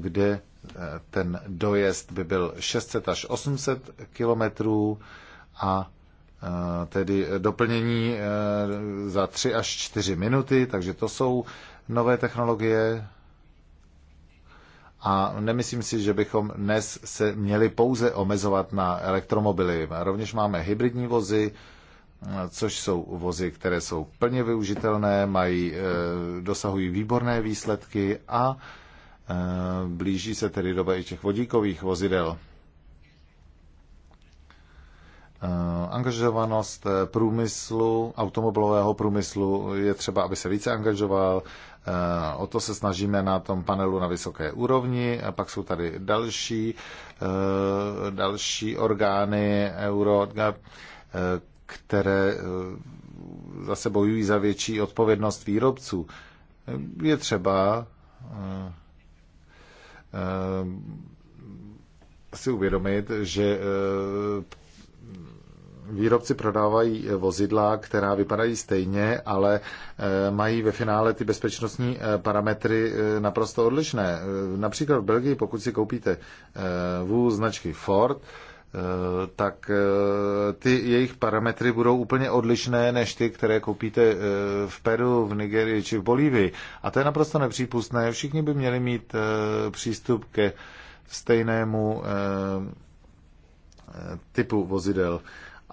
kde e, ten dojezd by byl 600 až 800 kilometrů a e, tedy doplnění e, za 3 až 4 minuty, takže to jsou nové technologie, a nemyslím si, že bychom dnes se měli pouze omezovat na elektromobily. Rovněž máme hybridní vozy, což jsou vozy, které jsou plně využitelné, mají, e, dosahují výborné výsledky a e, blíží se tedy doba i těch vodíkových vozidel. Eh, angažovanost eh, průmyslu, automobilového průmyslu je třeba, aby se více angažoval. Eh, o to se snažíme na tom panelu na vysoké úrovni. A pak jsou tady další, další orgány Euro, které zase bojují za větší odpovědnost výrobců. Je třeba si uvědomit, že výrobci prodávají eh, vozidla, která vypadají stejně, ale eh, mají ve finále ty bezpečnostní eh, parametry naprosto odlišné. Například v Belgii, pokud si koupíte vůz značky Ford, tak ty jejich parametry budou úplně odlišné než ty, které koupíte v Peru, v Nigerii či v Bolívii. A to je naprosto nepřípustné. Všichni by měli mít přístup ke stejnému typu vozidel.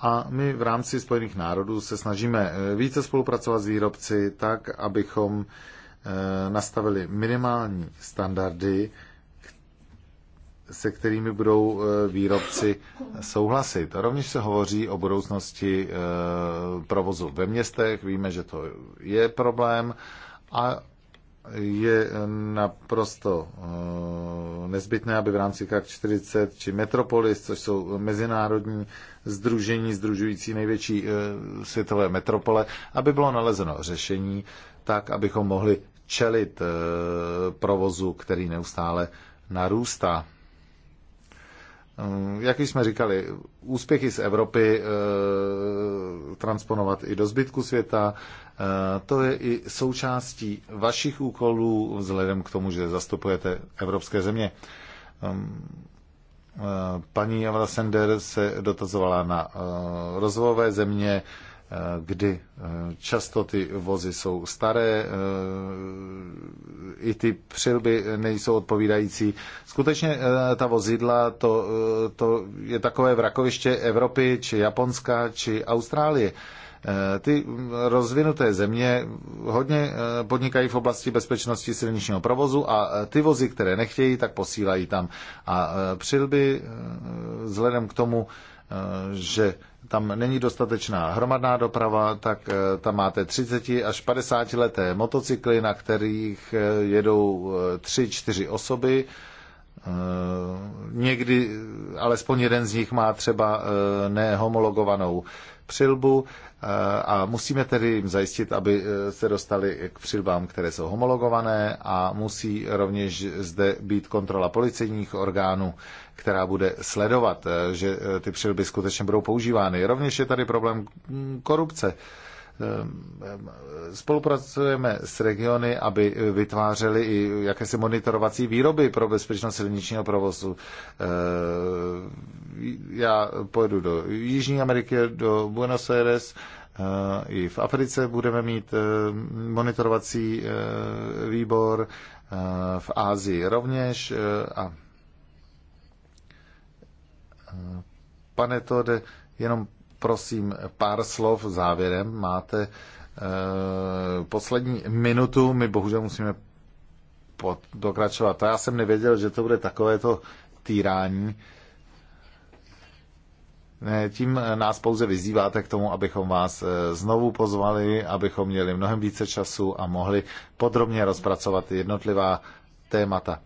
A my v rámci Spojených národů se snažíme eh, více spolupracovat s výrobci tak, abychom eh, nastavili minimální standardy, se kterými budou eh, výrobci souhlasit. A rovněž se hovoří o budoucnosti provozu ve městech, víme, že to je problém a je naprosto eh, nezbytné, aby v rámci KAK 40 či Metropolis, což jsou mezinárodní združení združující největší eh, světové metropole, aby bylo nalezeno řešení tak, abychom mohli čelit eh, provozu, který neustále narůstá. Jak jsme říkali, úspěchy z Evropy transponovat i do zbytku světa, Eh, to je i součástí vašich úkolů, vzhledem k tomu, že zastupujete evropské země. Ehm, eh, paní Javra Sender se dotazovala na eh, rozvojové země, kdy často ty vozy jsou staré, i ty přilby nejsou odpovídající. Skutečně ta vozidla, to, to je takové vrakoviště Evropy, či Japonska, či Austrálie. Eh, ty rozvinuté země hodně eh, podnikají v oblasti bezpečnosti silničního provozu a eh, ty vozy, které nechtějí, tak posílají tam. A přilby vzhledem k tomu, že tam není dostatečná hromadná doprava, tak tam máte 30 až 50 leté motocykly, na kterých jedou 3-4 osoby. Někdy alespoň jeden z nich má třeba nehomologovanou přilbu eh, a musíme tedy jim zajistit, aby eh, se dostali k přilbám, které jsou homologované a musí rovněž zde být kontrola policejních orgánů, která bude sledovat, eh, že ty přilby skutečně budou používány. Rovněž je tady problém mm, korupce Ehm, ehm, spolupracujeme s regiony, aby eh, vytvářely i jakési monitorovací výroby pro bezpečnost silničního provozu. Ehm, já pojedu do Jižní Ameriky, do Buenos Aires, eh, i v Africe budeme mít monitorovací eh, výbor, v Ázii rovněž a pane Tode, jenom prosím pár slov závěrem. Máte eh, poslední minutu, my bohužel musíme dokračovat. To já jsem nevěděl, že to bude takovéto týrání. Tím eh, nás pouze vyzýváte k tomu, abychom vás eh, znovu pozvali, abychom měli mnohem více času a mohli podrobně rozpracovat jednotlivá témata.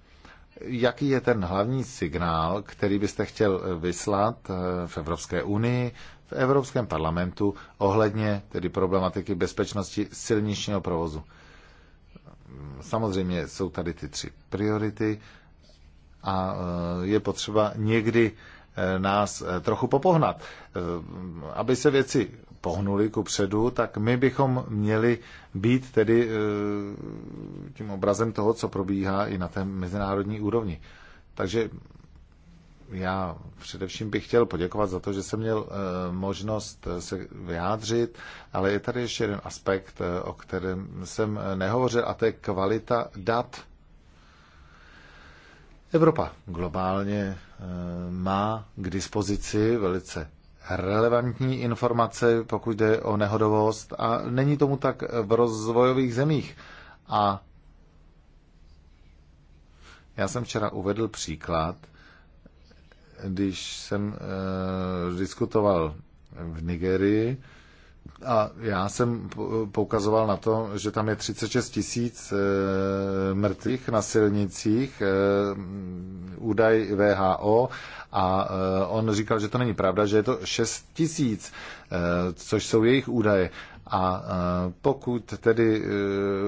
Jaký je ten hlavní signál, který byste chtěl vyslat v Evropské unii, v Evropském parlamentu ohledně tedy problematiky bezpečnosti silničního provozu. Samozřejmě jsou tady ty tři priority a e, je potřeba někdy e, nás e, trochu popohnat. Aby se věci pohnuli ku předu, tak my bychom měli být tedy tím obrazem toho, co probíhá i na té mezinárodní úrovni. Takže já především bych chtěl poděkovat za to, že jsem měl eh, možnost eh, se vyjádřit, ale je tady ještě jeden aspekt, eh, o kterém jsem nehovořil, a to je kvalita dat. Evropa globálně má k dispozici velice relevantní informace, pokud jde o nehodovost, a není tomu tak v rozvojových zemích. A já jsem včera uvedl příklad, když jsem e, diskutoval v Nigerii a já jsem poukazoval na to, že tam je 36 tisíc e, mrtvých na silnicích, e, údaj VHO a e, on říkal, že to není pravda, že je to 6 tisíc, e, což jsou jejich údaje. A e, pokud tedy e,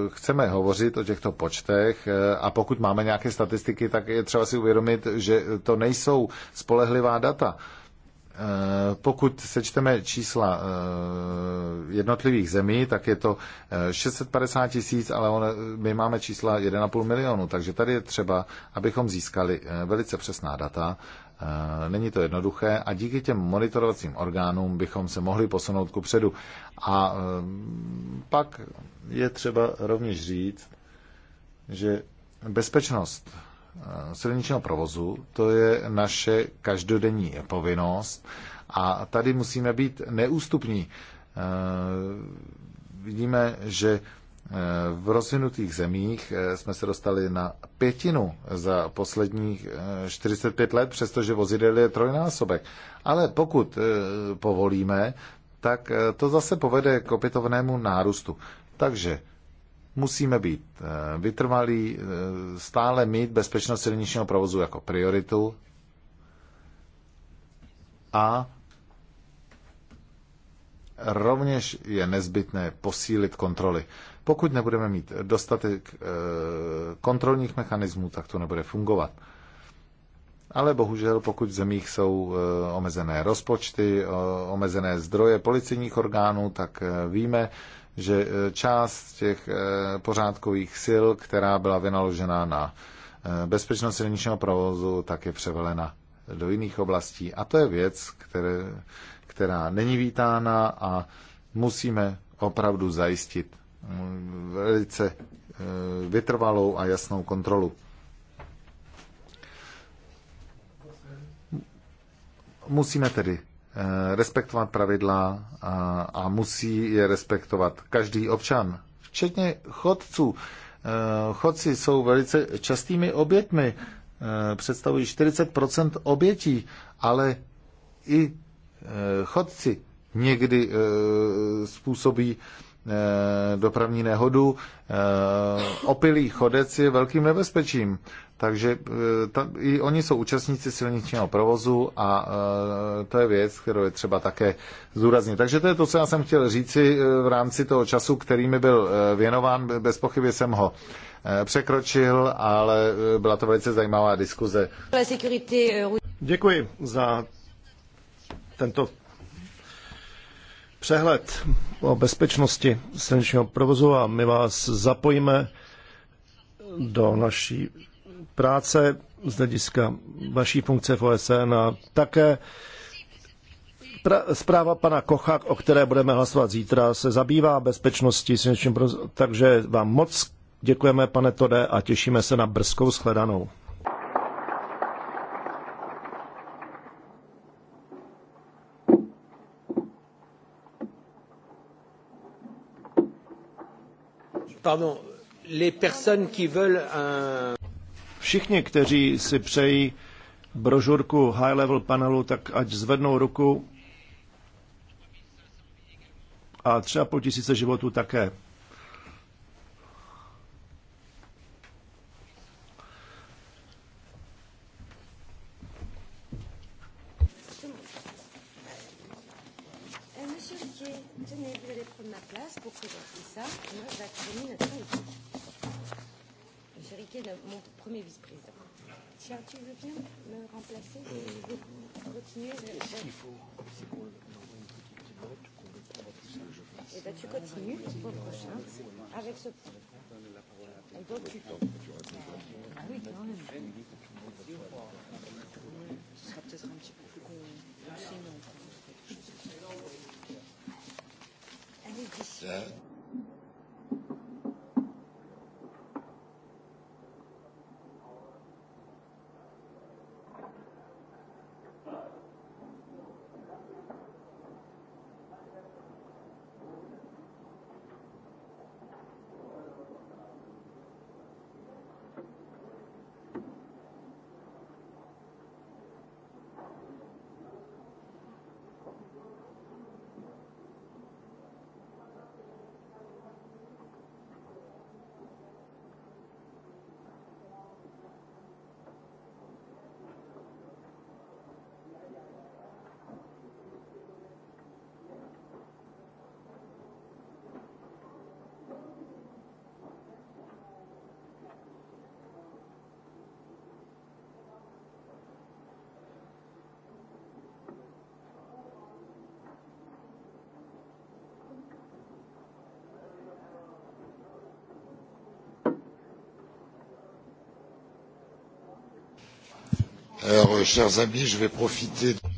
chceme hovořit o těchto počtech e, a pokud máme nějaké statistiky, tak je třeba si uvědomit, že to nejsou spolehlivá data. Pokud sečteme čísla jednotlivých zemí, tak je to 650 tisíc, ale my máme čísla 1,5 milionu, takže tady je třeba, abychom získali velice přesná data Eh, není to jednoduché a díky těm monitorovacím orgánům bychom se mohli posunout ku předu. A eh, pak je třeba rovněž říct, že bezpečnost eh, silničního provozu to je naše každodenní povinnost a tady musíme být neústupní. Vidíme, že v rozvinutých zemích eh, jsme se dostali na pětinu za posledních 45 eh, let, přestože vozidel je trojnásobek. Ale pokud eh, povolíme, tak to zase povede k opětovnému nárůstu. Takže musíme být vytrvalí, stále mít bezpečnost silničního provozu jako prioritu a rovněž je nezbytné posílit kontroly. Pokud nebudeme mít dostatek eh, kontrolních mechanismů, tak to nebude fungovat. Ale bohužel, pokud v zemích jsou eh, omezené rozpočty, omezené zdroje policijních orgánů, tak eh, víme, že část těch pořádkových sil, která byla vynaložena na bezpečnost silničního provozu, tak je převelena do jiných oblastí. A to je věc, které, která není vítána a musíme opravdu zajistit velice eh, vytrvalou a jasnou kontrolu. Musíme tedy eh, respektovat pravidla a, a musí je respektovat každý občan, včetně chodců. Eh, chodci jsou velice častými obětmi, představují 40 obětí, ale i chodci někdy způsobí Eh, dopravní nehodu. Eh, Opilý chodec je velkým nebezpečím, takže eh, ta, i oni jsou účastníci silničního provozu a to je věc, kterou je třeba také zúraznit. Takže to je to, co já jsem chtěl říci v rámci toho času, který mi byl věnován. Bez pochyby jsem ho překročil, ale byla to velice zajímavá diskuze. Euh, Děkuji za tento přehled o bezpečnosti silničního provozu a my vás zapojíme do naší práce z hlediska vaší funkce v OSN a také zpráva pana Kocha, o které budeme hlasovat zítra, se zabývá bezpečností silničního provozu, takže vám moc děkujeme, pane Tode, a těšíme se na brzkou shledanou. pardon, les personnes qui veulent un... Všichni, kteří si přejí brožurku High Level panelu, tak ať zvednou ruku a třeba po tisíce životů také. premier vice-président. Tiens, tu veux bien me remplacer Je continuer. S'il faut, c'est qu'on envoie une petite note, qu'on le prend tout ça, je pense. Eh bien, tu continues pour le prochain avec ce point. Et donc, tu... Ah oui, quand même. Ce sera peut-être un petit peu plus Allez, d'ici.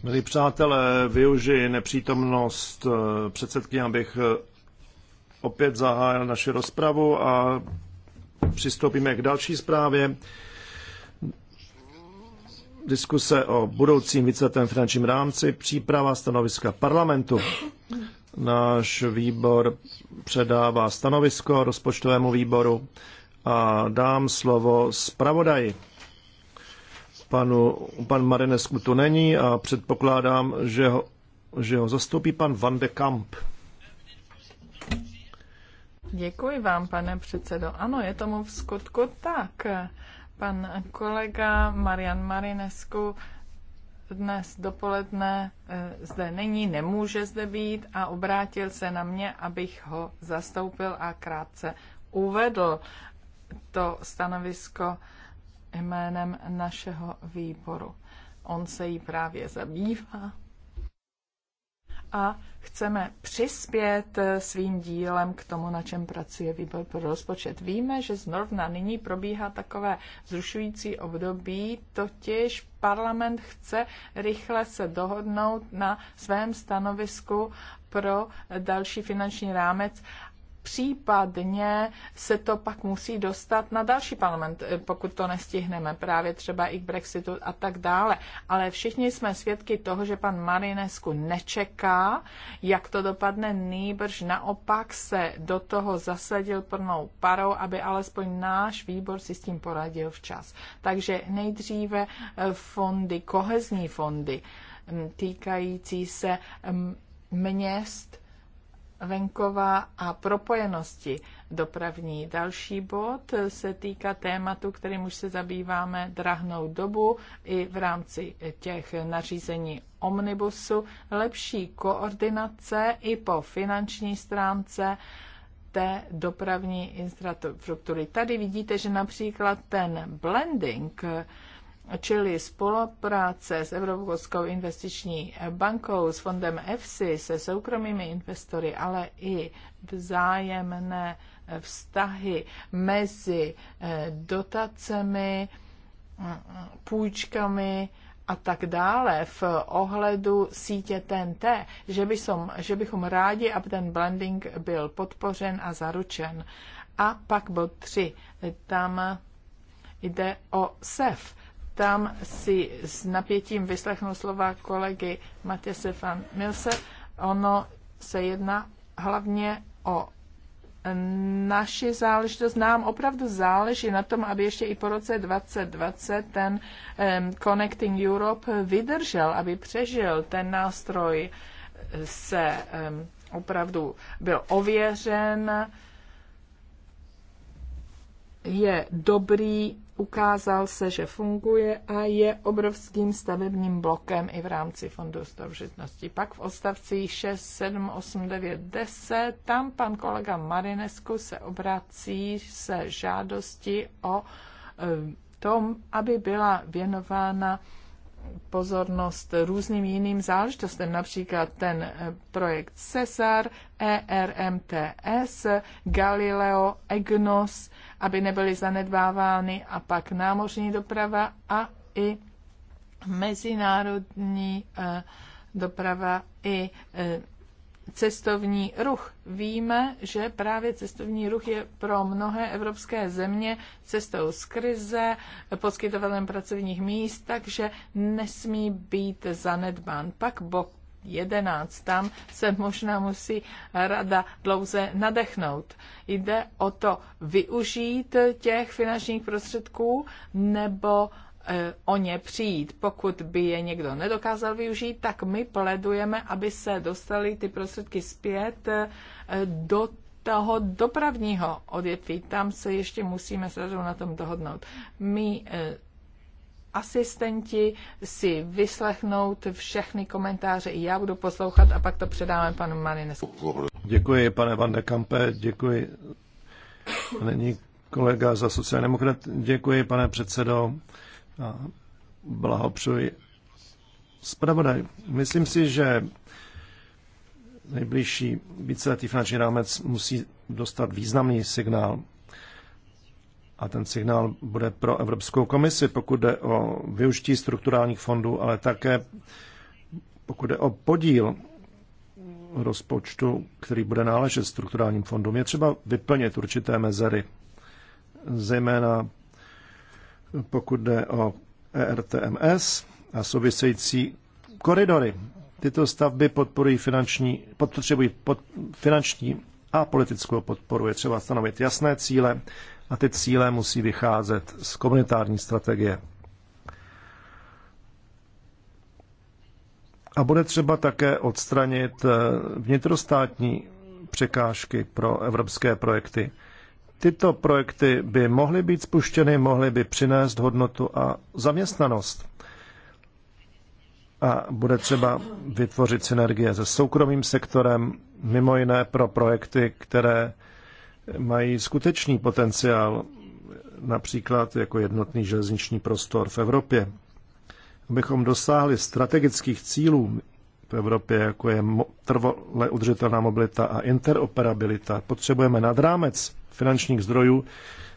Milí přátelé, využiji nepřítomnost eh, předsedky, abych eh, opět zahájil naši rozpravu a přistoupíme k další zprávě. Diskuse o budoucím víceletém finančním rámci, příprava stanoviska parlamentu. Náš výbor předává stanovisko rozpočtovému výboru a dám slovo zpravodaji. Panu, pan Marinesku tu není a předpokládám, že ho, že ho zastoupí pan Van de Kamp. Děkuji vám, pane předsedo. Ano, je tomu v skutku tak. Pan kolega Marian Marinesku dnes dopoledne eh, zde není, nemůže zde být a obrátil se na mě, abych ho zastoupil a krátce uvedl to stanovisko jménem našeho výboru. On se jí právě zabývá a chceme přispět svým dílem k tomu, na čem pracuje výbor pro rozpočet. Víme, že zrovna nyní probíhá takové zrušující období, totiž parlament chce rychle se dohodnout na svém stanovisku pro další finanční rámec Případně se to pak musí dostat na další parlament, eh, pokud to nestihneme, právě třeba i k Brexitu a tak dále. Ale všichni jsme svědky toho, že pan Marinesku nečeká, jak to dopadne nýbrž. Naopak se do toho zasadil plnou parou, aby alespoň náš výbor si s tím poradil včas. Takže nejdříve eh, fondy, kohezní fondy mm, týkající se mm, měst, venkova a propojenosti dopravní. Další bod se týká tématu, kterým už se zabýváme drahnou dobu i v rámci těch nařízení omnibusu, lepší koordinace i po finanční stránce té dopravní infrastruktury. Tady vidíte, že například ten blending Čili spolupráce s Evropskou investiční bankou, s fondem EFSI, se soukromými investory, ale i vzájemné vztahy mezi eh, dotacemi, půjčkami a tak dále v ohledu sítě TNT, že, bychom, že bychom rádi, aby ten blending byl podpořen a zaručen. A pak bod 3. Tam jde o SEF tam si s napětím vyslechnu slova kolegy Matěse van Milse. Ono se jedná hlavně o naši záležitost. Nám opravdu záleží na tom, aby ještě i po roce 2020 ten um, Connecting Europe vydržel, aby přežil ten nástroj eh, se um, opravdu byl ověřen, je dobrý ukázal se, že funguje a je obrovským stavebním blokem i v rámci fondu stavřitnosti. Pak v odstavcích 6, 7, 8, 9, 10, tam pan kolega Marinesku se obrací se žádosti o eh, tom, aby byla věnována pozornost různým jiným záležitostem, například ten eh, projekt CESAR, ERMTS, Galileo, EGNOS aby nebyly zanedbávány, a pak námořní doprava a i mezinárodní eh, doprava i eh, cestovní ruch. Víme, že právě cestovní ruch je pro mnohé evropské země cestou z krize, poskytovatelem pracovních míst, takže nesmí být zanedbán. Pak 11, tam se možná musí rada dlouze nadechnout. Jde o to využít těch finančních prostředků nebo eh, o ně přijít. Pokud by je někdo nedokázal využít, tak my pledujeme, aby se dostali ty prostředky zpět eh, do toho dopravního odvětví. Tam se ještě musíme s radou na tom dohodnout. My eh, asistenti si vyslechnout všechny komentáře. I já budu poslouchat a pak to předáme panu Marinesku. Děkuji, pane Van de Kampe, děkuji. Není kolega za sociální demokrat. Děkuji, pane předsedo. A blahopřeji. Spravodaj, myslím si, že nejbližší víceletý finanční rámec musí dostat významný signál a ten signál bude pro Evropskou komisi, pokud jde o využití strukturálních fondů, ale také pokud jde o podíl rozpočtu, který bude náležet strukturálním fondům, je třeba vyplnit určité mezery, zejména pokud jde o ERTMS a související koridory. Tyto stavby podporují finanční, potřebují pod, finanční a politickou podporu. Je třeba stanovit jasné cíle a ty cíle musí vycházet z komunitární strategie. A bude třeba také odstranit eh, vnitrostátní překážky pro evropské projekty. Tyto projekty by mohly být spuštěny, mohly by přinést hodnotu a zaměstnanost. A bude třeba vytvořit synergie se soukromým sektorem, mimo jiné pro projekty, které mají skutečný potenciál, například jako jednotný železniční prostor v Evropě. Abychom dosáhli strategických cílů v Evropě, jako je trvale udržitelná mobilita a interoperabilita, potřebujeme nad rámec finančních zdrojů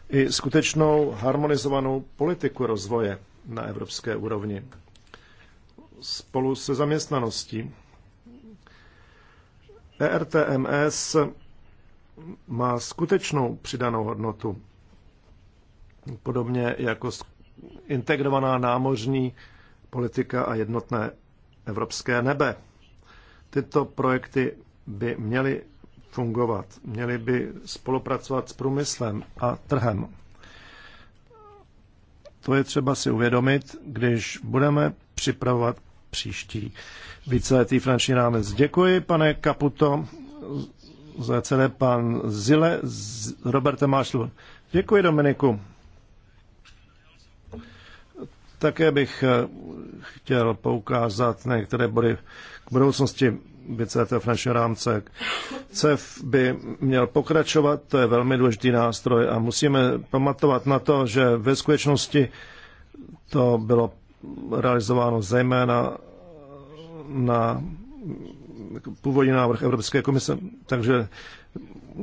i skutečnou harmonizovanou politiku rozvoje na evropské úrovni spolu se zaměstnaností. ERTMS má skutečnou přidanou hodnotu. Podobně jako integrovaná námořní politika a jednotné evropské nebe. Tyto projekty by měly fungovat, měly by spolupracovat s průmyslem a trhem. To je třeba si uvědomit, když budeme připravovat příští víceletý finanční rámec. Děkuji, pane Kaputo, za celé pan Zile z Roberta Děkuji, Dominiku. Také bych eh, chtěl poukázat na některé body k budoucnosti BCT finančního rámce. CEF by měl pokračovat, to je velmi důležitý nástroj a musíme pamatovat na to, že ve skutečnosti to bylo realizováno zejména na jako původní návrh Evropské komise. Takže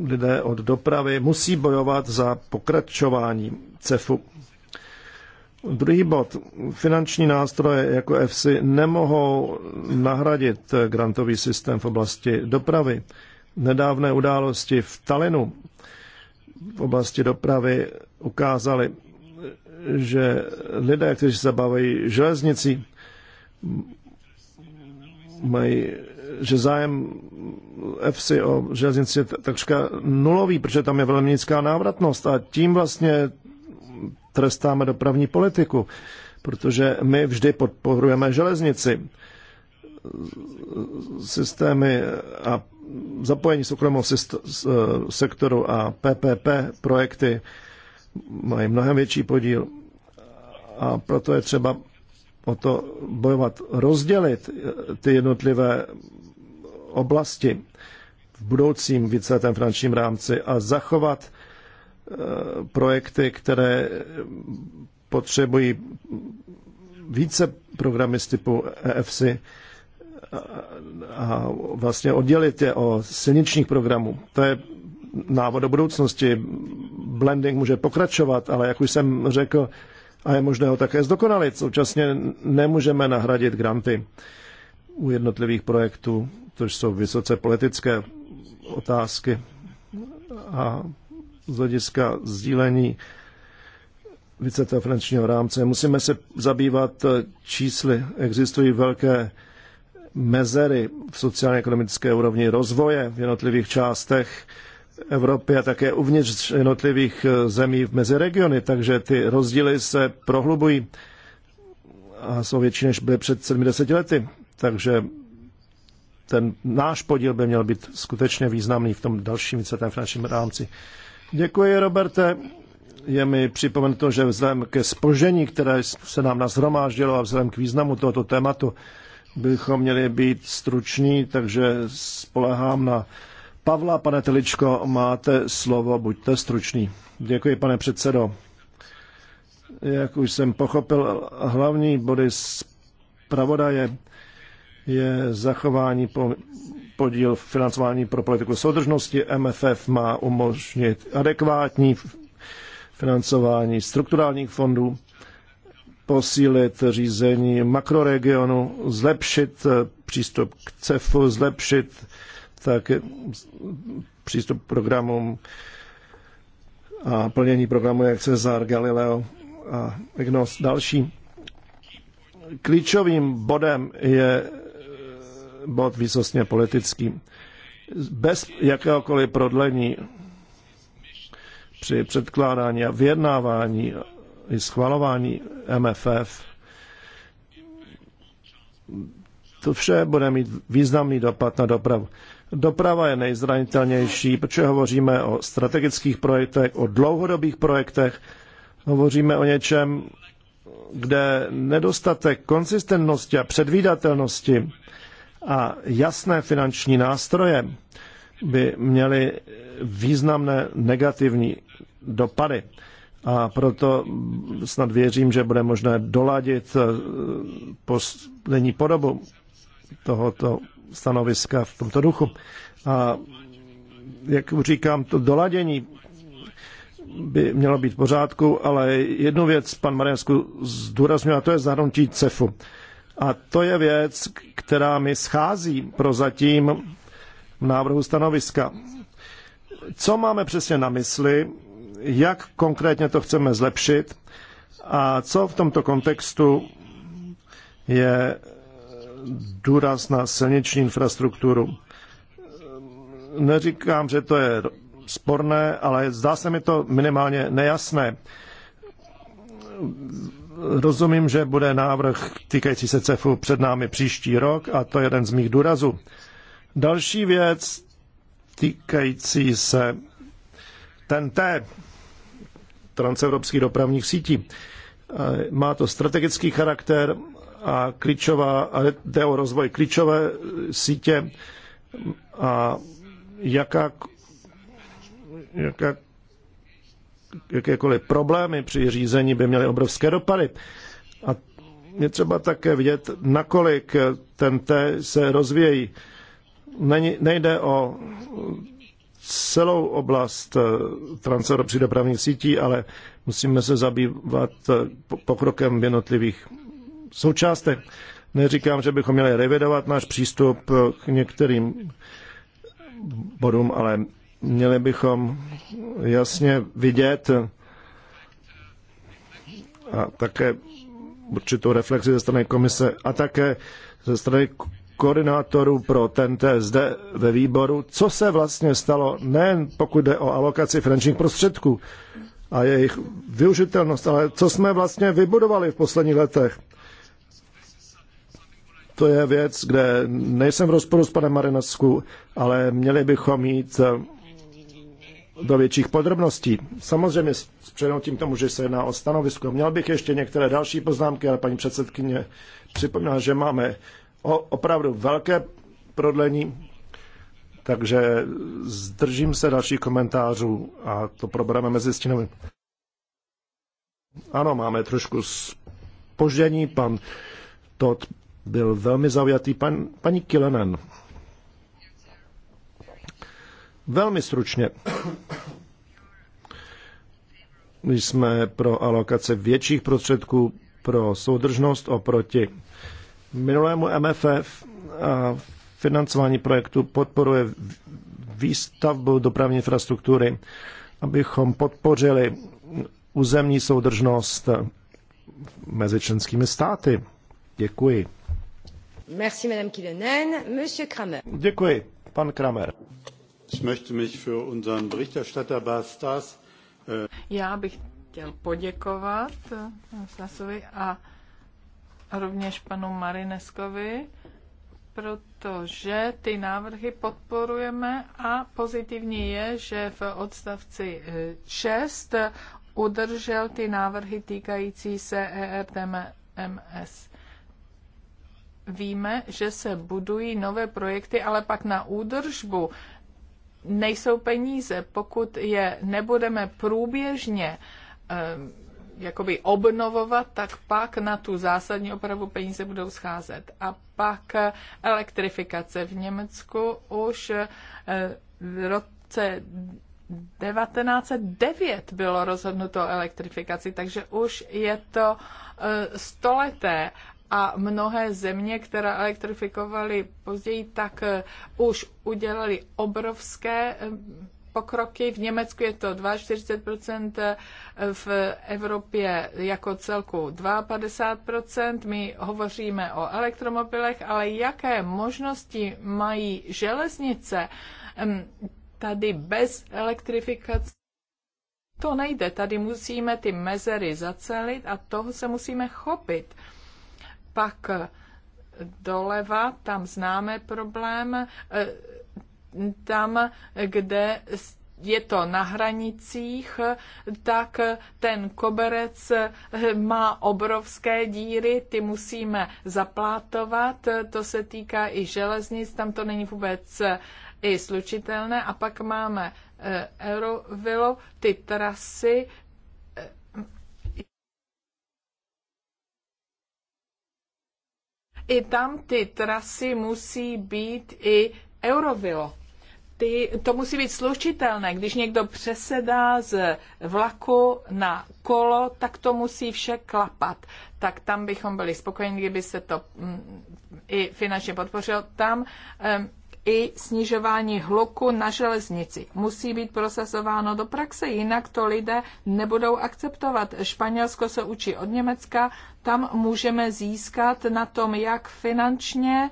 lidé od dopravy musí bojovat za pokračování CEFu. Druhý bod. Finanční nástroje jako EFSI nemohou nahradit grantový systém v oblasti dopravy. Nedávné události v Talinu v oblasti dopravy ukázaly, že lidé, kteří se zabavují železnicí, mají že zájem FC o železnici je takřka nulový, protože tam je velmi nízká návratnost a tím vlastně trestáme dopravní politiku, protože my vždy podporujeme železnici. Systémy a zapojení soukromého e, sektoru a PPP projekty mají mnohem větší podíl a proto je třeba o to bojovat, rozdělit ty jednotlivé oblasti v budoucím víceletém finančním rámci a zachovat eh, projekty, které potřebují více programy z typu EFC a vlastně oddělit je o silničních programů. To je návod do budoucnosti. Blending může pokračovat, ale jak už jsem řekl, a je možné ho také zdokonalit. Současně nemůžeme nahradit granty u jednotlivých projektů to jsou vysoce politické otázky a z hlediska sdílení víceletého finančního rámce. Musíme se zabývat čísly. Existují velké mezery v sociálně-ekonomické úrovni rozvoje v jednotlivých částech Evropy a také uvnitř jednotlivých zemí mezi regiony, takže ty rozdíly se prohlubují a jsou větší, než byly před 70 lety. Takže ten náš podíl by měl být skutečně významný v tom dalším víceletém finančním rámci. Děkuji, Roberte. Je mi připomenuto, že vzhledem ke spožení, které se nám nazhromáždilo a vzhledem k významu tohoto tématu, bychom měli být struční, takže spolehám na Pavla. Pane Teličko, máte slovo, buďte struční. Děkuji, pane předsedo. Jak už jsem pochopil, hlavní body zpravodaje je zachování po, podíl financování pro politiku soudržnosti. MFF má umožnit adekvátní financování strukturálních fondů, posílit řízení makroregionu, zlepšit eh, přístup k CEFu, zlepšit tak přístup k programům a plnění programu jak Cezar, Galileo a Ignos další. Klíčovým bodem je bod výsostně politický. Bez jakéhokoliv prodlení při předkládání a vyjednávání i schvalování MFF to vše bude mít významný dopad na dopravu. Doprava je nejzranitelnější, protože hovoříme o strategických projektech, o dlouhodobých projektech, hovoříme o něčem, kde nedostatek konsistentnosti a předvídatelnosti a jasné finanční nástroje by měly významné negativní dopady. A proto snad věřím, že bude možné doladit eh, poslední podobu tohoto stanoviska v tomto duchu. A jak říkám, to doladění by mělo být v pořádku, ale jednu věc pan Marensku zdůrazňuje, a to je zahrnutí CEFu. A to je věc, která mi schází prozatím v návrhu stanoviska. Co máme přesně na mysli, jak konkrétně to chceme zlepšit a co v tomto kontextu je důraz na silniční infrastrukturu. Neříkám, že to je sporné, ale zdá se mi to minimálně nejasné rozumím, že bude návrh týkající se CEFu před námi příští rok a to je jeden z mých důrazů. Další věc týkající se TNT, transevropských dopravních sítí. Má to strategický charakter a klíčová, jde o rozvoj klíčové sítě a jaká, jaká jakékoliv problémy při řízení by měly obrovské dopady. A je třeba také vidět, nakolik ten T se rozvíjí. nejde o celou oblast eh, transevropských dopravních sítí, ale musíme se zabývat eh, pokrokem v jednotlivých součástech. Neříkám, že bychom měli revidovat náš přístup eh, k některým bodům, ale Měli bychom jasně vidět a také určitou reflexi ze strany komise a také ze strany koordinátorů pro TNT zde ve výboru, co se vlastně stalo, nejen pokud jde o alokaci finančních prostředků a jejich využitelnost, ale co jsme vlastně vybudovali v posledních letech. To je věc, kde nejsem v rozporu s panem Marinesku, ale měli bychom jít do větších podrobností. Samozřejmě s přenotím tomu, že se jedná o stanovisko. Měl bych ještě některé další poznámky, ale paní předsedkyně připomněla, že máme opravdu velké prodlení, takže zdržím se dalších komentářů a to probereme mezi stinovým. Ano, máme trošku spoždění. Pan Todd byl velmi zaujatý. Pan, paní Kilenen. Velmi stručně. My jsme pro alokace větších prostředků pro soudržnost oproti minulému MFF a financování projektu podporuje výstavbu dopravní infrastruktury, abychom podpořili územní soudržnost mezi členskými státy. Děkuji. Merci, Madame Kilonen. Monsieur Kramer. Děkuji, pan Kramer. Äh, Já bych chtěl poděkovat äh, Stasovi a rovněž panu Marineskovi, protože ty návrhy podporujeme a pozitivní je, že v odstavci 6 äh, udržel ty návrhy týkající se ERTMS. Víme, že se budují nové projekty, ale pak na údržbu nejsou peníze. Pokud je nebudeme průběžně eh, jakoby obnovovat, tak pak na tu zásadní opravu peníze budou scházet. A pak eh, elektrifikace v Německu už eh, v roce 1909 bylo rozhodnuto o elektrifikaci, takže už je to stoleté a mnohé země, které elektrifikovaly později, tak eh, už udělali obrovské eh, pokroky. V Německu je to 42%, eh, v Evropě jako celku 52%. My hovoříme o elektromobilech, ale jaké možnosti mají železnice tady bez elektrifikace? To nejde, tady musíme ty mezery zacelit a toho se musíme chopit pak doleva, tam známe problém, eh, tam, kde je to na hranicích, tak ten koberec má obrovské díry, ty musíme zaplátovat, to se týká i železnic, tam to není vůbec eh, i slučitelné. A pak máme eh, Eurovilu, ty trasy, I tam ty trasy musí být i Eurovilo. Ty, to musí být slučitelné. Když někdo přesedá z vlaku na kolo, tak to musí vše klapat. Tak tam bychom byli spokojeni, kdyby se to mm, i finančně podpořilo. Tam i snižování hluku na železnici. Musí být prosazováno do praxe, jinak to lidé nebudou akceptovat. Španělsko se učí od Německa, tam můžeme získat na tom, jak finančně,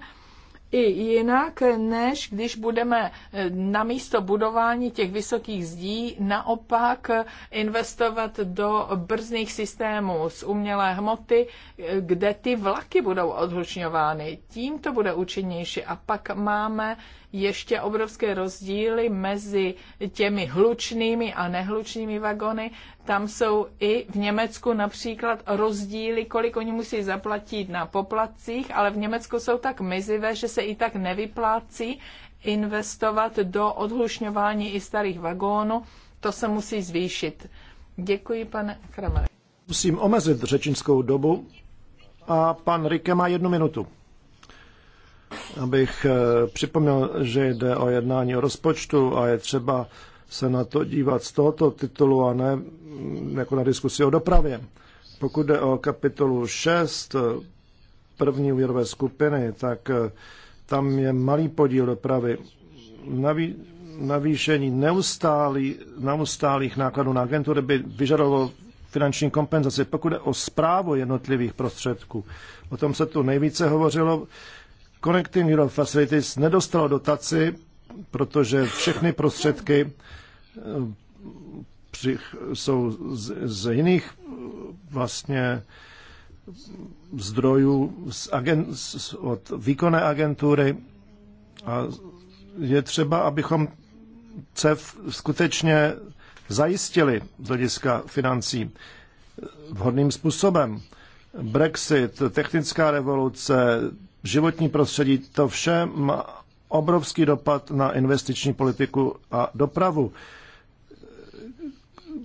i jinak, než když budeme eh, na místo budování těch vysokých zdí naopak eh, investovat do brzných systémů z umělé hmoty, eh, kde ty vlaky budou odhlučňovány. Tím to bude účinnější. A pak máme ještě obrovské rozdíly mezi těmi hlučnými a nehlučnými vagony. Tam jsou i v Německu například rozdíly, kolik oni musí zaplatit na poplatcích, ale v Německu jsou tak mizivé, že se i tak nevyplácí investovat do odhlušňování i starých vagónů. To se musí zvýšit. Děkuji, pane Kramer. Musím omezit řečnickou dobu a pan Rike má jednu minutu. Abych eh, připomněl, že jde o jednání o rozpočtu a je třeba se na to dívat z tohoto titulu a ne mm, jako na diskusi o dopravě. Pokud jde o kapitolu 6, eh, první úvěrové skupiny, tak eh, tam je malý podíl dopravy. Naví, navýšení neustálý, neustálých nákladů na agentury by vyžadovalo finanční kompenzaci. Pokud jde o zprávu jednotlivých prostředků, o tom se tu nejvíce hovořilo, Connecting Europe Facilities nedostalo dotaci, protože všechny prostředky při, jsou z, z jiných vlastně zdrojů z agen, z, od výkonné agentury a je třeba, abychom CEF skutečně zajistili z hlediska financí vhodným způsobem. Brexit, technická revoluce, životní prostředí, to vše má obrovský dopad na investiční politiku a dopravu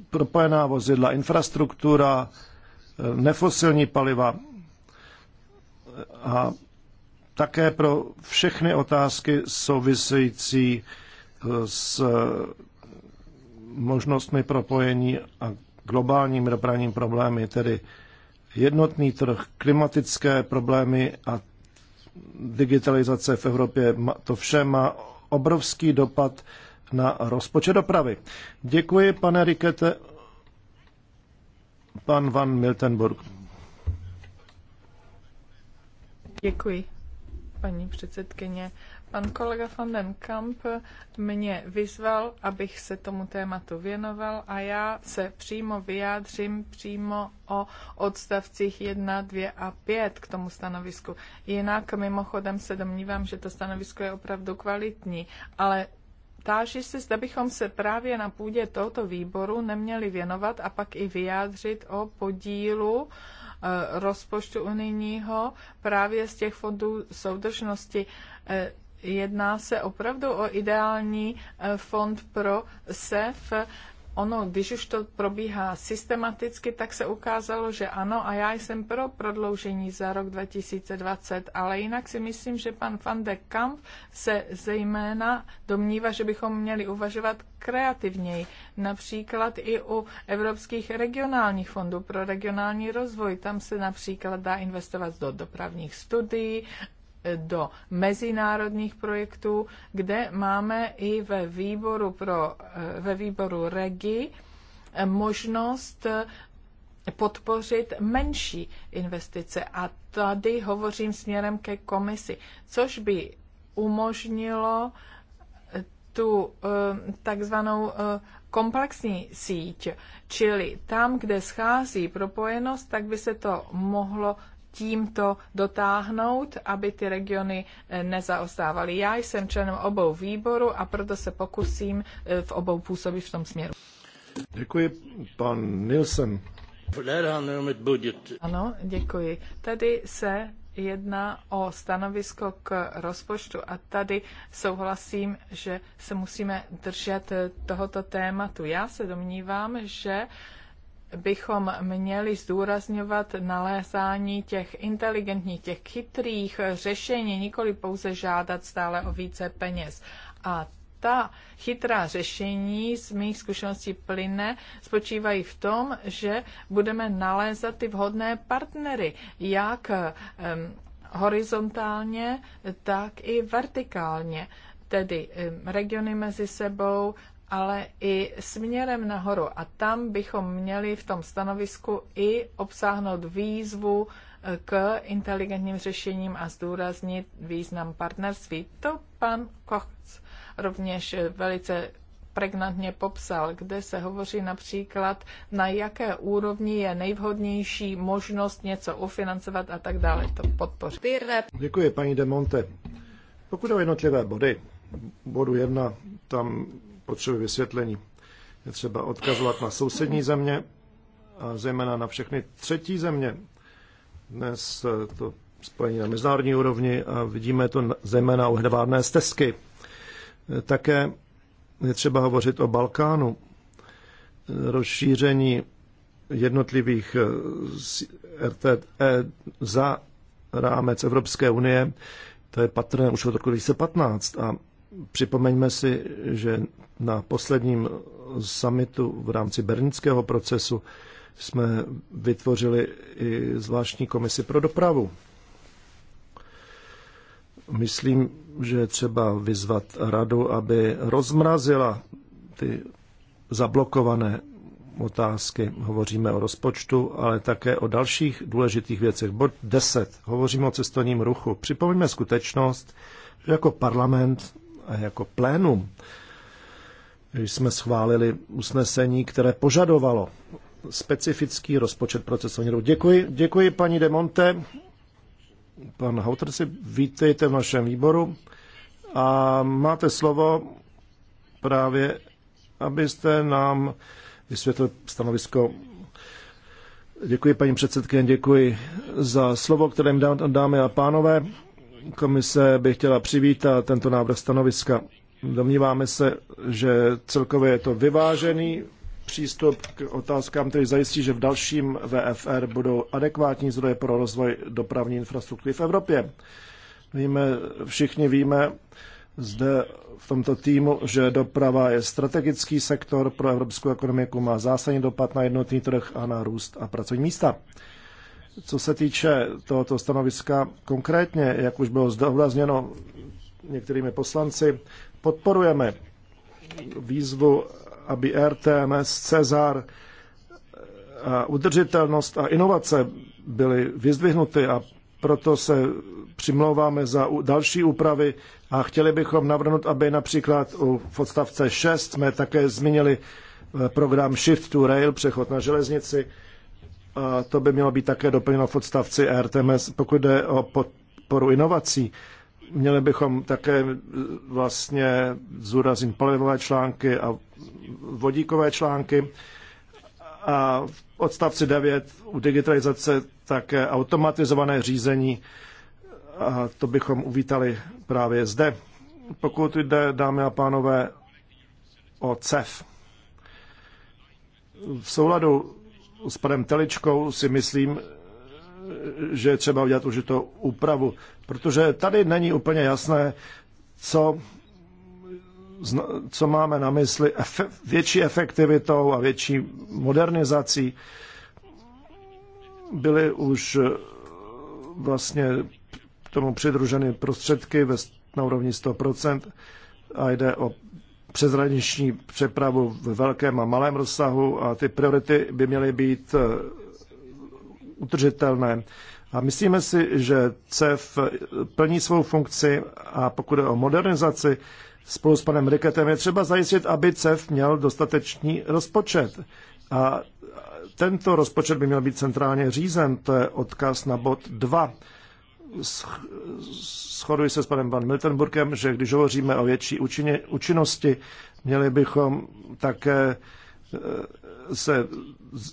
propojená vozidla, infrastruktura, eh, nefosilní paliva a také pro všechny otázky související eh, s eh, možnostmi propojení a globálním dopravními problémy, tedy jednotný trh, klimatické problémy a digitalizace v Evropě, to vše má obrovský dopad na rozpočet dopravy. Děkuji, pane Rikete. Pan Van Miltenburg. Děkuji, paní předsedkyně. Pan kolega van den Kamp mě vyzval, abych se tomu tématu věnoval a já se přímo vyjádřím přímo o odstavcích 1, 2 a 5 k tomu stanovisku. Jinak mimochodem se domnívám, že to stanovisko je opravdu kvalitní, ale Táži se, zda bychom se právě na půdě tohoto výboru neměli věnovat a pak i vyjádřit o podílu eh, rozpočtu unijního právě z těch fondů soudržnosti. Eh, jedná se opravdu o ideální eh, fond pro SEF, ono, když už to probíhá systematicky, tak se ukázalo, že ano a já jsem pro prodloužení za rok 2020, ale jinak si myslím, že pan van de Kamp se zejména domnívá, že bychom měli uvažovat kreativněji, například i u evropských regionálních fondů pro regionální rozvoj. Tam se například dá investovat do dopravních studií, do mezinárodních projektů, kde máme i ve výboru, pro, eh, ve výboru REGI eh, možnost eh, podpořit menší investice. A tady hovořím směrem ke komisi, což by umožnilo tu takzvanou komplexní síť, čili tam, kde schází propojenost, tak by se to mohlo tímto dotáhnout, aby ty regiony eh, nezaostávaly. Já jsem členem obou výboru a proto se pokusím eh, v obou působit v tom směru. Děkuji, pan Nilsen. Ano, děkuji. Tady se jedná o stanovisko k rozpočtu a tady souhlasím, že se musíme držet eh, tohoto tématu. Já se domnívám, že bychom měli zdůrazňovat nalézání těch inteligentních, těch chytrých řešení, nikoli pouze žádat stále o více peněz. A ta chytrá řešení z mých zkušeností plyne spočívají v tom, že budeme nalézat ty vhodné partnery, jak um, horizontálně, tak i vertikálně tedy regiony mezi sebou, ale i směrem nahoru. A tam bychom měli v tom stanovisku i obsáhnout výzvu eh, k inteligentním řešením a zdůraznit význam partnerství. To pan Koch rovněž eh, velice pregnantně popsal, kde se hovoří například, na jaké úrovni je nejvhodnější možnost něco ufinancovat a tak dále. To podpoří. Děkuji, paní De Monte. Pokud o jednotlivé body, bodu jedna, tam potřebuje vysvětlení. Je třeba odkazovat na sousední země a zejména na všechny třetí země. Dnes to spojení na mezinárodní úrovni a vidíme to zejména u hedvárné stezky. Také je třeba hovořit o Balkánu, rozšíření jednotlivých eh, RTE za rámec Evropské unie, to je patrné už od roku 2015 a Připomeňme si, že na posledním summitu v rámci bernického procesu jsme vytvořili i zvláštní komisi pro dopravu. Myslím, že je třeba vyzvat radu, aby rozmrazila ty zablokované otázky. Hovoříme o rozpočtu, ale také o dalších důležitých věcech. Bod 10. Hovoříme o cestovním ruchu. Připomeňme skutečnost, že jako parlament a jako plénum jsme schválili usnesení, které požadovalo specifický rozpočet pro cestovní ruch. Děkuji, děkuji paní Demonte. Pan Hauter si vítejte v našem výboru a máte slovo právě, abyste nám vysvětlili stanovisko. Děkuji paní předsedkyně, děkuji za slovo, které dáme dámy a pánové. Komise by chtěla přivítat tento návrh stanoviska. Domníváme se, že celkově je to vyvážený přístup k otázkám, který zajistí, že v dalším VFR budou adekvátní zdroje pro rozvoj dopravní infrastruktury v Evropě. Víme, všichni víme zde v tomto týmu, že doprava je strategický sektor pro evropskou ekonomiku, má zásadní dopad na jednotný trh a na růst a pracovní místa. Co se týče tohoto stanoviska konkrétně, jak už bylo zdůrazněno některými poslanci, podporujeme výzvu, aby RTMS, Cezar, a udržitelnost a inovace byly vyzdvihnuty a proto se přimlouváme za další úpravy a chtěli bychom navrhnout, aby například v odstavce 6 jsme také zmínili eh, program Shift to Rail, přechod na železnici, a to by mělo být také doplněno v odstavci RTMS. Pokud jde o podporu inovací, měli bychom také eh, vlastně zúraznit palivové články a vodíkové články. A v odstavci 9 u digitalizace také automatizované řízení. A to bychom uvítali právě zde. Pokud jde, dámy a pánové, o CEF. V souladu s panem Teličkou si myslím, že je třeba udělat užitou úpravu, protože tady není úplně jasné, co, co máme na mysli efe, větší efektivitou a větší modernizací. Byly už eh, vlastně tomu přidruženy prostředky ve, na úrovni 100% a jde o přezraniční přepravu v velkém a malém rozsahu a ty priority by měly být eh, utržitelné. A myslíme si, že CEF eh, plní svou funkci a pokud je o modernizaci spolu s panem Riketem, je třeba zajistit, aby CEF měl dostatečný rozpočet. A tento rozpočet by měl být centrálně řízen, to je odkaz na bod 2 shoduji se s panem Van Miltenburkem, že když hovoříme o větší účinně, účinnosti, měli bychom také e, se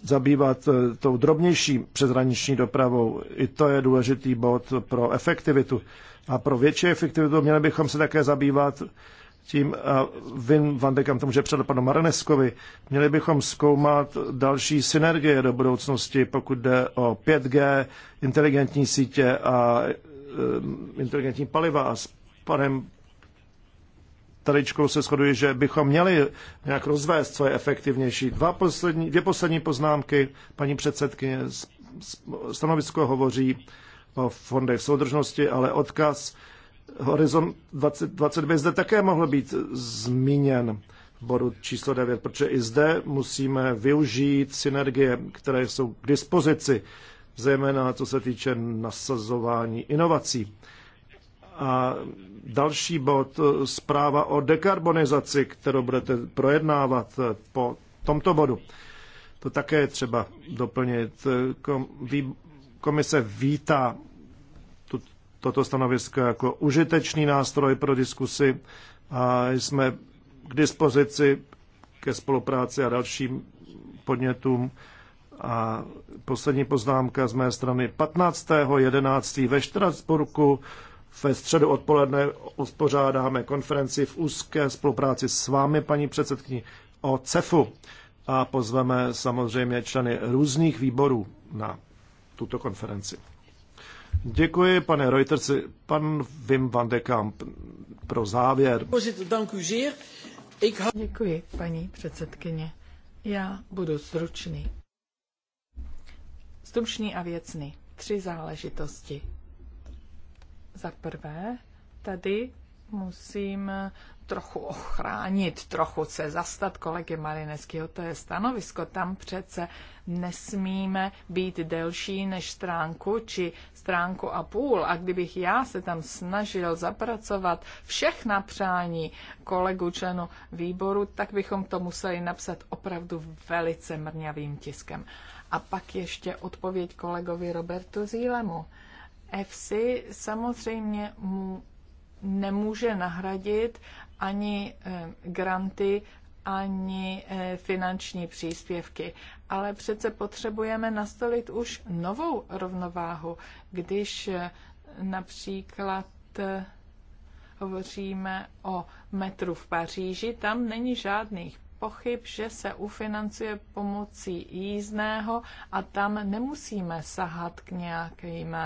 zabývat e, tou drobnější přeshraniční dopravou. I to je důležitý bod pro efektivitu. A pro větší efektivitu měli bychom se také zabývat tím a Vin van de Kamp to může panu Maraneskovi. Měli bychom zkoumat další synergie do budoucnosti, pokud jde o 5G, inteligentní sítě a e, inteligentní paliva. A s panem Taličkou se shoduji, že bychom měli nějak rozvést, co je efektivnější. Dva poslední, dvě poslední poznámky, paní předsedkyně, stanovisko hovoří o fondech soudržnosti, ale odkaz Horizont 2022 zde také mohl být zmíněn v bodu číslo 9, protože i zde musíme využít synergie, které jsou k dispozici, zejména co se týče nasazování inovací. A další bod, zpráva o dekarbonizaci, kterou budete projednávat po tomto bodu. To také je třeba doplnit. Komise vítá toto stanovisko jako užitečný nástroj pro diskusy a jsme k dispozici ke spolupráci a dalším podnětům. A poslední poznámka z mé strany. 15.11. ve Štrasburku ve středu odpoledne uspořádáme konferenci v úzké spolupráci s vámi, paní předsedkyni, o CEFu. A pozveme samozřejmě členy různých výborů na tuto konferenci. Děkuji, pane Reuters, Pan Wim van de Kamp pro závěr. Děkuji, paní předsedkyně. Já budu stručný. Stručný a věcný. Tři záležitosti. Za prvé, tady musím trochu ochránit, trochu se zastat kolegy Marineského, to je stanovisko. Tam přece nesmíme být delší než stránku či stránku a půl a kdybych já se tam snažil zapracovat všechna přání kolegů členů výboru, tak bychom to museli napsat opravdu velice mrňavým tiskem. A pak ještě odpověď kolegovi Robertu Zílemu. FC samozřejmě mu nemůže nahradit ani eh, granty ani eh, finanční příspěvky. Ale přece potřebujeme nastolit už novou rovnováhu, když eh, například eh, hovoříme o metru v Paříži, tam není žádných pochyb, že se ufinancuje pomocí jízdného a tam nemusíme sahat k nějakým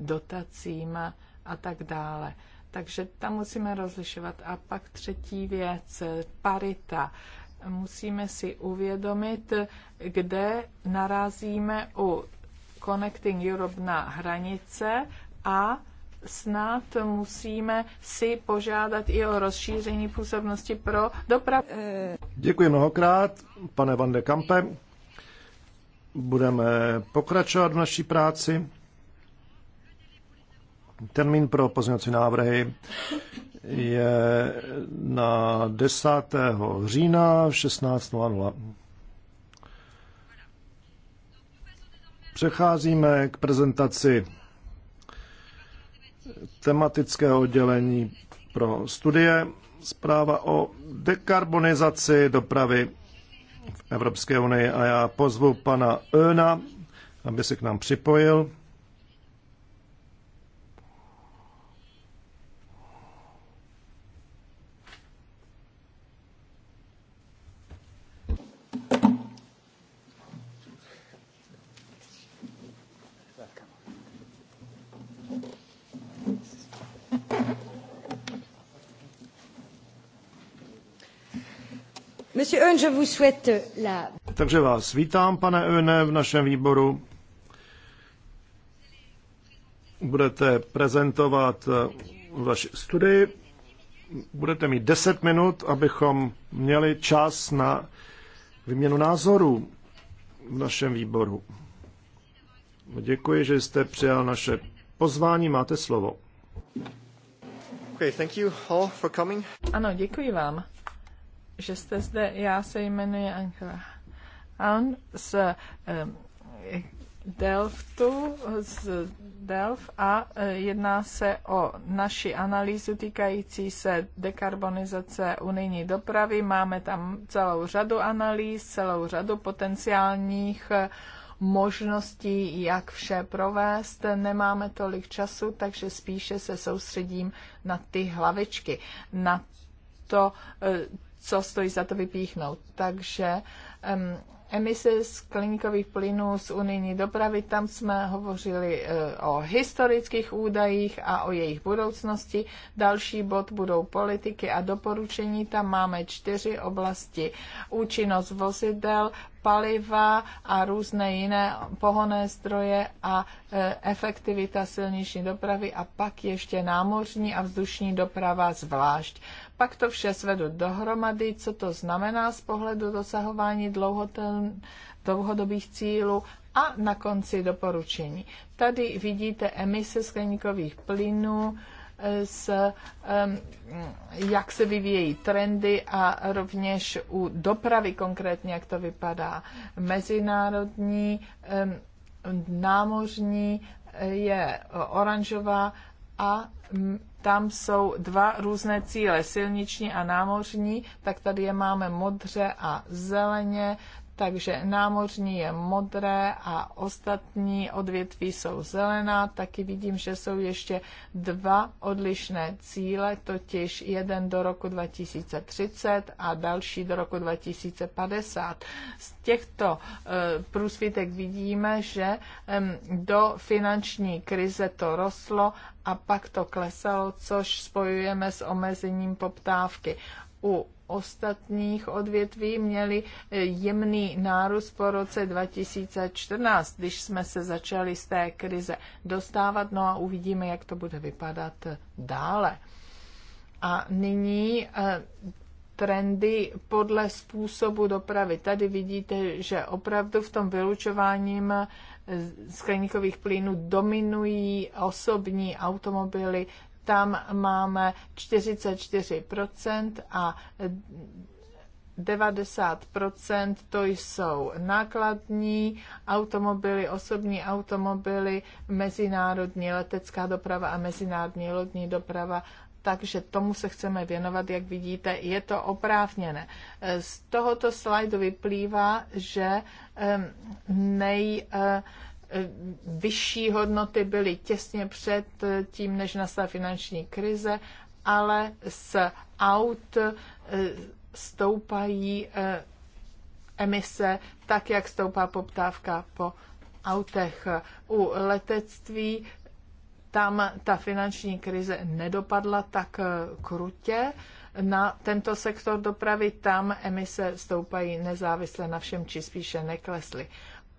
dotacím a tak dále. Takže tam musíme rozlišovat. A pak třetí věc, parita. Musíme si uvědomit, kde narazíme u Connecting Europe na hranice a snad musíme si požádat i o rozšíření působnosti pro dopravu. Děkuji mnohokrát, pane Van de Kampe. Budeme pokračovat v naší práci. Termín pro pozměňovací návrhy je na 10. října v 16.00. Přecházíme k prezentaci tematického oddělení pro studie. Zpráva o dekarbonizaci dopravy v Evropské unii a já pozvu pana Öna, aby se k nám připojil. Euh, Takže vás vítám, pane Öne, v našem výboru. Budete prezentovat eh, vaši studii. Budete mít 10 minut, abychom měli čas na vyměnu názorů v našem výboru. Děkuji, že jste přijal naše pozvání. Máte slovo. Okay, thank you all for coming. Ano, děkuji vám že jste zde. Já se jmenuji Ankara An z um, Delftu, z Delft a eh, jedná se o naši analýzu týkající se dekarbonizace unijní dopravy. Máme tam celou řadu analýz, celou řadu potenciálních eh, možností, jak vše provést. Nemáme tolik času, takže spíše se soustředím na ty hlavičky, na to, co stojí za to vypíchnout. Takže um, emise skleníkových plynů z unijní dopravy, tam jsme hovořili e, o historických údajích a o jejich budoucnosti. Další bod budou politiky a doporučení. Tam máme čtyři oblasti. Účinnost vozidel, paliva a různé jiné pohonné zdroje a e, efektivita silniční dopravy a pak ještě námořní a vzdušní doprava zvlášť pak to vše svedu dohromady, co to znamená z pohledu dosahování dlouhodobých cílů a na konci doporučení. Tady vidíte emise skleníkových plynů, eh, s, jak se vyvíjejí trendy a rovněž u dopravy konkrétně, jak to vypadá. Mezinárodní, námořní eh, je oranžová a tam jsou dva různé cíle, silniční a námořní, tak tady je máme modře a zeleně, takže námořní je modré a ostatní odvětví jsou zelená. Taky vidím, že jsou ještě dva odlišné cíle, totiž jeden do roku 2030 a další do roku 2050. Z těchto eh, průsvitek vidíme, že do finanční krize to rostlo a pak to klesalo, což spojujeme s omezením poptávky. U ostatních odvětví měli eh, jemný nárůst po roce 2014, když jsme se začali z té krize dostávat, no a uvidíme, jak to bude vypadat eh, dále. A nyní eh, trendy podle způsobu dopravy. Tady vidíte, že opravdu v tom vylučováním skleníkových plynů dominují osobní automobily, tam máme 44% a 90% to jsou nákladní automobily, osobní automobily, mezinárodní letecká doprava a mezinárodní lodní doprava takže tomu se chceme věnovat, jak vidíte, je to oprávněné. Z tohoto slajdu vyplývá, že nej eh, Vyšší hodnoty byly těsně před tím, než nastala finanční krize, ale z aut eh, stoupají eh, emise tak, jak stoupá poptávka po autech. U letectví tam ta finanční krize nedopadla tak eh, krutě. Na tento sektor dopravy tam emise stoupají nezávisle na všem, či spíše neklesly.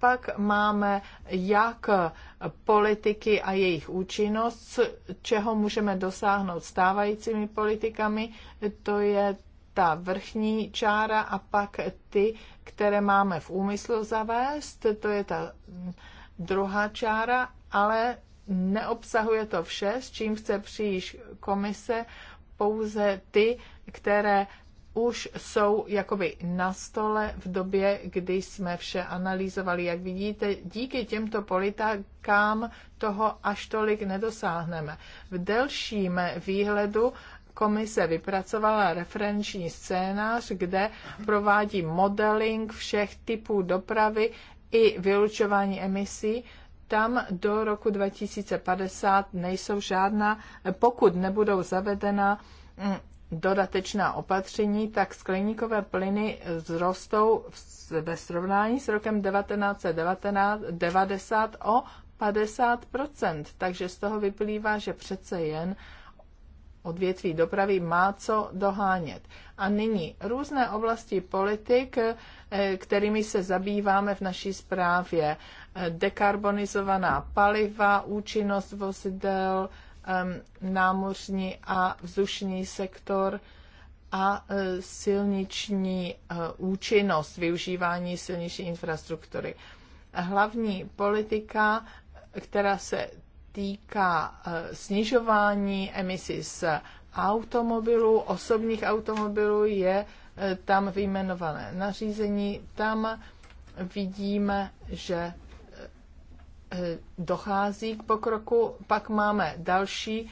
Pak máme jak politiky a jejich účinnost, čeho můžeme dosáhnout stávajícími politikami, to je ta vrchní čára a pak ty, které máme v úmyslu zavést, to je ta druhá čára, ale neobsahuje to vše, s čím chce příliš komise, pouze ty, které už jsou jakoby na stole v době, kdy jsme vše analyzovali. Jak vidíte, díky těmto politikám toho až tolik nedosáhneme. V delším výhledu komise vypracovala referenční scénář, kde provádí modeling všech typů dopravy i vylučování emisí. Tam do roku 2050 nejsou žádná, pokud nebudou zavedena mm, dodatečná opatření, tak skleníkové plyny vzrostou ve srovnání s rokem 1990 o 50 Takže z toho vyplývá, že přece jen odvětví dopravy má co dohánět. A nyní různé oblasti politik, eh, kterými se zabýváme v naší zprávě. Eh, dekarbonizovaná paliva, účinnost vozidel, Um, námořní a vzdušní sektor a uh, silniční uh, účinnost využívání silniční infrastruktury. Hlavní politika, která se týká uh, snižování emisí z automobilů, osobních automobilů, je tam vyjmenované nařízení. Tam vidíme, že Eh, dochází k pokroku. Pak máme další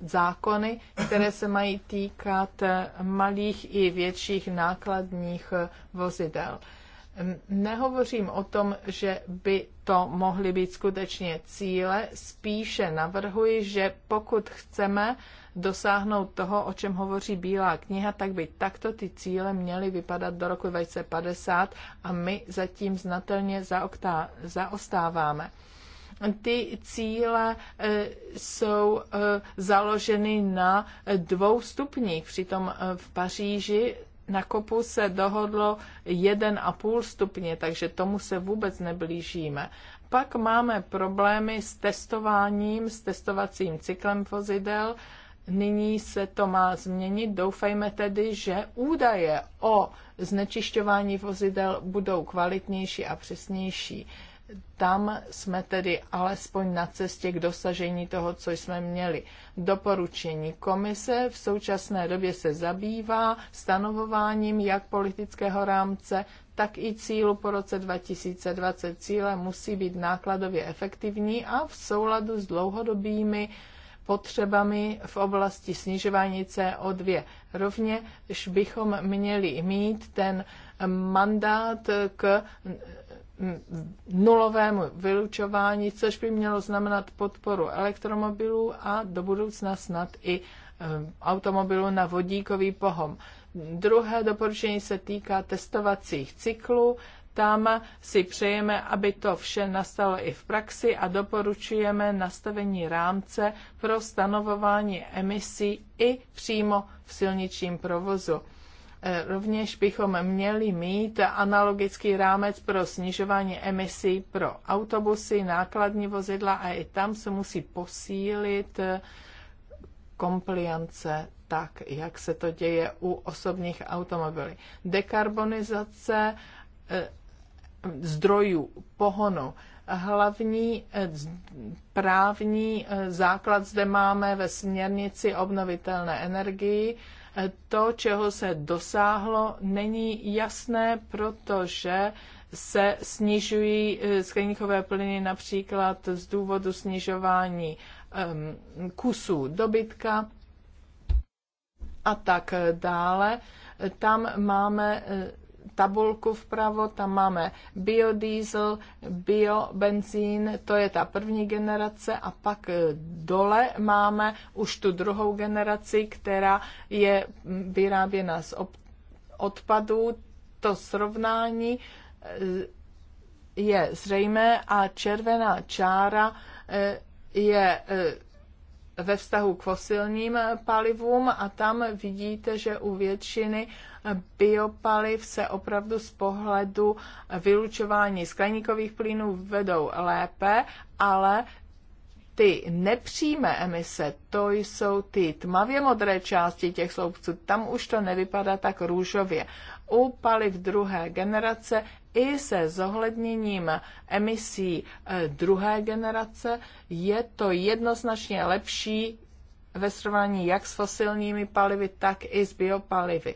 zákony, které se mají týkat eh, malých i větších nákladních eh, vozidel. Nehovořím o tom, že by to mohly být skutečně cíle, spíše navrhuji, že pokud chceme dosáhnout toho, o čem hovoří Bílá kniha, tak by takto ty cíle měly vypadat do roku 2050 a my zatím znatelně zaoktá, zaostáváme ty cíle e, jsou e, založeny na dvou stupních. Přitom e, v Paříži na kopu se dohodlo 1,5 stupně, takže tomu se vůbec neblížíme. Pak máme problémy s testováním, s testovacím cyklem vozidel Nyní se to má změnit. Doufejme tedy, že údaje o znečišťování vozidel budou kvalitnější a přesnější. Tam jsme tedy alespoň na cestě k dosažení toho, co jsme měli. Doporučení komise v současné době se zabývá stanovováním jak politického rámce, tak i cílu po roce 2020. Cíle musí být nákladově efektivní a v souladu s dlouhodobými potřebami v oblasti snižování CO2. Rovněž bychom měli mít ten mandát k nulovému vylučování, což by mělo znamenat podporu elektromobilů a do budoucna snad i eh, automobilů na vodíkový pohon. Druhé doporučení se týká testovacích cyklů tam si přejeme, aby to vše nastalo i v praxi a doporučujeme nastavení rámce pro stanovování emisí i přímo v silničním provozu. Eh, rovněž bychom měli mít analogický rámec pro snižování emisí pro autobusy, nákladní vozidla a i tam se musí posílit eh, kompliance tak, jak se to děje u osobních automobilů. Dekarbonizace eh, zdrojů pohonu. Hlavní eh, právní eh, základ zde máme ve směrnici obnovitelné energii. Eh, to, čeho se dosáhlo, není jasné, protože se snižují skleníkové plyny například z důvodu snižování ehm, kusů dobytka a tak dále. Tam máme tabulku vpravo, tam máme biodiesel, biobenzín, to je ta první generace a pak eh, dole máme už tu druhou generaci, která je mm, vyráběna z odpadů. To srovnání eh, je zřejmé a červená čára eh, je ve vztahu k fosilním palivům a tam vidíte, že u většiny biopaliv se opravdu z pohledu vylučování skleníkových plynů vedou lépe, ale ty nepřímé emise, to jsou ty tmavě modré části těch sloupců, tam už to nevypadá tak růžově. U paliv druhé generace i se zohledněním emisí eh, druhé generace je to jednoznačně lepší ve srovnání jak s fosilními palivy, tak i s biopalivy.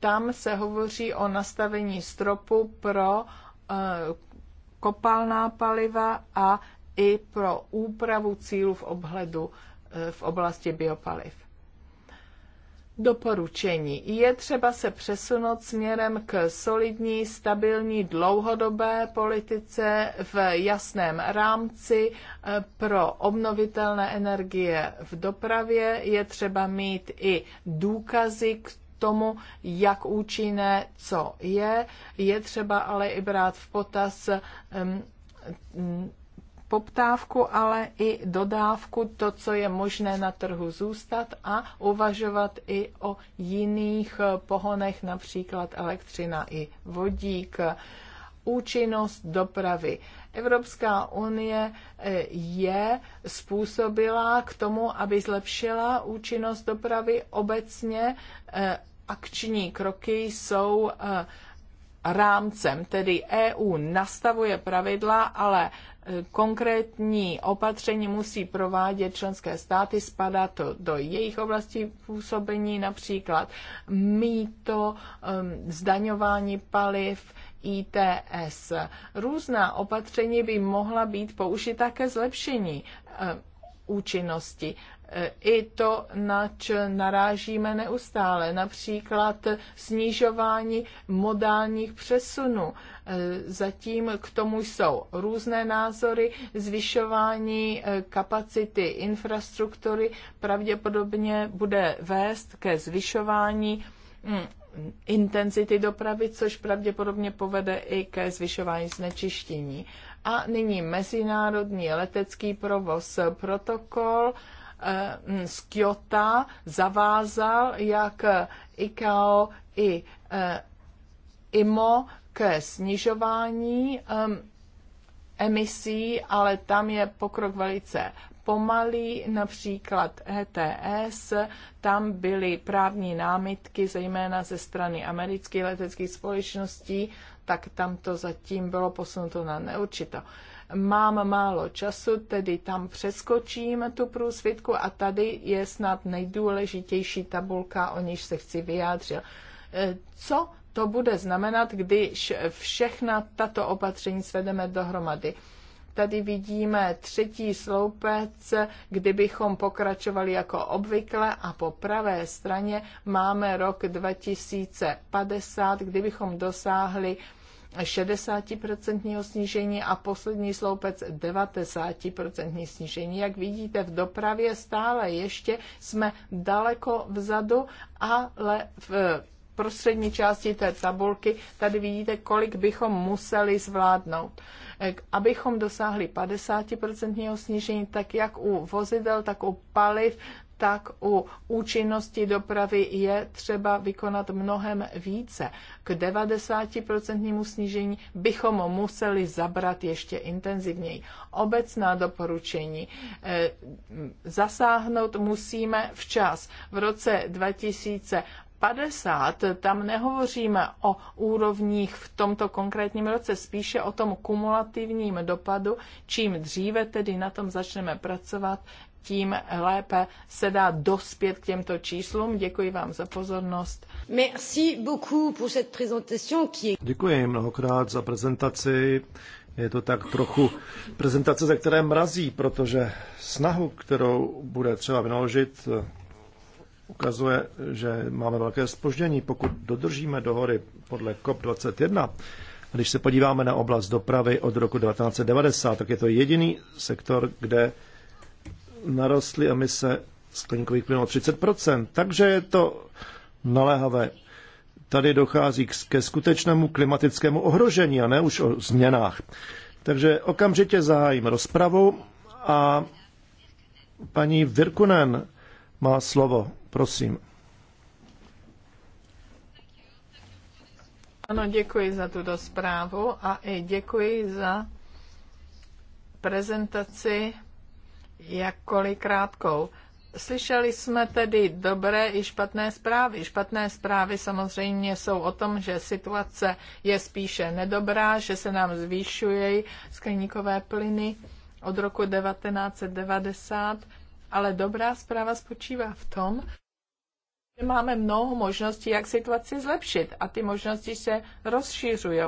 Tam se hovoří o nastavení stropu pro eh, kopalná paliva a i pro úpravu cílů v, obhledu, eh, v oblasti biopaliv doporučení. Je třeba se přesunout směrem k solidní, stabilní, dlouhodobé politice v jasném rámci eh, pro obnovitelné energie v dopravě. Je třeba mít i důkazy k tomu, jak účinné co je. Je třeba ale i brát v potaz um, poptávku, ale i dodávku, to, co je možné na trhu zůstat a uvažovat i o jiných eh, pohonech, například elektřina i vodík. Účinnost dopravy. Evropská unie eh, je způsobila k tomu, aby zlepšila účinnost dopravy obecně. Eh, akční kroky jsou rámcem, tedy EU nastavuje pravidla, ale e, konkrétní opatření musí provádět členské státy, spadá to do jejich oblasti působení, například mýto, um, zdaňování paliv, ITS. Různá opatření by mohla být použita ke zlepšení um, účinnosti. E, I to, nač narážíme neustále, například snižování modálních přesunů. E, zatím k tomu jsou různé názory, zvyšování e, kapacity infrastruktury pravděpodobně bude vést ke zvyšování mm, intenzity dopravy, což pravděpodobně povede i ke zvyšování znečištění. A nyní mezinárodní letecký provoz protokol eh, z Kyoto zavázal jak ICAO i eh, IMO ke snižování emisí, ale tam je pokrok velice pomalý, například ETS, tam byly právní námitky, zejména ze strany amerických leteckých společností, tak tam to zatím bylo posunuto na neurčito. Mám málo času, tedy tam přeskočím tu průsvitku a tady je snad nejdůležitější tabulka, o níž se chci vyjádřit. E, co to bude znamenat, když všechna tato opatření svedeme dohromady? Tady vidíme třetí sloupec, kdybychom pokračovali jako obvykle a po pravé straně máme rok 2050, kdybychom dosáhli 60% snížení a poslední sloupec 90% snížení. Jak vidíte, v dopravě stále ještě jsme daleko vzadu, ale v eh, prostřední části té tabulky, tady vidíte, kolik bychom museli zvládnout. Eh, abychom dosáhli 50% snížení, tak jak u vozidel, tak u paliv, tak u účinnosti dopravy je třeba vykonat mnohem více. K 90% snížení bychom museli zabrat ještě intenzivněji. Obecná doporučení. Eh, zasáhnout musíme včas. V roce 2000 50, tam nehovoříme o úrovních v tomto konkrétním roce, spíše o tom kumulativním dopadu. Čím dříve tedy na tom začneme pracovat, tím lépe se dá dospět k těmto číslům. Děkuji vám za pozornost. Merci beaucoup pour cette présentation qui... Děkuji mnohokrát za prezentaci. Je to tak trochu prezentace, ze které mrazí, protože snahu, kterou bude třeba vynaložit, ukazuje, že máme velké spoždění, pokud dodržíme dohody podle COP21. Když se podíváme na oblast dopravy od roku 1990, tak je to jediný sektor, kde narostly emise skleníkových plynů o 30%, takže je to naléhavé. Tady dochází ke skutečnému klimatickému ohrožení a ne už o změnách. Takže okamžitě zahájím rozpravu a paní Virkunen má slovo, prosím. Ano, děkuji za tuto zprávu a i děkuji za prezentaci jakkoliv krátkou. Slyšeli jsme tedy dobré i špatné zprávy. Špatné zprávy samozřejmě jsou o tom, že situace je spíše nedobrá, že se nám zvýšují skleníkové plyny od roku 1990, ale dobrá zpráva spočívá v tom, Máme mnoho možností, jak situaci zlepšit a ty možnosti se rozšířují.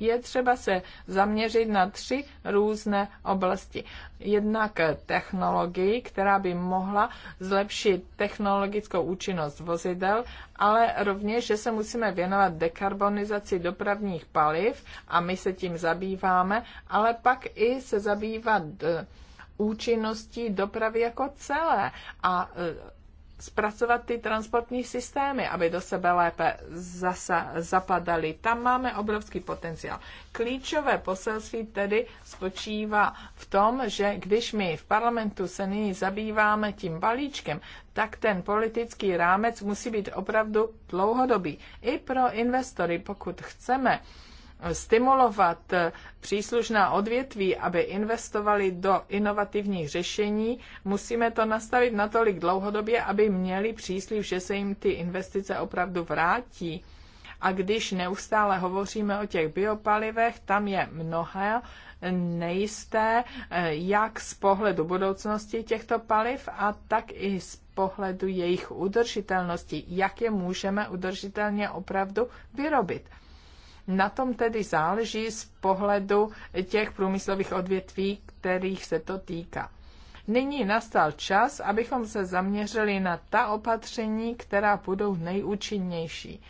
Je třeba se zaměřit na tři různé oblasti. Jednak technologii, která by mohla zlepšit technologickou účinnost vozidel, ale rovněž, že se musíme věnovat dekarbonizaci dopravních paliv a my se tím zabýváme, ale pak i se zabývat e, účinností dopravy jako celé a e, zpracovat ty transportní systémy, aby do sebe lépe zasa, zapadaly. Tam máme obrovský potenciál. Klíčové poselství tedy spočívá v tom, že když my v parlamentu se nyní zabýváme tím balíčkem, tak ten politický rámec musí být opravdu dlouhodobý. I pro investory, pokud chceme stimulovat příslušná odvětví, aby investovali do inovativních řešení, musíme to nastavit natolik dlouhodobě, aby měli příslip, že se jim ty investice opravdu vrátí. A když neustále hovoříme o těch biopalivech, tam je mnohé nejisté, jak z pohledu budoucnosti těchto paliv a tak i z pohledu jejich udržitelnosti, jak je můžeme udržitelně opravdu vyrobit. Na tom tedy záleží z pohledu těch průmyslových odvětví, kterých se to týká. Nyní nastal čas, abychom se zaměřili na ta opatření, která budou nejúčinnější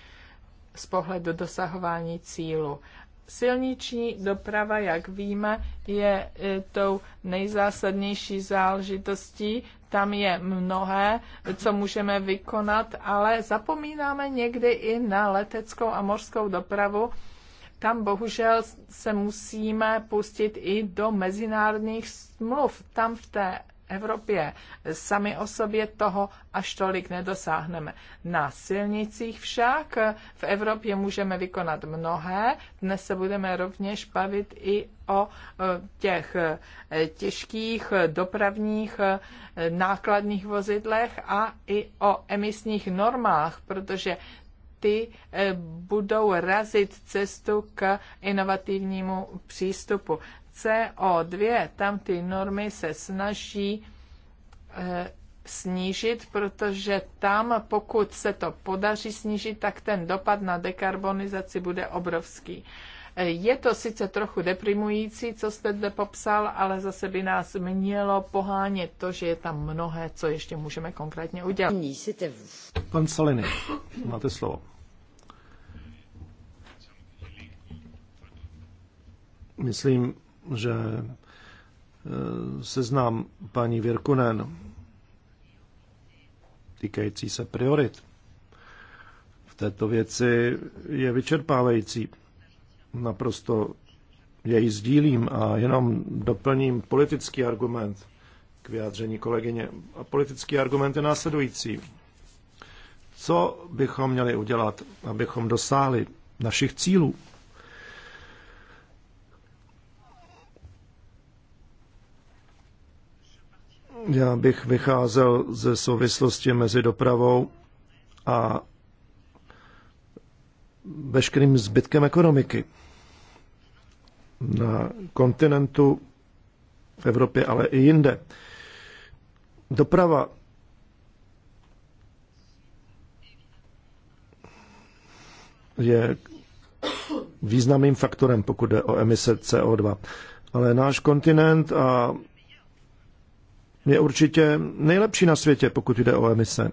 z pohledu dosahování cílu. Silniční doprava, jak víme, je e, tou nejzásadnější záležitostí tam je mnohé, co můžeme vykonat, ale zapomínáme někdy i na leteckou a mořskou dopravu. Tam bohužel se musíme pustit i do mezinárodních smluv. Tam v té Evropě sami o sobě toho až tolik nedosáhneme. Na silnicích však v Evropě můžeme vykonat mnohé. Dnes se budeme rovněž bavit i o e, těch e, těžkých dopravních e, nákladních vozidlech a i o emisních normách, protože ty budou razit cestu k inovativnímu přístupu. CO2, tam ty normy se snaží eh, snížit, protože tam, pokud se to podaří snížit, tak ten dopad na dekarbonizaci bude obrovský. Eh, je to sice trochu deprimující, co jste zde popsal, ale zase by nás mělo pohánět to, že je tam mnohé, co ještě můžeme konkrétně udělat. Pan Saliny, máte slovo. Myslím, že eh, seznám paní Virkunen týkající se priorit v této věci je vyčerpávající. Naprosto jej sdílím a jenom doplním politický argument k vyjádření kolegyně. A politický argument je následující. Co bychom měli udělat, abychom dosáhli našich cílů? Já bych vycházel ze souvislosti mezi dopravou a veškerým zbytkem ekonomiky. Na kontinentu, v Evropě, ale i jinde. Doprava je významným faktorem, pokud jde o emise CO2. Ale náš kontinent a je určitě nejlepší na světě, pokud jde o emise.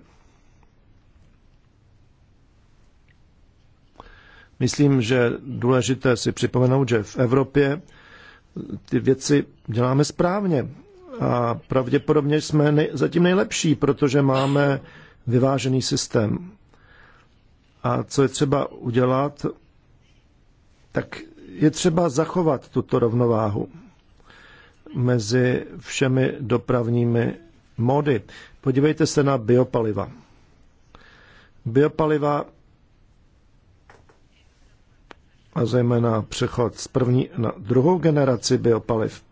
Myslím, že důležité si připomenout, že v Evropě ty věci děláme správně. A pravděpodobně jsme nej, zatím nejlepší, protože máme vyvážený systém. A co je třeba udělat, tak je třeba zachovat tuto rovnováhu mezi všemi dopravními mody. Podívejte se na biopaliva. Biopaliva a zejména přechod z první na druhou generaci biopaliv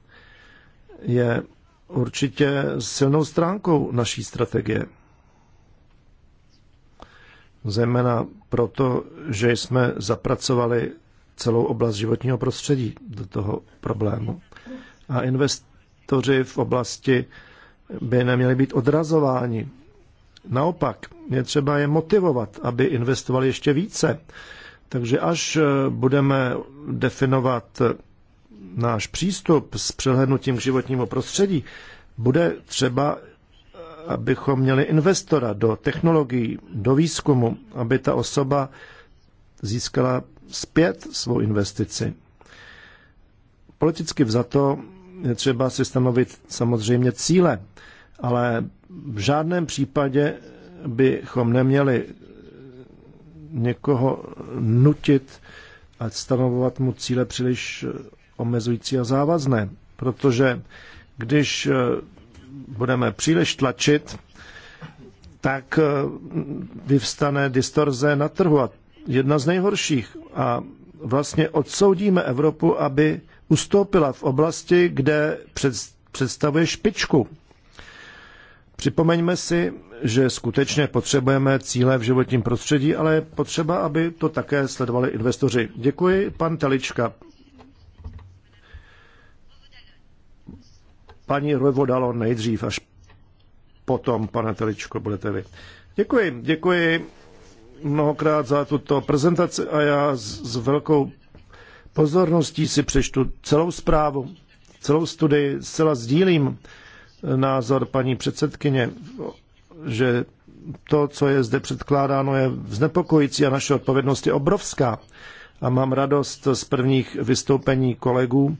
je určitě silnou stránkou naší strategie. Zejména proto, že jsme zapracovali celou oblast životního prostředí do toho problému a investoři v oblasti by neměli být odrazováni. Naopak, je třeba je motivovat, aby investovali ještě více. Takže až eh, budeme definovat eh, náš přístup s přehlednutím k životnímu prostředí, bude třeba, eh, abychom měli investora do technologií, do výzkumu, aby ta osoba získala zpět svou investici. Politicky vzato třeba si stanovit samozřejmě cíle, ale v žádném případě bychom neměli někoho nutit a stanovovat mu cíle příliš omezující a závazné, protože když eh, budeme příliš tlačit, tak eh, vyvstane distorze na trhu a jedna z nejhorších. A vlastně odsoudíme Evropu, aby ustoupila v oblasti, kde představuje špičku. Připomeňme si, že skutečně potřebujeme cíle v životním prostředí, ale je potřeba, aby to také sledovali investoři. Děkuji, pan Telička. Paní Rojvodalo nejdřív, až potom, pane Teličko, budete vy. Děkuji, děkuji mnohokrát za tuto prezentaci a já s, s velkou pozorností si přečtu celou zprávu, celou studii. Zcela sdílím eh, názor paní předsedkyně, že to, co je zde předkládáno, je znepokojící a naše odpovědnost je obrovská. A mám radost z prvních vystoupení kolegů,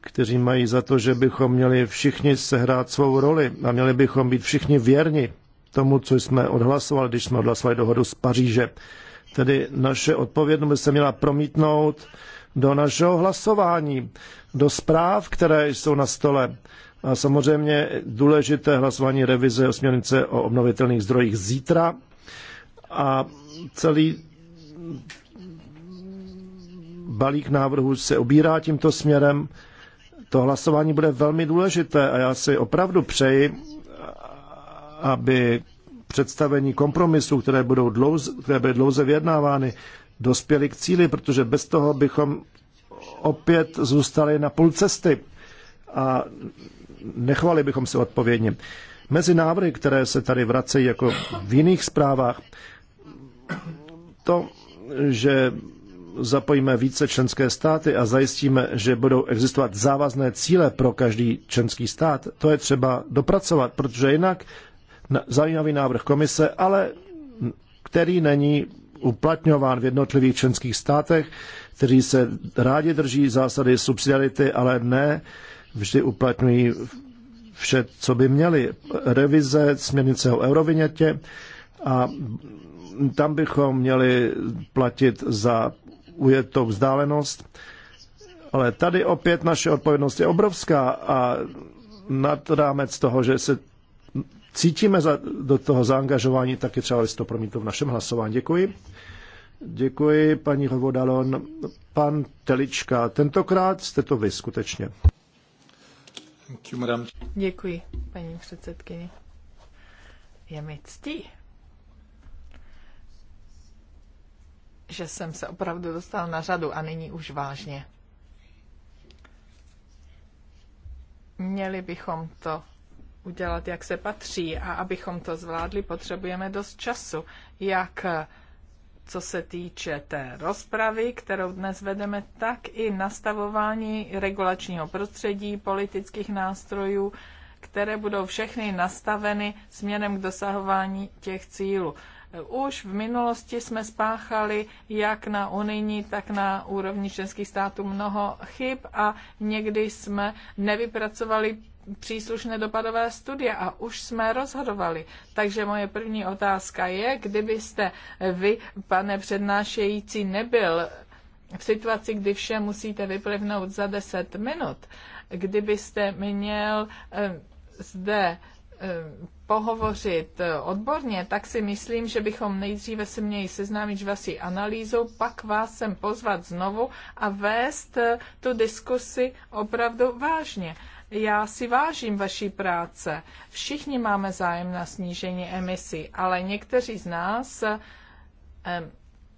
kteří mají za to, že bychom měli všichni sehrát svou roli a měli bychom být všichni věrni tomu, co jsme odhlasovali, když jsme odhlasovali dohodu z Paříže. Tedy naše odpovědnost by se měla promítnout do našeho hlasování, do zpráv, které jsou na stole. A samozřejmě důležité hlasování revize o směrnice o obnovitelných zdrojích zítra. A celý balík návrhů se obírá tímto směrem. To hlasování bude velmi důležité a já si opravdu přeji, aby představení kompromisů, které, budou dlouze, které byly dlouze vyjednávány, dospěli k cíli, protože bez toho bychom opět zůstali na půl cesty a nechovali bychom se odpovědně. Mezi návrhy, které se tady vracejí jako v jiných zprávách, to, že zapojíme více členské státy a zajistíme, že budou existovat závazné cíle pro každý členský stát, to je třeba dopracovat, protože jinak zajímavý návrh komise, ale který není uplatňován v jednotlivých členských státech, kteří se rádi drží zásady subsidiarity, ale ne vždy uplatňují vše, co by měli. Revize směrnice o eurovinětě a tam bychom měli platit za ujetou vzdálenost. Ale tady opět naše odpovědnost je obrovská a nad rámec toho, že se cítíme za, do toho zaangažování, tak je třeba si to promítnout v našem hlasování. Děkuji. Děkuji, paní Hovodalon. Pan Telička, tentokrát jste to vy skutečně. Děkuji, paní předsedkyně. Je mi ctí, že jsem se opravdu dostal na řadu a nyní už vážně. Měli bychom to udělat, jak se patří. A abychom to zvládli, potřebujeme dost času. Jak co se týče té rozpravy, kterou dnes vedeme, tak i nastavování regulačního prostředí, politických nástrojů, které budou všechny nastaveny směrem k dosahování těch cílů. Už v minulosti jsme spáchali jak na unijní, tak na úrovni členských států mnoho chyb a někdy jsme nevypracovali příslušné dopadové studie a už jsme rozhodovali. Takže moje první otázka je, kdybyste vy, pane přednášející, nebyl v situaci, kdy vše musíte vyplivnout za 10 minut, kdybyste měl eh, zde eh, pohovořit eh, odborně, tak si myslím, že bychom nejdříve se měli seznámit s vaší analýzou, pak vás sem pozvat znovu a vést tu diskusi opravdu vážně. Já si vážím vaší práce. Všichni máme zájem na snížení emisí, ale někteří z nás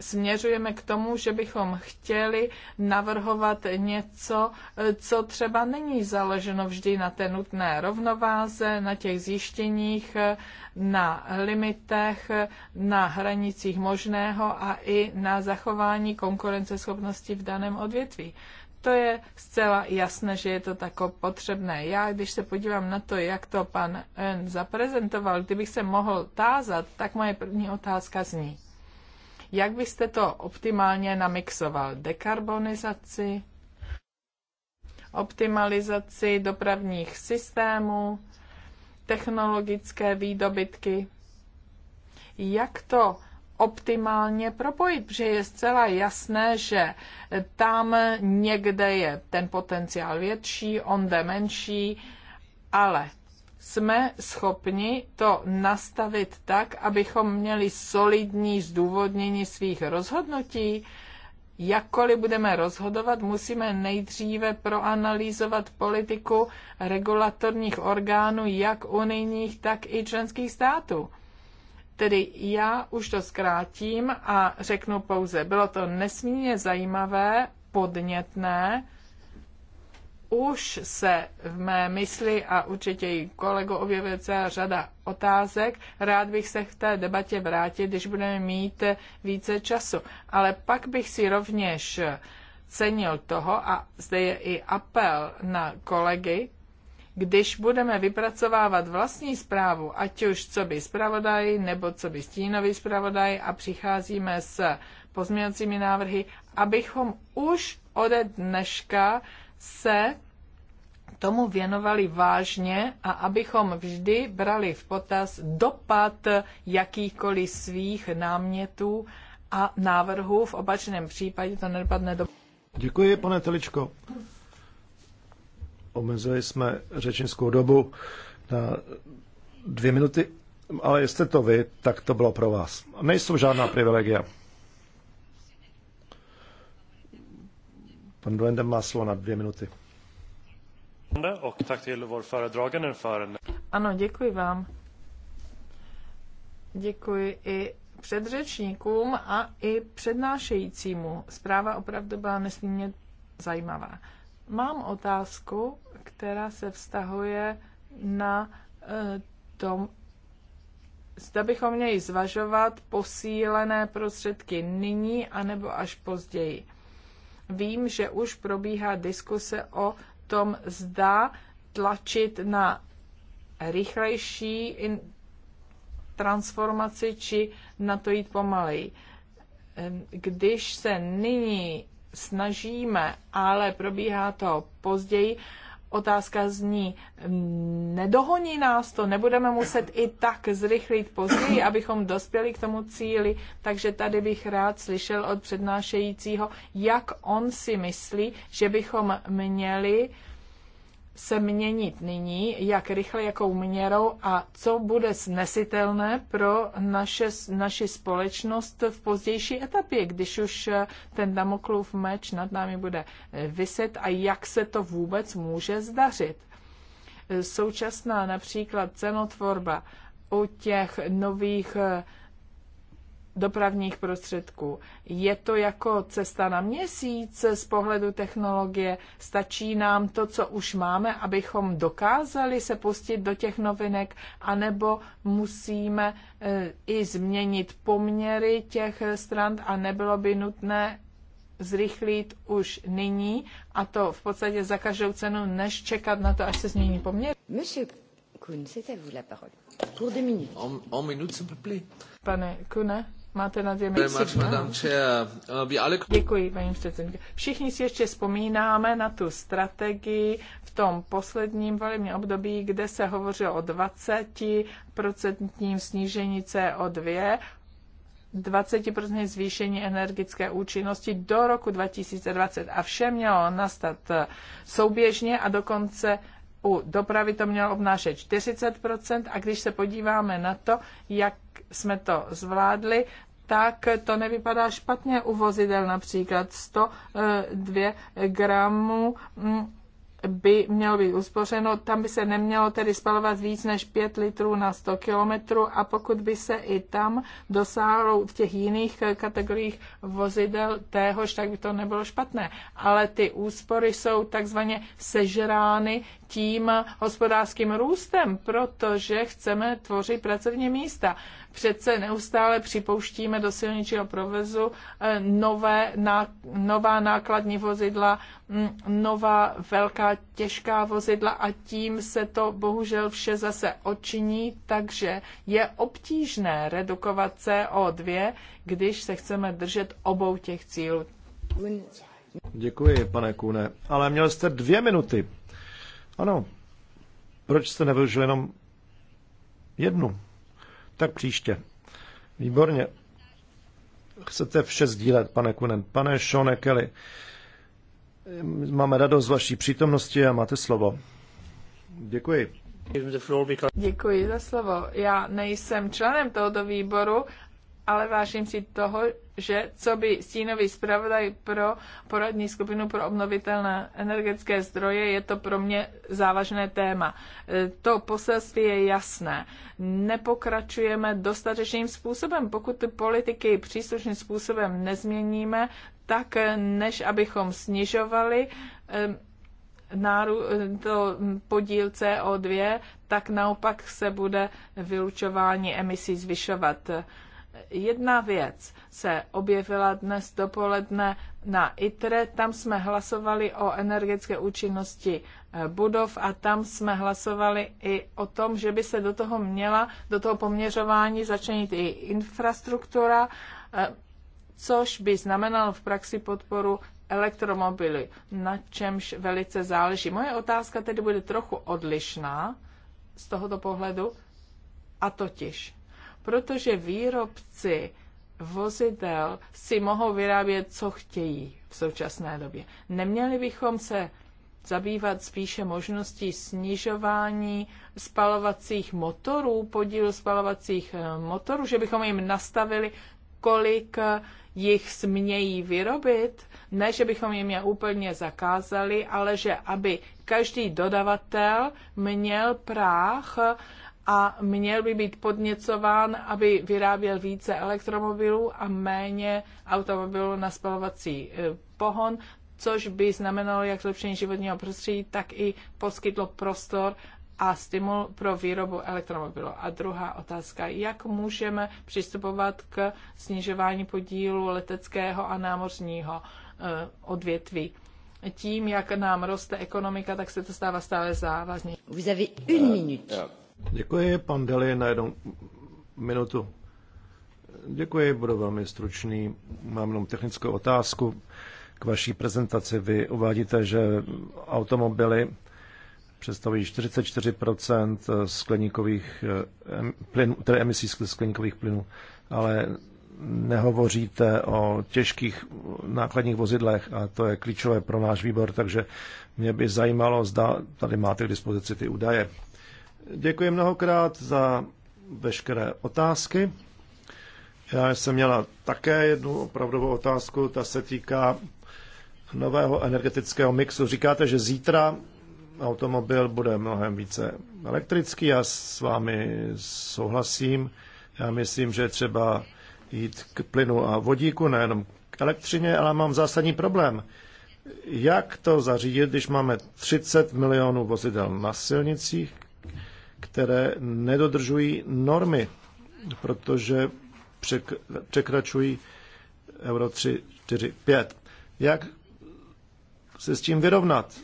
směřujeme k tomu, že bychom chtěli navrhovat něco, co třeba není založeno vždy na té nutné rovnováze, na těch zjištěních, na limitech, na hranicích možného a i na zachování konkurenceschopnosti v daném odvětví to je zcela jasné, že je to tako potřebné. Já, když se podívám na to, jak to pan N zaprezentoval, kdybych se mohl tázat, tak moje první otázka zní. Jak byste to optimálně namixoval? Dekarbonizaci, optimalizaci dopravních systémů, technologické výdobytky. Jak to optimálně propojit, protože je zcela jasné, že tam někde je ten potenciál větší, jde menší, ale jsme schopni to nastavit tak, abychom měli solidní zdůvodnění svých rozhodnutí. Jakkoliv budeme rozhodovat, musíme nejdříve proanalýzovat politiku regulatorních orgánů, jak unijních, tak i členských států Tedy já už to zkrátím a řeknu pouze, bylo to nesmírně zajímavé, podnětné, už se v mé mysli a určitě i kolego objevuje celá řada otázek. Rád bych se v té debatě vrátil, když budeme mít více času. Ale pak bych si rovněž cenil toho, a zde je i apel na kolegy, když budeme vypracovávat vlastní zprávu, ať už co by zpravodaj, nebo co by stínový zpravodaj a přicházíme s pozměňovacími návrhy, abychom už ode dneška se tomu věnovali vážně a abychom vždy brali v potaz dopad jakýchkoliv svých námětů a návrhů. V opačném případě to nedopadne do... Děkuji, pane Teličko. Omezili jsme řečnickou dobu na dvě minuty, ale jestli to vy, tak to bylo pro vás. Nejsou žádná privilegia. Pan Dolendem má slovo na dvě minuty. Ano, děkuji vám. Děkuji i předřečníkům a i přednášejícímu. Zpráva opravdu byla nesmírně zajímavá. Mám otázku která se vztahuje na eh, tom, zda bychom měli zvažovat posílené prostředky nyní anebo až později. Vím, že už probíhá diskuse o tom, zda tlačit na rychlejší transformaci či na to jít pomaleji. Když se nyní snažíme, ale probíhá to později, Otázka zní, mm, nedohoní nás to, nebudeme muset i tak zrychlit později, abychom dospěli k tomu cíli, takže tady bych rád slyšel od přednášejícího, jak on si myslí, že bychom měli uh, se měnit nyní, jak rychle, jakou měrou a co bude snesitelné pro naše, naši společnost v pozdější etapě, když už eh, ten Damoklův meč nad námi bude eh, vyset a jak se to vůbec může zdařit. Eh, současná například cenotvorba u těch nových dopravních prostředků. Je to jako cesta na měsíc z pohledu technologie. Stačí nám to, co už máme, abychom dokázali se pustit do těch novinek, anebo musíme eh, i změnit poměry těch stran a nebylo by nutné zrychlit už nyní a to v podstatě za každou cenu, než čekat na to, až se změní poměr. Monsieur Pane Kune, Máte na dvě minuty. Uh, Děkuji, paní předsednice. Všichni si ještě vzpomínáme na tu strategii v tom posledním volebním období, kde se hovořilo o 20% snížení CO2, 20% zvýšení energetické účinnosti do roku 2020 a vše mělo nastat souběžně a dokonce u dopravy to mělo obnášet 40% a když se podíváme na to, jak jsme to zvládli, tak to nevypadá špatně u vozidel například 102 eh, gramů mm, by mělo být uspořeno. Tam by se nemělo tedy spalovat víc než 5 litrů na 100 kilometrů a pokud by se i tam dosáhlo v těch jiných eh, kategoriích vozidel téhož, tak by to nebylo špatné. Ale ty úspory jsou takzvaně sežrány tím hospodářským růstem, protože chceme tvořit pracovní místa přece neustále připouštíme do silničního provozu eh, nové, nová nákladní vozidla, mm, nová velká těžká vozidla a tím se to bohužel vše zase očiní, takže je obtížné redukovat CO2, když se chceme držet obou těch cílů. Děkuji, pane Kune. Ale měl jste dvě minuty. Ano. Proč jste nevyužil jenom jednu? Tak příště. Výborně. Chcete vše sdílet, pane Kunen. Pane Sean Kelly, máme radost z vaší přítomnosti a máte slovo. Děkuji. Děkuji za slovo. Já nejsem členem tohoto výboru, ale vážím si toho, že co by stínový zpravodaj pro poradní skupinu pro obnovitelné energetické zdroje, je to pro mě závažné téma. E, to poselství je jasné. Nepokračujeme dostatečným způsobem. Pokud ty politiky příslušným způsobem nezměníme, tak než abychom snižovali e, náru, to podíl CO2, tak naopak se bude vylučování emisí zvyšovat. Jedna věc se objevila dnes dopoledne na ITRE, tam jsme hlasovali o energetické účinnosti eh, budov a tam jsme hlasovali i o tom, že by se do toho měla, do toho poměřování začlenit i infrastruktura, eh, což by znamenalo v praxi podporu elektromobily, na čemž velice záleží. Moje otázka tedy bude trochu odlišná z tohoto pohledu, a totiž protože výrobci vozidel si mohou vyrábět, co chtějí v současné době. Neměli bychom se zabývat spíše možností snižování spalovacích motorů, podílu spalovacích eh, motorů, že bychom jim nastavili, kolik eh, jich smějí vyrobit, ne, že bychom jim je úplně zakázali, ale že aby každý dodavatel měl práh a měl by být podněcován, aby vyráběl více elektromobilů a méně automobilů na spalovací e, pohon, což by znamenalo jak zlepšení životního prostředí, tak i poskytlo prostor a stimul pro výrobu elektromobilů. A druhá otázka, jak můžeme přistupovat k snižování podílu leteckého a námořního e, odvětví. Tím, jak nám roste ekonomika, tak se to stává stále závazně. Vy avez une minute. Eh, eh, Děkuji, pan Deli, na jednu minutu. Děkuji, budu velmi stručný. Mám jenom technickou otázku k vaší prezentaci. Vy uvádíte, že automobily představují 44 skleníkových plynů, tedy emisí skleníkových plynů, ale nehovoříte o těžkých nákladních vozidlech a to je klíčové pro náš výbor, takže mě by zajímalo, zda tady máte k dispozici ty údaje. Děkuji mnohokrát za veškeré otázky. Já jsem měla také jednu opravdovou otázku, ta se týká nového energetického mixu. Říkáte, že zítra automobil bude mnohem více elektrický, já s vámi souhlasím. Já myslím, že třeba jít k plynu a vodíku, nejenom k elektřině, ale mám zásadní problém. Jak to zařídit, když máme 30 milionů vozidel na silnicích, které nedodržují normy, protože překračují euro 3, 4, 5. Jak se s tím vyrovnat?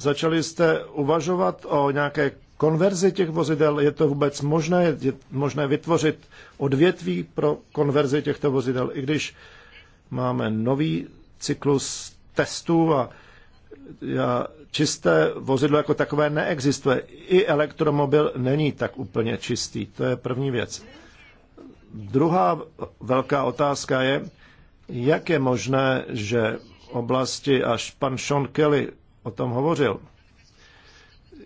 Začali jste uvažovat o nějaké konverzi těch vozidel? Je to vůbec možné? Je možné vytvořit odvětví pro konverzi těchto vozidel? I když máme nový cyklus testů a čisté vozidlo jako takové neexistuje. I elektromobil není tak úplně čistý. To je první věc. Druhá velká otázka je, jak je možné, že oblasti, až pan Sean Kelly o tom hovořil,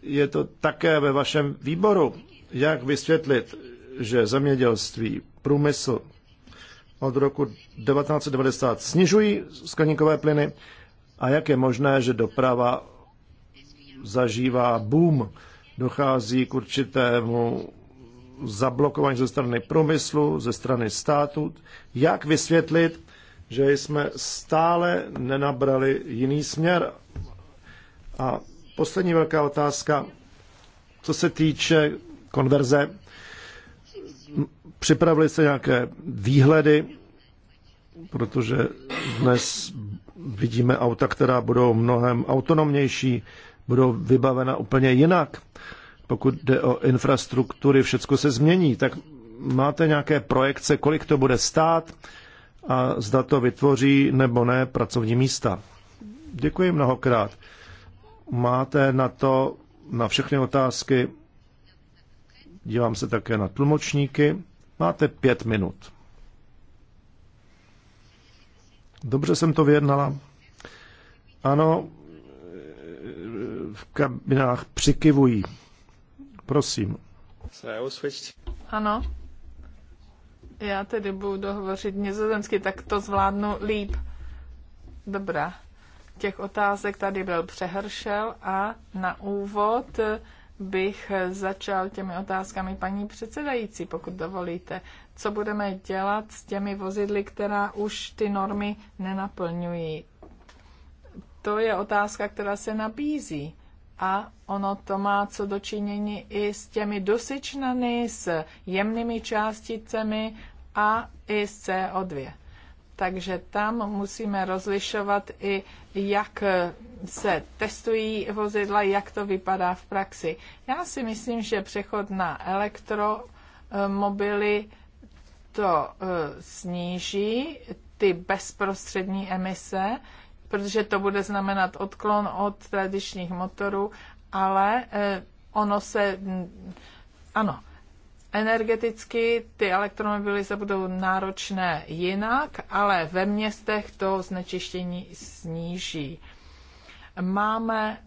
je to také ve vašem výboru, jak vysvětlit, že zemědělství, průmysl od roku 1990 snižují skleníkové plyny, a jak je možné, že doprava zažívá boom, dochází k určitému zablokování ze strany průmyslu, ze strany státu. Jak vysvětlit, že jsme stále nenabrali jiný směr? A poslední velká otázka, co se týče konverze, připravili se nějaké výhledy, protože dnes vidíme auta, která budou mnohem autonomnější, budou vybavena úplně jinak. Pokud jde o infrastruktury, všechno se změní. Tak máte nějaké projekce, kolik to bude stát a zda to vytvoří nebo ne pracovní místa. Děkuji mnohokrát. Máte na to, na všechny otázky, dívám se také na tlumočníky, máte pět minut. Dobře jsem to vyjednala. Ano, v kabinách přikivují. Prosím. Ano. Já tedy budu hovořit nizozemsky, tak to zvládnu líp. Dobrá. Těch otázek tady byl přehršel a na úvod bych začal těmi otázkami paní předsedající, pokud dovolíte. Co budeme dělat s těmi vozidly, která už ty normy nenaplňují? To je otázka, která se nabízí. A ono to má co dočinění i s těmi dosyčnany, s jemnými částicemi a i s CO2. Takže tam musíme rozlišovat i, jak se testují vozidla, jak to vypadá v praxi. Já si myslím, že přechod na elektromobily to eh, sníží ty bezprostřední emise, protože to bude znamenat odklon od tradičních motorů, ale eh, ono se, ano, Energeticky ty elektromobily se budou náročné jinak, ale ve městech to znečištění sníží. Máme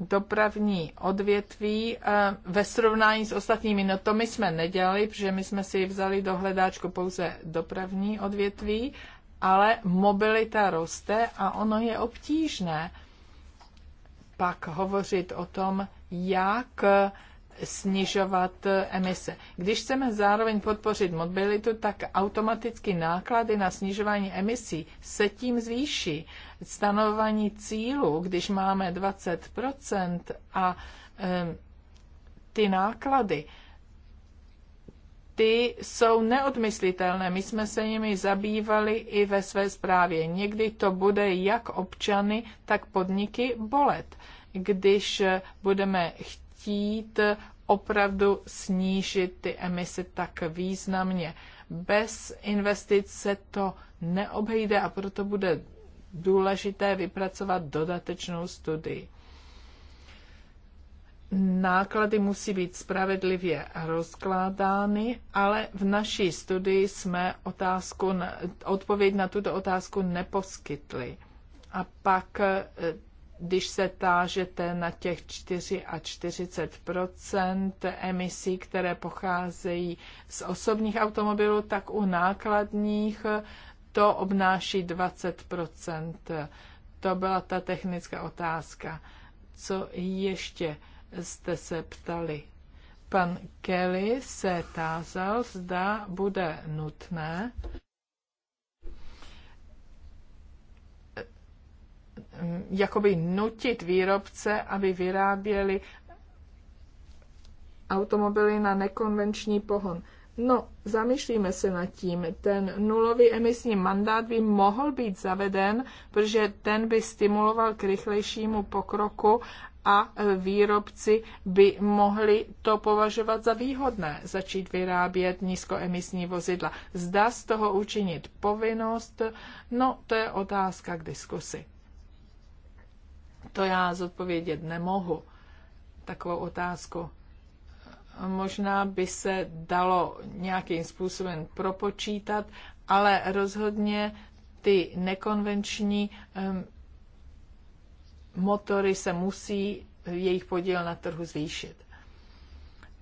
dopravní odvětví eh, ve srovnání s ostatními. No to my jsme nedělali, protože my jsme si vzali do hledáčku pouze dopravní odvětví, ale mobilita roste a ono je obtížné pak hovořit o tom, jak snižovat eh, emise. Když chceme zároveň podpořit mobilitu, tak automaticky náklady na snižování emisí se tím zvýší. Stanovování cílu, když máme 20% a e, ty náklady, ty jsou neodmyslitelné. My jsme se nimi zabývali i ve své zprávě. Někdy to bude jak občany, tak podniky bolet. Když eh, budeme chtít chtít opravdu snížit ty emise tak významně. Bez investic se to neobejde a proto bude důležité vypracovat dodatečnou studii. Náklady musí být spravedlivě rozkládány, ale v naší studii jsme otázku, odpověď na tuto otázku neposkytli. A pak eh, když se tážete na těch 4 a 40 emisí, které pocházejí z osobních automobilů, tak u nákladních to obnáší 20 To byla ta technická otázka. Co ještě jste se ptali? Pan Kelly se tázal, zda bude nutné Mm, jakoby nutit výrobce, aby vyráběli automobily na nekonvenční pohon. No, zamýšlíme se nad tím. Ten nulový emisní mandát by mohl být zaveden, protože ten by stimuloval k rychlejšímu pokroku a e, výrobci by mohli to považovat za výhodné, začít vyrábět nízkoemisní vozidla. Zda z toho učinit povinnost, no to je otázka k diskusi. To já zodpovědět nemohu, takovou otázku. Možná by se dalo nějakým způsobem propočítat, ale rozhodně ty nekonvenční um, motory se musí jejich podíl na trhu zvýšit.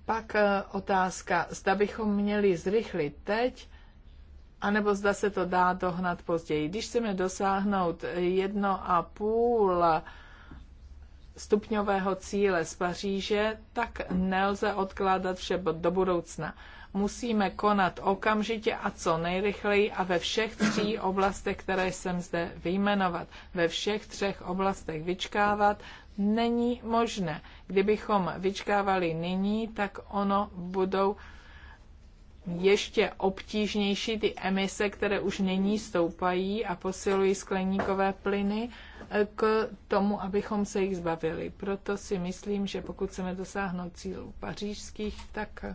Pak eh, otázka, zda bychom měli zrychlit teď, anebo zda se to dá dohnat později. Když chceme dosáhnout jedno a uh, stupňového cíle z Paříže, tak nelze odkládat vše do budoucna. Musíme konat okamžitě a co nejrychleji a ve všech tří oblastech, které jsem zde vyjmenovat, ve všech třech oblastech vyčkávat, není možné. Kdybychom vyčkávali nyní, tak ono budou ještě obtížnější ty emise, které už nyní stoupají a posilují skleníkové plyny k tomu, abychom se jich zbavili. Proto si myslím, že pokud chceme dosáhnout cílů pařížských, tak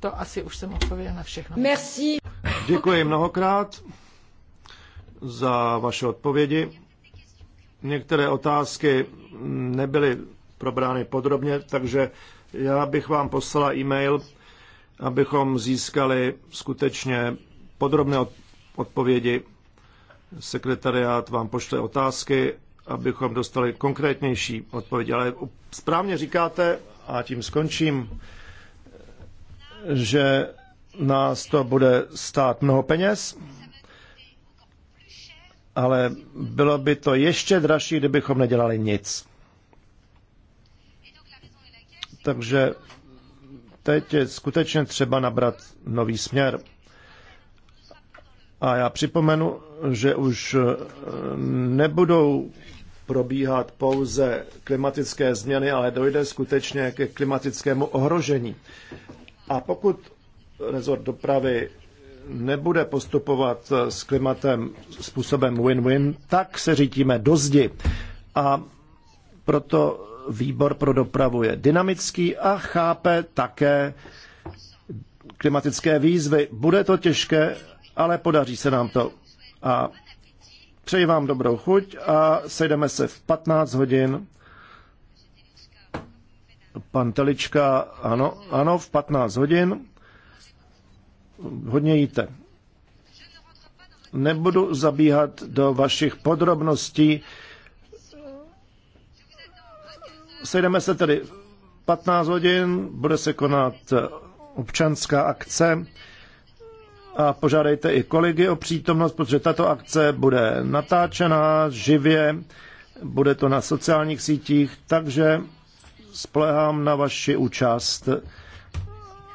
to asi už jsem odpověděl na všechno. Merci. Děkuji mnohokrát za vaše odpovědi. Některé otázky nebyly probrány podrobně, takže já bych vám poslala e-mail, abychom získali skutečně podrobné odpovědi Sekretariát vám pošle otázky, abychom dostali konkrétnější odpovědi. Ale správně říkáte, a tím skončím, že nás to bude stát mnoho peněz, ale bylo by to ještě dražší, kdybychom nedělali nic. Takže teď je skutečně třeba nabrat nový směr. A já připomenu, že už eh, nebudou probíhat pouze klimatické změny, ale dojde skutečně ke klimatickému ohrožení. A pokud rezort dopravy nebude postupovat eh, s klimatem způsobem win-win, tak se řítíme do zdi. A proto výbor pro dopravu je dynamický a chápe také klimatické výzvy. Bude to těžké, ale podaří se nám to. A přeji vám dobrou chuť a sejdeme se v 15 hodin. Pan Telička, ano, ano, v 15 hodin. Hodně jíte. Nebudu zabíhat do vašich podrobností. Sejdeme se tedy 15 hodin, bude se konat občanská akce a požádejte i kolegy o přítomnost, protože tato akce bude natáčena živě, bude to na sociálních sítích, takže spolehám na vaši účast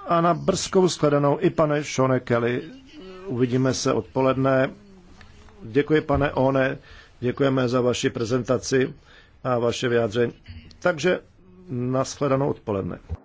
a na brzkou shledanou i pane Šone Kelly. Uvidíme se odpoledne. Děkuji, pane One, děkujeme za vaši prezentaci a vaše vyjádření. Takže na shledanou odpoledne.